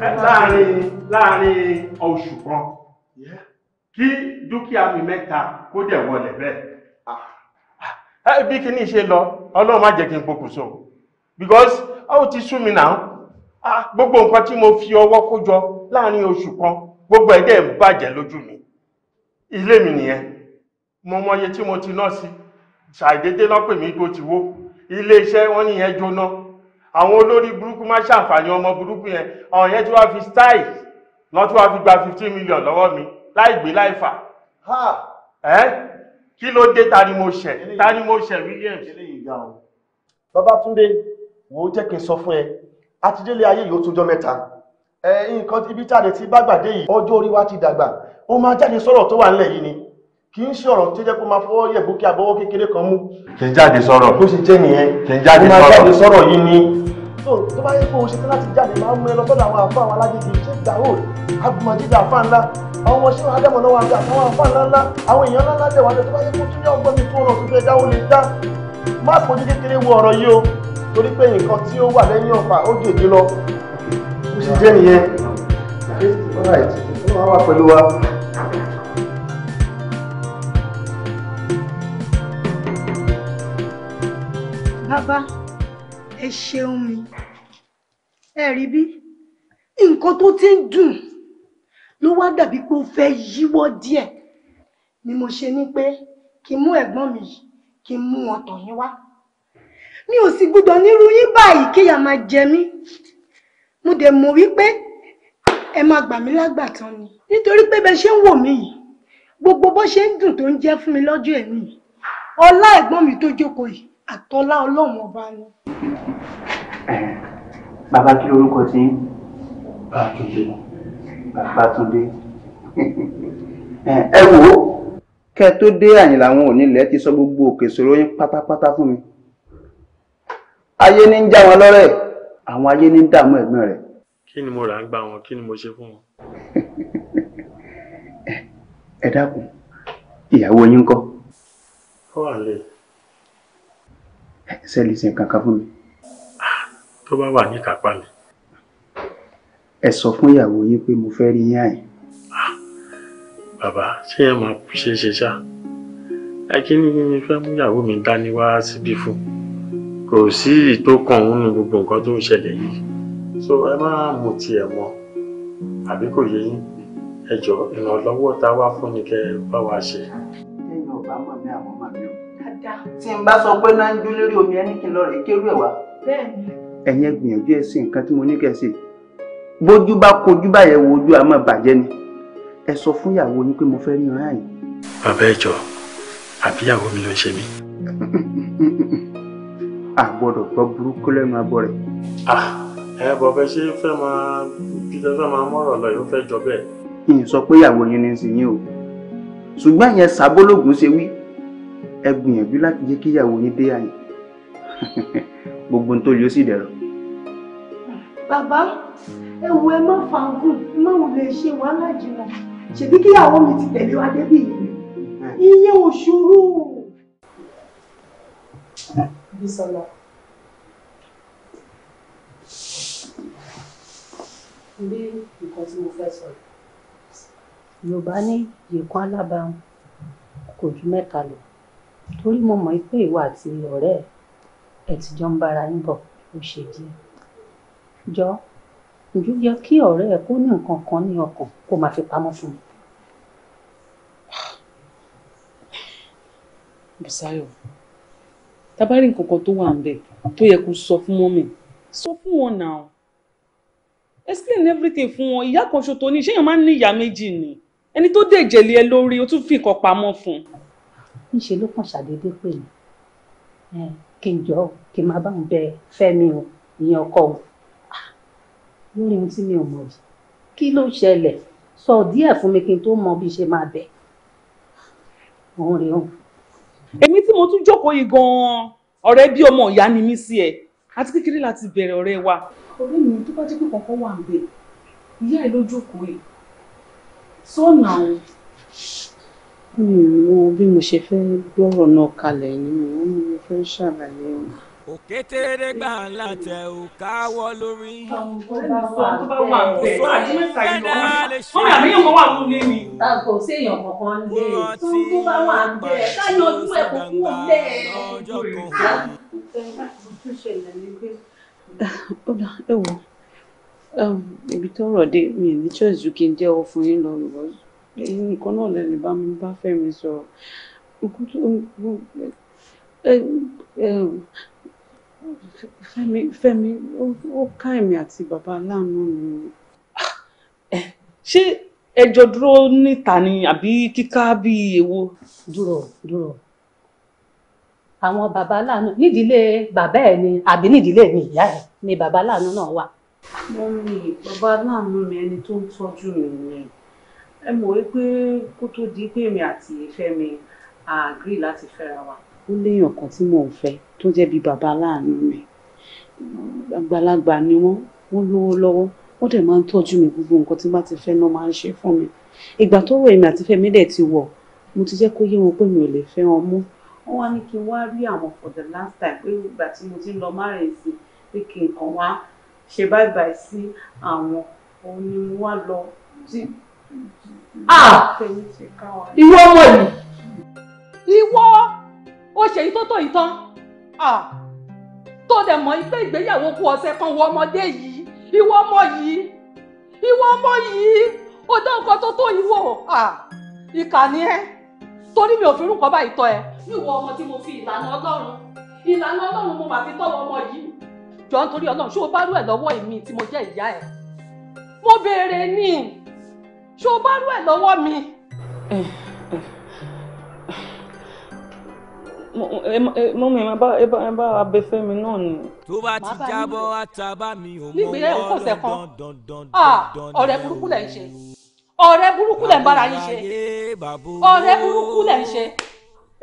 láàrin láàrin oṣù kan kí dúkìá mi mẹ́ta kó dẹ̀ wọlé bẹ́ẹ̀ ah. eh, bí kíní ṣe lọ ọlọ́run má jẹ́ kí n pokùnso because ó ti sú mi náà ah, gbogbo nǹkan tí mo fi ọwọ́ kó jọ láàrin oṣù kan gbogbo ẹ̀ dẹ̀ ń bàjẹ́ lójú mi ilé mi nìyẹn mo mọye tí mo ti ná sí ṣàìdédé lọ́pẹ̀ mi tó ti wó iléeṣẹ́ wọn nìyẹn jóná àwọn olórí burúkú má ṣàǹfààní ọmọ burúkú yẹn àwọn yẹn tí wàá fi style wọn tí wàá fi gba fifteen million lọ́wọ́ mi láì gbé láì fà. ẹ kí ló dé ta ni mo ṣẹ̀ ta ni mo ṣẹ̀ Williams. Babátúndé wo jẹ́ kí n sọ fún ẹ àtidélé ayé yóò tún mẹ́ta nǹkan ibi tá a lè ti bá gbàdé yìí ọjọ́ orí wa ti dàgbà ó máa jáde sọ̀rọ̀ tó wà nílẹ̀ yìí ni kì í ṣe ọ̀rọ̀ tó jẹ́ kó máa fọwọ́ yẹ̀gbókè àbọ̀wọ́ kékeré kan mú. kì í jáde sọ̀rọ̀ bó ṣe jẹ́ nìyẹn kì í jáde sọ̀rọ̀ ó máa jáde sọ̀rọ̀ yìí ni so tó bá yẹ kó o ṣe tán láti jáde máa ń mú ẹ lọ sọ́dọ̀ àwọn àfọ àwọn alájèjì ṣé ìdáwó agbọ̀nmọ̀jíjà àfa ńlá àwọn ọmọ ṣẹ́wọ̀n ádámọ̀ náà wà ní àtàwọn àfa ńlá ńlá àwọn èèyàn ńlá ńlá dẹ̀wà tó bá yẹ kó tún ní ọgbọ́n mi tó rọ̀ tó fẹ́ dáwó lè dá má fojú kékeré wo ọ̀rọ̀ yìí o torí pé nǹkan tí ó wà lẹ́yìn ọ̀fà ó jù lọ ó sì jẹ́ nìyẹn alright wọ́n wá pẹ̀lú wa. bàbá ẹ ṣeun mi ẹ rí bí nǹkan tó ti ń dùn ló wá dàbí pé ó fẹ́ yíwọ́ díẹ̀ ni mo ṣe ní pé kí n mú ẹ̀gbọ́n mi yìí kí n mú wọn tọ̀ yín wá mi ò sì gbúdọ̀ nírú yín báyìí kéèyàn máa jẹ mí mo dẹ̀ mọ̀ wípé ẹ máa gbà mí lágbàtàn ni nítorí pé bẹ ṣe ń wò mí yìí gbogbo bó ṣe ń dùn tó ń jẹ́ fún mi lọ́jọ́ ẹ̀mí ọlá ẹ̀gbọ́n mi tó jókòó yìí àtọlá ọlọ́run ọba ni. Eh, bàbá kí lorúkọ tí ń. bàtúndé. bàtúndé. ẹ wò ó kẹ́ ẹ tó dé àyìnlá àwọn onílẹ̀ ti sọ gbogbo òkè ìṣòro yín pátápátá fún mi ayé ní ń já wọn lọ́rẹ̀ àwọn ayé ní ń dààmú ẹ̀gbọ́n rẹ̀. kí ni mo rà ń gba wọn kí ni mo ṣe fún wọn. ẹ dákun ìyàwó yín kọ́. ó wà lè. ẹ ṣe lè ṣe fún mi tó bá wà ní ìkápá mi. ẹ sọ fún ìyàwó yín pé mo fẹ́ rí yín àyìn. Ah, bàbá ṣé ẹ máa ṣe é ṣe ṣá ẹ kí ni mi fẹ́ mú ìyàwó mi dání wá síbí fún kò sí ìtó kan òun nu gbogbo nǹkan tó ń ṣẹlẹ̀ yìí so ẹ má mú tiẹ̀ mọ́ àbí kò yé yín ẹ jọ ìrànlọ́wọ́ tá a wá fún ni kẹ́ bá wa ṣe. ẹ̀yin ọba mọ mi àwọn màmí o. dáadáa. tí n bá sọ pé náà ń dún lórí omi ẹni kí n lọ rèé kérú ẹ wá. bẹ́ẹ̀ni ẹ̀yin gbìyànjú ẹ ṣe nǹkan tí mo ní kẹ́ ṣe bójú bá kojú báyẹn wo ojú àmọ́ bàjẹ́ ni ẹ sọ fún ìyàwó yín pé mo fẹ́ ní ọ̀rá yìí. bàbá ẹ jọ àbíyàwó mi ló ń ṣe mí. a gbọ́dọ̀ gbọ́ burúkú lẹ́nu abọ́ rẹ̀. ẹ bọ̀bẹ̀ ṣé fẹ́ máa peter fẹ́ máa mọ̀rọ̀ lọ yóò fẹ́ jọ bẹ́ẹ̀. ìyìn sọ pé ìyàwó yín ni ń sìn yín o ṣùgbọ́n ìyẹn sábólógún ṣe wí ẹ gbìyànjú láti jẹ́ kí ìyàwó yín dé àyè. gbogbo tó yóò sì dẹ̀rọ̀. bàbá ẹ wo ẹ má fangùn ẹ má wò lè ṣe wàhálà jìnnà ṣèbí kíyàwó mi ti tẹ̀lé wa débì yìí iye òṣòro. Bísọ́lá. Bí nǹkan tí mo fẹ́ sọ. Yorùbá ní ìkan alábàáhùn kò ju mẹ́ta lọ. Torí mo mọ̀ pé ìwà àti ọ̀rẹ́ ẹ̀ ẹ ti jọ ń bára yín bọ̀ ó ṣe díẹ̀ jọ ìjú yẹ kí ọ̀rẹ́ ẹ kó ní nǹkan kan ní ọkàn kó máa fi pamọ́ fún mi. Bùsáyọ̀ tábàárí nǹkan kan tó wà ń bẹ̀ tó yẹ kó sọ fún mọ́mì sọ fún wọn náà explain everything fún wọn ìyá kan ṣoṣo ní ṣéyàn máa ń ní ìyá méjì ni ẹni tó dèjèlé ẹ lórí o tún fi nǹkan pamọ́ fún un. níṣẹ́ ló kàn ṣàdédé pè mí kí n jọ kí n máa bá òun bẹ fẹ́mi o ìyẹn ọkọ o lórí ah, ohun tí mi ò mọ̀ yìí kí ló ṣẹlẹ̀ sọ díẹ̀ fún mi kí n tó mọ bí ṣe máa bẹ òun rèé òun. èmi tí mo tún jókòó yìí gan-an ọ̀rẹ́ bí ọmọ ìyá ni mí sí ẹ àti kékeré láti bẹ̀rẹ̀ ọ̀rẹ́ wa. orí mi tó bá jẹ́ pé kọ̀ọ̀kan wà ń bẹ̀ ìyá ẹ̀ ló jókòó yìí sọ́nà òun mi ò mọ bí mo ṣe fẹ́ gbọ́rọ̀ náà kalẹ̀ ni mo ń mo fẹ́ ṣàlàyé o. òkété gbà látẹ̀ ò káwọ́ lórí. kò sọ àdúmẹ́ta yìí lọ wọ́n yà mí yóò wà lóun lé mi. kò séèyàn kankan lé e tó ń bá wà ń bẹ̀ káyọ̀ ojú ẹ̀ kò kú bẹ́ẹ̀. ó dà ẹ wọ um, ibi tó rọ̀ dé mi ò ní ṣọ́ọ̀ṣì kí n jẹ́wọ́ fún yín lọ́rùn lọ́sùn èyí nǹkan náà lẹ́nu bá mi bá fẹ́ mi sọ̀rọ̀ fẹ́mi fẹ́mi ó baba la àti bàbá aláàánú mi. Eh, ṣé ẹjọ́ ni àbí kíká bíi èwo. duro duro àwọn baba aláàánú nídìílé bàbá ẹ ni àbí nídìílé mi ìyá ẹ ni bàbá aláàánú náà wà. mo ní bàbá aláàánú mi ẹni tó ń tọ́jú mi ni ẹ mọ̀ wípé kó tó di pé èmi àti ìfẹ́mi agree láti fẹ́ra wa. ó léèyàn kan tí mò ń fẹ́ tó jẹ́ bíi bàbá aláàánú mi àgbàlagbà ni wọ́n wọ́n lówó lọ́wọ́ wọ́n dẹ̀ máa ń tọ́jú mi gbogbo nǹkan tí bá ti fẹ́ náà máa ń ṣe fún mi ìgbà tó rò èmi àti Fẹ́mi dẹ̀ ti wọ̀ mo ti jẹ́ kó yé wọn pé mi ò lè fẹ́ wọn mọ́ wọ́n wá ní kí n wá rí àwọn for the last time pé ìgbà tí mo ti ń lọ márùn-ún sí pé kí n kàn wá ṣe báìbáì sí àwọn òun ni mo wá lọ Ah! ìwọ ọmọ yìí ìwọ ó ṣe tó tó yìí ah! tó dẹ̀ mọ̀ pé ìgbéyàwó kù ọ̀sẹ̀ kan wọ ọmọdé yìí ìwọ ọmọ yìí ìwọ ọmọ yìí ó dán nǹkan tó tó yìí ah! ìkà ni ẹ torí mi ò fi rúkọ báyìí tọ́ ẹ níwọ ọmọ tí mo fi ìlànà Ọlọ́run ìlànà Ọlọ́run mo mà fi tọ́ ọmọ yìí jọ nítorí Ọlọ́run ṣé o bá rú ẹ lọ́wọ́ èmi tí mo jẹ́ ìyá ẹ mo béèrè ní ṣé o bá rú ẹ̀ lọ́wọ́ mi. mọ mi ẹ bá abẹ́fẹ́ mi náà ni. tó bá ti jábọ́ àtàbà mi ò mọ ọ̀rọ̀ dandan dandan. ọ̀rẹ́ burúkú lẹ̀ ń ṣe ọ̀rẹ́ burúkú lẹ̀ ń bára yín ṣe ọ̀rẹ́ burúkú lẹ̀ ń ṣe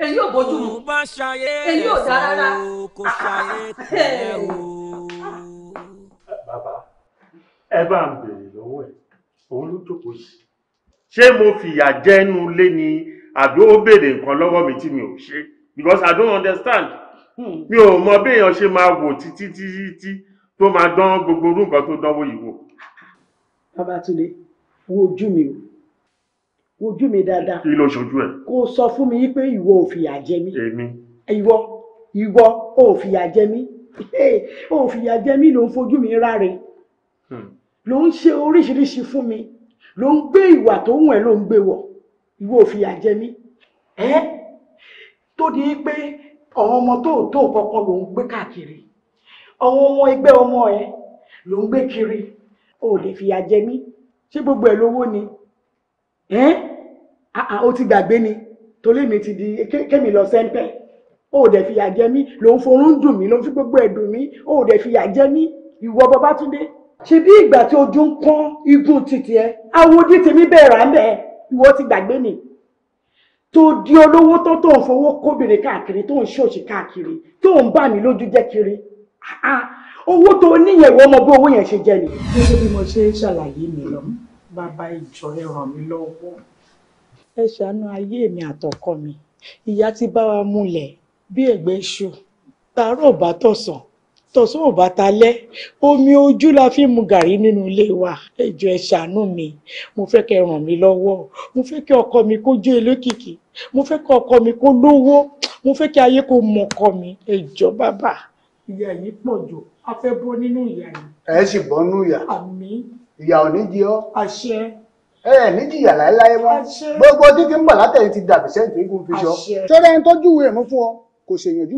èyí ò bójú mu èyí ò dára rárá. Ah, ah, ah. bàbá ẹ bá ń béèrè lọ́wọ́ ẹ̀ òun ṣé mo fìyà jẹ inú ilé ni àbí ó béèrè nǹkan lọ́wọ́ mi tí mi ò ṣe because i don't understand hmm. mi ò mọ béèyàn ṣe máa wò títí títí tí tó máa dán gbogbo orú nǹkan tó dánwò yìí wò. Babátúndé wo ojú mi o wo ojú mi dáadáa kí ló ṣojú ẹ kó o sọ fún mi pé ìwọ ò fìyà jẹ mí èmi ìwọ ìwọ ò fìyà jẹ mí ò fìyà jẹ mí ló ń fojú mi ráre hmm. ló ń ṣe oríṣiríṣi fún mi ló ń gbé ìwà tó wù ẹ́ ló ń gbé wọ̀ ìwọ ò fìyà jẹ mí ẹ́ tó di pé àwọn ọmọ tó tó kankan ló ń gbé káàkiri àwọn ọmọ ẹgbẹ́ ọmọ ẹ ló ń gbé kiri ò lè fìyà jẹ mí ṣé gbogbo ẹ̀ lówó ni ẹ́ àà ó ti gbàgbé ni tolé mi ti di kémi lọ sẹ́ńpẹ̀ ó dẹ̀ fìyà jẹ mí ló ń forún dùn mí ló ń fi gbogbo ẹ̀ dùn mí ó dẹ̀ fìyà jẹ mí ìwọ Babátúndé ṣe bí ìgbà tí ojú ń pọ́n igun títì ẹ awodí tèmi bẹ̀rẹ̀ àmẹ́ ìwọ ti gbàgbé ni tó di olówó tó tó ń fowó kóbìnrin káàkiri tó ń ṣòṣì káàkiri tó ń bà mí lójú jẹ́ kiri owó tó níyẹn ìwọ ọmọ bí owó yẹn ṣe jẹ ni. gẹ́gẹ́ bí mo ṣe ń ṣàlàyé mi lọ bàbá ìjọ ẹ ràn mí lọ́wọ́. ẹ ṣàánú ayé mi àtọkọ mi ìyá ti bá wa múlẹ̀ bí ẹ̀gbẹ́ ṣù tààrọ̀ bá tọ̀sán tọ̀sán ò bá ta lẹ́ omi ojú la fi mu gàrí nínú ilé wa ẹ ẹ ṣàánú mi mo fẹ́ kẹ́ ràn mí lọ́wọ́ mo fẹ́ kí ọkọ mi kó jó elókìkí mo fẹ́ kí ọkọ mi kó lówó mo fẹ́ kí ayé kó mọ ọkọ mi ẹ jọ̀ọ́ bàbá ìyà yìí pọ̀ jù a fẹ́ bọ́ nínú ìyà yìí. ẹ sì bọ́ nínú ìyà. àmín. ìyà ò ní jẹ ọ́. àṣẹ. ẹ ẹ ní jìyà láéláé mọ́. àṣẹ. gbogbo títí ń bọ̀ látẹ̀yìn ti dàbí sẹ́yìn tó ń fi sọ. àṣẹ. tẹ́lẹ̀ ń tọ́jú ìwé mú fún ọ kò ṣèyànjú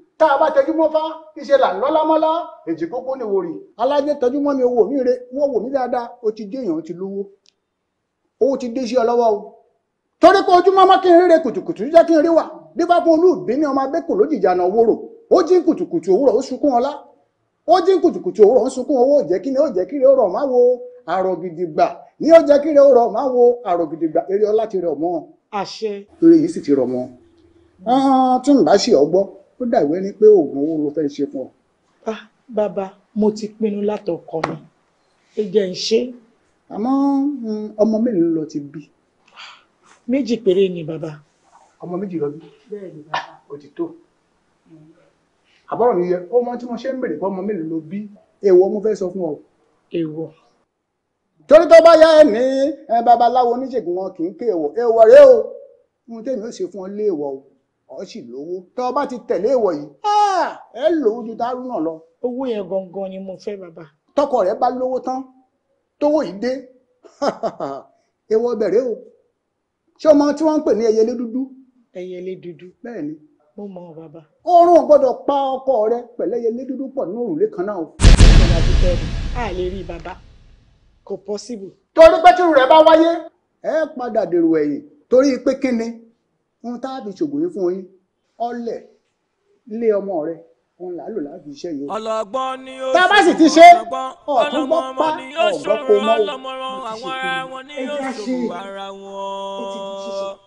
tá a bá tẹjú mọ́ fá iṣẹ́ là lọ́lámọ́lá èjì kókó ni wòrì. alájẹ tẹjú mọ́ mi owó mi re wọ́n wò mí dáadáa ó ti dé èèyàn ó ti lówó owó ti dé sí ọ lọ́wọ́ o torí pé ojúmọ́ má kí n rere kùtùkùtù jẹ́ kí n rí wà bíbá fún olúùbí ní ọmọ abẹ́kò lójijì àná wòrò ó jí kùtùkùtù òwúrọ̀ ó sunkún ọlá ó jí kùtùkùtù òwúrọ̀ ó sunkún owó ó jẹ́ kí ni ó jẹ́ kí rẹ̀ ọ̀rọ̀ má wo àrògidìgbà ní ó jẹ́ kí rẹ̀ ọ̀rọ̀ má wo àrògidìgbà eré ọlá ti rẹ̀ ọ̀mọ́ àṣẹ eré yìí sì ti rọ̀ mọ́ tún bá ṣe ọgbọ́n ó dàgbé ni pé oògùn owó ló fẹ́ ṣe fún ọ. ah bàbá mo ti pinnu látọkọ mi ẹ jẹ́ ń ṣe. àmọ́ mm, ọmọ mélòó ló ti bí. méjì péré ni bàbá. ọmọ méjì ló bí. bẹ́ẹ̀ ni bàbá. ó ti tó. àbọ̀rọ̀ mi yẹ ọmọ tí mo ṣe ń bèrè pé ọmọ mélòó ló bí èèwọ̀ mo fẹ́ sọ fún ọ. èèwọ̀ torí tó bá yá ẹ ní babaláwo oníṣègùn wọn kì í ké èèwọ̀ èèwọ̀ rèé o ohun tèmi ò ṣe fún ọ léèwọ̀ o ọ sì lówó tọ́ bá ti tẹ̀lé ìwọ̀ yìí ah, ẹ lòó ju dárúnà lọ. owó yẹn gangan ni mo fẹ́ bàbá. tọkọ rẹ bá lówó tán tówó yìí dé ewọ bẹ̀rẹ̀ o ṣé ọmọ tí wọ́n ń pè ní ẹyẹlé dúdú. ẹyẹlé dúdú. bẹ́ẹ̀ ni. mo mọ bàbá. oorun ò pa ọkọ rẹ pẹ̀lú ẹyẹlé dúdú pọ̀ ní òrùlé kan náà o. ti tẹ́ ẹ̀ á lè rí bàbá kò pọ́síbù. torí pé tírú rẹ̀ bá wáyé ẹ padà dèrò ẹ̀yìn torí pé kíni ohun tá a fi fún yín ọlẹ̀ lé ọmọ rẹ òun là á lò láti iṣẹ́ yìí. ọlọ́gbọ́n ni ó tá a bá sì ti ṣe ọ̀tún gbọ́ pa ọ̀gbọ́n kò mọ́ o ẹ já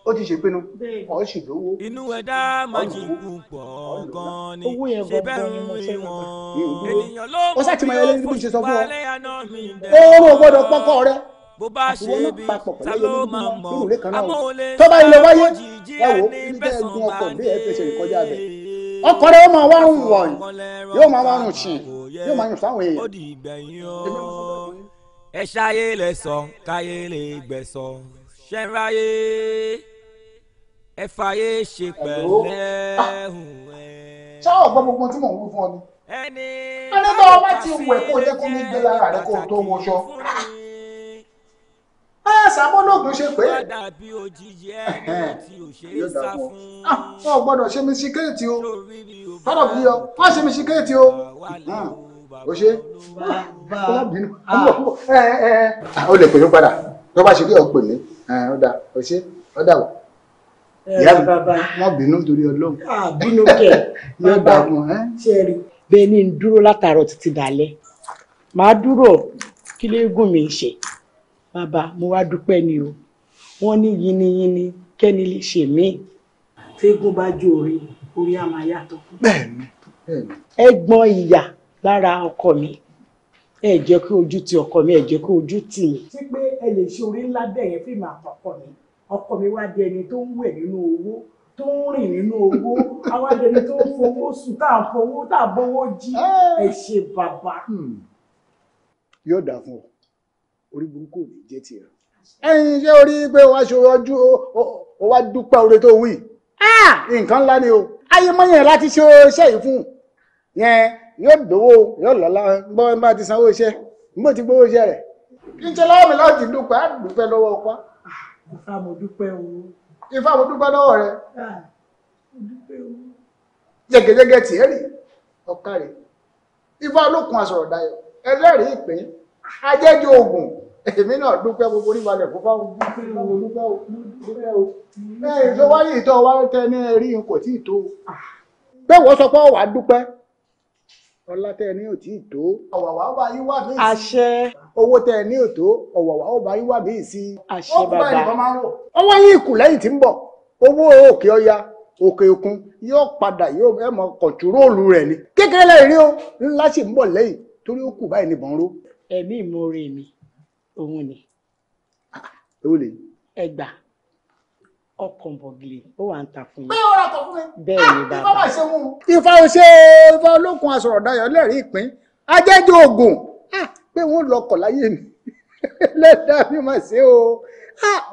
ó ti ṣe pinnu ọ̀ sì lówó. inú ẹ̀dá máa jí púpọ̀ gan ni ṣe bẹ́ẹ̀ ń rí wọn. ènìyàn ló mú mi ó fún ìpalẹ́ àná mi dẹ̀. ó rò gbọ́dọ̀ pọ́kọ rẹ bó bá ṣe bí ta ló máa mọ amóhùnlé tó bá ilé wáyé ẹ wò ní gun ọkọ̀ bí ẹ fẹsẹ̀ ìkọjá bẹ̀ ọkọ̀ rẹ̀ yóò máa wá rùn wọ̀nyí yóò máa wá rùn ṣìn yóò máa rùn sáwọn èèyàn. ẹ ṣayé lẹ sọ káyé lè gbẹ̀sọ̀ ṣẹ́ráyé ẹ fàyè ṣe pẹ̀lẹ́ hùn ẹ. ṣá ọ̀gbọ́n gbogbo tí mò ń wú fún ọ ni. ẹni tó bá ti wẹ̀ kó jẹ́ kó mi gbé lára rẹ kó tó wọṣọ sàmúlògùn ṣe pé yóò dà fún ọ ah, wọn ò gbọ́dọ̀ ṣe mi sí kéètì o fọlọ bí yọ wọn ṣe mi sí kéètì o o ṣe ah. ọmọbìnrin ẹ ẹ ah, o lè pè mí padà tó bá ṣe kí ọ pè mí ọ dà o ṣe ọ dà wọ. ìyá mi wọn bínú torí Ọlọ́run. bínú kẹ yóò dà fún ẹ. bẹ́ẹ̀ ni n dúró látàárọ̀ títí dalẹ́ màá dúró kí lè gùn mi ṣe bàbá mo wá dúpẹ́ ni o wọ́n ní yiniyini kẹ́ni lè ṣe mí. tẹ́gùn bá ju orí orí a máa yàtọ̀. bẹ́ẹ̀ni bẹ́ẹ̀ni. ẹ̀gbọ́n ìyà lára ọkọ mi ẹ jẹ́ kí ojú ti ọkọ mi ẹ jẹ́ kí ojú tì mí. sí pé ẹ lè ṣe orí ńlá bẹ̀yẹn fún ìmọ̀ àpapọ̀ mi ọkọ mi wá di ẹni tó ń wẹ̀ nínú owó tó ń rìn nínú owó àwọn ẹni tó ń fowó sùn tá à ń fowó tá à bówó jí ah! ẹ ṣe bàbá. Hmm. yóò dà fún ọ orí burúkú ò ní jẹ́ tiẹ̀. ẹyin ṣé orí pé wàá ṣe ojú ó wá dúpẹ́ oore tó wí nǹkan ńlá ni o ayé mọ́yàn láti ṣe iṣẹ́ yìí fún yẹn yóò dówó yóò lọ́lá bọ́ bá ti sanwó iṣẹ́ bó ti gbówó iṣẹ́ rẹ̀ kí n ṣe lọ́wọ́ mi láti dúpẹ́ á dúpẹ́ lọ́wọ́ ọpá. ifá mo dúpẹ́ o. ifá mo dúpẹ́ lọ́wọ́ rẹ. jẹgẹjẹgẹ tiẹ̀ rè ọ̀ka rè ifá olókun àsọ̀rọ̀ dayọ̀ ẹlẹ́rìí ìpín ajẹ́jọ́ ogun. èmi náà dúpẹ́ gbogbo oníbalẹ̀ kó fáwọn dúpẹ́ o o ẹ̀yìn tó wáyé ìtọ́ tẹ ní ẹ̀rí n tí ì sọ pé dúpẹ́ ọlá tẹ ní ò tí ọ̀wàwà ó tẹ ní ọ̀wàwà wà sí àṣẹ bàbá ọwọ́ lẹ́yìn tí ń bọ̀ owó òkè ọya òkè òkun yóò padà yóò ni kékeré lẹ́yìn rí o ńlá sì ń bọ̀ lẹ́yìn torí ó kù báyìí ẹ̀mí òun ni. ewu lè. ẹgbà ọkàn bọ̀gìlì ó wà ń ta fún mi. bẹ́ẹ̀ ọ̀rọ̀ tó fún mi. bẹ́ẹ̀ ni bàbá. ìfọwọ́ ṣe mú. ìfà òṣè ìfà olókun asọ̀rọ̀ dayọ̀ lẹ́rìí ìpín ajẹ́jọ́ ògùn pé wọ́n lọ kọ̀ láyé mi lẹ́dàá mi mà ṣe o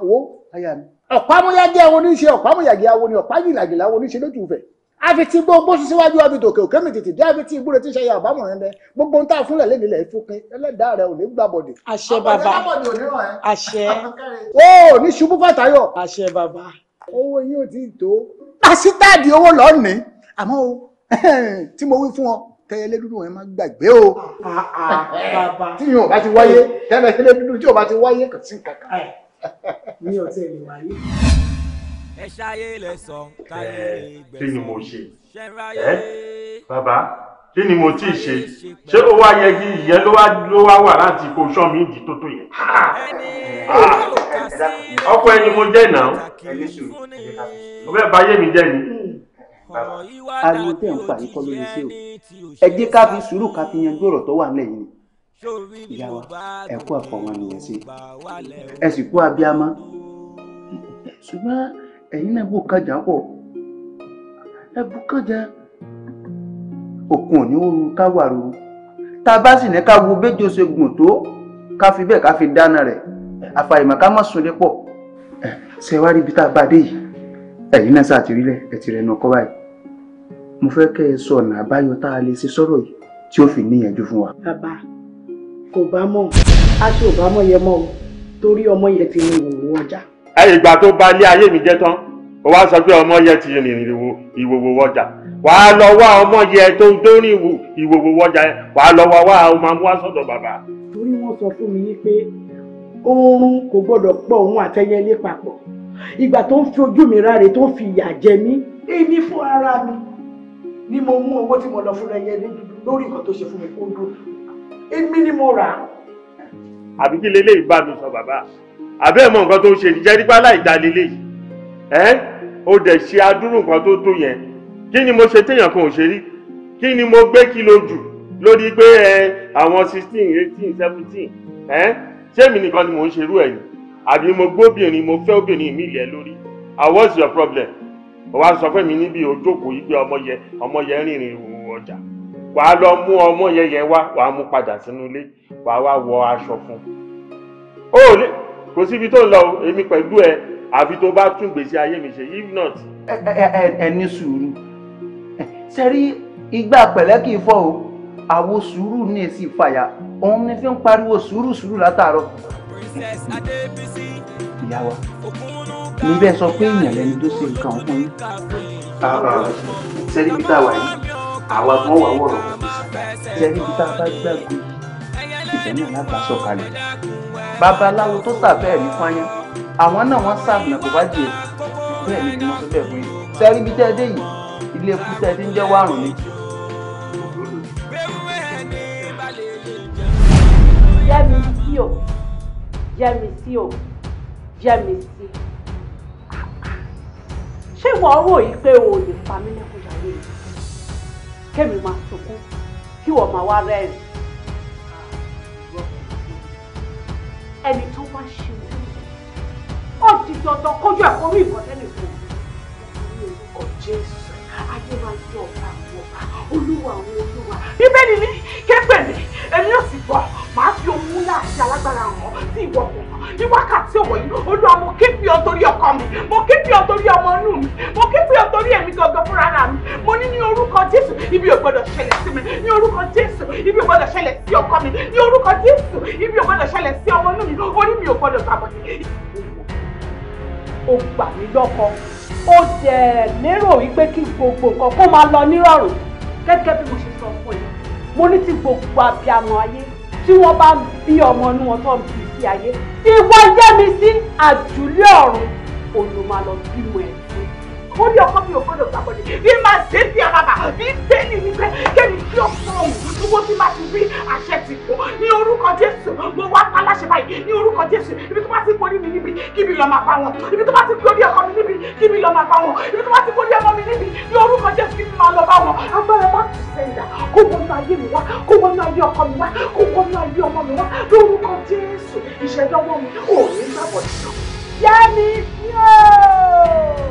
wo àyà mi. ọ̀pá amúyájẹ́ awo ní í ṣe ọ̀pá amúyàgẹ́ awo ní ọ̀pá yìlàgìlà awo lójú ìfẹ́ àfi tí gbogbo ṣiṣẹ́ wájú ọbí dòkè òkè mi tètè dé àfi tí igbó rẹ̀ ti ṣe àyàbá mọ̀ rẹ̀ gbogbo ń tà fúnlẹ̀ lẹ́nu ilẹ̀ ìfúnpin ẹlẹ́dàá rẹ̀ ò ní gbà bọ̀dì. àṣẹ bàbá àṣẹ. o ò ní ṣubú fàtàyọ. àṣẹ bàbá. owó yín ò tí ì tó. pásítàdì owó lọ́ọ̀nì àmọ́ o tí mo wí fún ọ tẹ́yẹ lẹ́dúdú wọn máa gbàgbé o. tí yóò bá ti wáyé tẹ́lẹ̀ lẹ́dúdú tí yóò bá ti wáyé kò sí nǹkan kan. mi ò tẹ̀lé wáyé ẹ ṣayé lẹ sọ káyé gbẹsọ. kí ni mo ṣe ẹ bàbá kí ni mo tí ì ṣe ṣé ó wá yẹ kí ìyẹn ló wá ló wá wà láti kó sọ mí ìdí tó tó yẹ. Ah. ọkọ ẹni mo jẹ náà mo fẹ́ báyé mi jẹ ni. ariwo tẹ̀ ń pa yìí kọ́ lórí iṣẹ́ o ẹ jẹ́ ká fi sùúrù ká fi yanjú ọ̀rọ̀ tó wà nílẹ̀ yìí ìyá wa ẹ kú àfọwọ́nìyàn sí ẹ sì kú abiyamọ ṣùgbọ́n ẹ̀yin náà bò kájà pọ̀ ẹ bù kájà òkun ò ní oru káwà ru tá a bá sì ní ká wo béjò ṣe gùn tó ká fi bẹ́ẹ̀ ká fi dáná rẹ̀ àfàìmọ̀ ká má sunlé pọ̀ ṣe wá rí ibi tá a bá dé yìí ẹ̀yin náà ṣàtìrílẹ̀ ẹ̀ ti rẹ̀ nà ọkọ báyìí mo fẹ́ kẹ́ ẹ sọ ọ̀nà àbáyọ tá a lè ṣe sọ́rọ̀ yìí tí ó fi níyànjú fún wa. bàbá kò bá mọ̀ aṣọ ò bá mọ̀ yẹ mọ́ o torí ọmọ yẹn ti rin ìwòwò ọjà ẹyìn ìgbà tó bà ilé ayé mi jẹ́ tán ó wá sọ pé ọmọ yẹ ti rìn ìwòwò wọjà wà á lọ wá ọmọ yẹ tó dórin ìwòwò wọjà wà á lọ wá wá ọmọ amú wá sọ́dọ̀ bàbá. torí wọ́n sọ fún mi yí pé oorun kò gbọ́dọ̀ pọ̀ òun àtẹyẹlé papọ̀ ìgbà tó ń fi ojú mi ráre tó ń fi ìyà jẹ mí èmi fún ara mi ni mo mú owó tí mo lọ fún ẹyẹlé dúdú lórí nǹkan tó ṣe fún mi kó dùn èmi ni mo rà á. àbí kí leléyìí bá mi sọ bàbá àbẹ́ mọ̀ nǹkan tó ń ṣe ìjẹ́ nípa láìdálélé ẹ́ o dẹ̀ ṣe adúrú nǹkan tó tó yẹn kí ni mo ṣe téèyàn kan ò ṣe rí kí ni mo gbé kìlò jù lórí pé ẹ àwọn sixteen eighteen seventeen ẹ ṣé èmi nìkan ni mò ń ṣerú ẹ̀ yìí àbí mo gbóbìnrin mo fẹ́ obìnrin mi lẹ̀ lórí ah what's your problem wàá sọ fún mi níbi òjókòó yìí pé ọmọ yẹ ọmọ yẹ rìnrìn ìhòòhò ọjà wàá lọ mú ọmọ yẹ yẹn wá wàá mú padà sínú ilé wàá wá wọ aṣọ fún kò síbi tó ń lọ o èmi pẹ̀lú ẹ àfi tó bá tún gbèsè ayé mi ṣe if not. ẹ ẹ ẹ ní sùúrù sẹ́rí igbá pẹ̀lẹ́ kì í fọ́ o àwo sùúrù ní èsì fàyà òun ni fi ń pariwo sùúrù sùúrù látàárọ̀. ìyá wa ní bẹ́ẹ̀ sọ pé èèyàn lẹni tó ṣe nǹkan fún yín. sẹ́rí ah, ah. bí tá a wà yìí àwa gan wà wọ̀rọ̀ sẹ́rí bí tá bá gbàgbé ìfẹ́ náà lábàá sọ̀kalẹ̀ babaláwo tó tà bẹ́ẹ̀ ní pányán àwọn náà wọ́n sàmì kò bá jẹ bẹ́ẹ̀ ni mo sọ bẹ́ẹ̀ fún yín sẹ́rí bí tẹ́ẹ̀dé yìí ilé ikú tẹ́ẹ̀dé ń jẹ́ wàrùn ni. yá sí o yá sí o yá sí ṣé ìwọ rò yìí pé o lè pa mí lẹ́kùnjà lónìí kémi máa sunkún kí wọ́n máa wá rẹ́rìn-ín. ẹni tó wá ṣe òun ó di dandan kójú ẹ̀kọ́ mi ìkọ́tẹ́lẹ̀ fún un ní orúkọ Jésù ayé máa jẹ ọba àwọn ọba olúwa àwọn olúwa bíbélì ní képe mi èmi yóò sì bọ̀ màá fi ohun ńlá àti alágbára hàn sí ìwọ kò hàn ní wákàtí ọ̀wọ̀ yìí olúwa mo ké pè ọ́ torí ọkọ mi mo ké pè ọ́ torí ọmọ inú mi mo ké pè ọ́ torí ẹ̀mí gangan fúnra rà mi mo ní ní orúkọ jésù ibi ò gbọdọ̀ ṣẹlẹ̀ sí mi ní orúkọ jésù ibi ò gbọdọ̀ ṣẹlẹ̀ sí ọkọ mi ní orúkọ jésù ibi ò gbọdọ̀ ṣẹlẹ̀ sí ọmọ inú mi orí mi ò gbọdọ̀ gbàgbọ́ ó gbà mí lọ́kọ ó dẹ̀ lérò wípé kí gbogbo nǹkan kó máa lọ mo ní ti gbogbo abiyamọ ayé tí wọ́n bá bí ọmọ inú wọn tó ń bí sí ayé ìwọ yẹ́mi sí àjùlé ọ̀run òun ló máa lọ bímọ ẹ̀ your We must of orí ọkọ mi ò gbọdọ̀ gbàgbọ́dé bí máa dé sí àbàbà bí tẹ́lẹ̀ ní pé kẹ́mi tí ó fún òun owó tí máa ti rí àṣẹ ti pọ̀ ní orúkọ Jésù mo wá to báyìí ní orúkọ Jésù ibi tó bá ti borí You níbi kíbi lọ́ọ́ máa pa wọn ibi tó bá ti borí ọkọ mi níbi kíbi lọ́ọ́ máa pa wọn ibi You bá ti borí ọmọ mi níbi ní orúkọ not kíbi to lọ bá wọn agbára bá tù sẹ́ńdà kó wọnú ayé mi wá kó wọnú ayé ọkọ mi wá kó wọnú ayé ọmọ mi wá lórúkọ Jésù ìṣẹ́jọ́ wọn mi ò ní gbàgbọ́ Yẹ́mi yóò.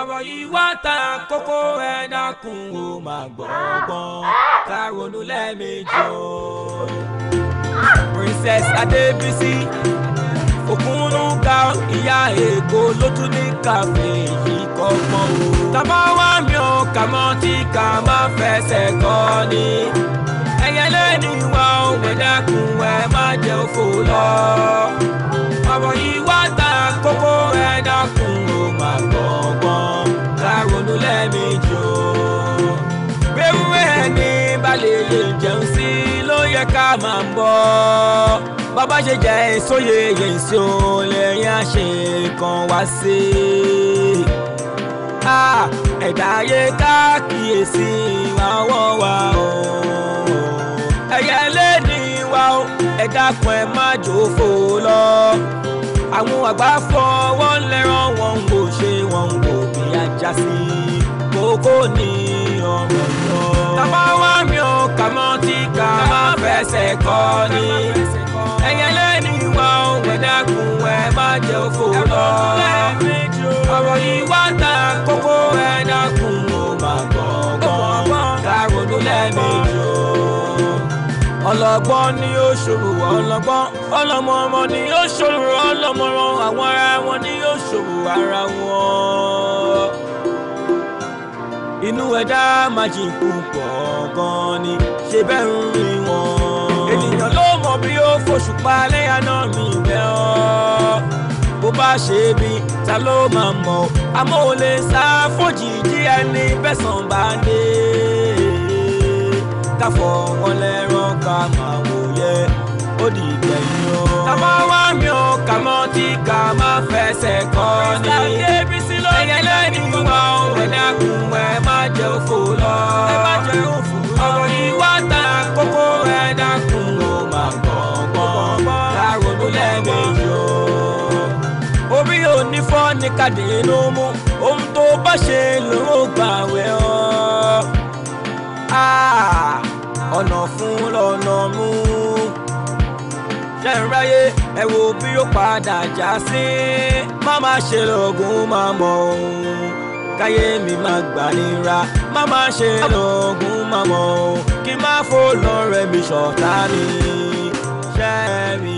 ọ̀rọ̀ yìí wá ta kókó ẹ dákun ó máa gbọ̀ngbọ̀n ká lẹ́ẹ̀mejì o. Princess Adébísí Ògúnnúgà ìyá Èkó ló tún ní kàfé yìí kọ́gbọ́n o. Tàbá wá mi ò kà mọ́ tí ká má fẹsẹ̀ kọ́ ni. Ẹyẹ lẹ́nu ìwà òun ẹ̀dákun ẹ má jẹ́ òfò lọ. Ọ̀rọ̀ yìí wá ta kókó ẹ dákun. méjì o. gbẹ̀wé ẹni balẹ̀ lè jẹun sí ló yẹ ká máa bọ̀. bàbá ṣe jẹ́ ìsóye yẹ̀nsì o lẹ́yìn àṣẹ kan wá sí i. ẹ̀dá ayé ká kíyèsí àwọn wa o. ẹ̀yẹ lè ní wa o ẹ̀dá kan ẹ̀ má jòfó lọ. àwọn àgbà fọwọ́ lẹ́rán wọn kò ṣe wọn kókó ní ọ̀rọ̀ lọ. tàbá wá mi ò kà mọ́ tí ká má fẹsẹ̀ kọ́ ni. ẹ̀yẹ́lẹ́ wọn wẹ̀dẹ́kùn ẹ má jẹ́ òfò lọ. ọ̀rọ̀ yìí wá ta kókó ẹ̀dẹ́kùn ó máa gbọ̀ngàn káròdú lẹ́ẹ̀mejì o. ọlọ́gbọ́n ni ó ṣòro ọlọ́gbọ́n ọlọ́mọ ọmọ ni ó ṣòro ọlọ́mọràn àwọn ará wọn ni ó ṣòro ara wọn inú ẹ̀dá máa jìn púpọ̀ gan ni ṣe bẹ́ẹ̀ ń rí wọn. ènìyàn ló mọ̀ bí ó fòṣùpá lẹ́yà náà mi bẹ́ ọ́ bó bá ṣe bí ta ló máa mọ̀ àmọ́ ò lè sá fòjì jí ẹni bẹ́sàn bá dé káfọ́ ọlẹ́rán ká máa wòye ó di ìgbẹ̀yìn o. ká wá mi ò kà mọ́ tí ká máa fẹsẹ̀ kọ́ ni ẹni kò bá òun ẹ̀dá kùn ẹ má jẹ́ òfò lọ. ẹ má jẹ́ òfò lọ. ọ̀rọ̀ ìwà ta kókó ẹ̀dá kùn ó máa gbọ̀ngbọ̀n. láàrọ̀lú lẹ́ẹ̀mejì o. orí òní fọ́ ni kàdé ló mú ohun tó bá ṣe ló gbà wẹ̀ ọ́. Ah, ọ̀nà fún lọ́nà mú ṣe ń ráyé ẹ wo bí ó padà já sí má má ṣe lọ́gùn má mọ̀ ohun káyé mi má gbà nira má má ṣe lọ́gùn má mọ̀ ohun kí má fò lọ́rẹ̀ mi ṣọ̀tá ni ṣẹ́ mi.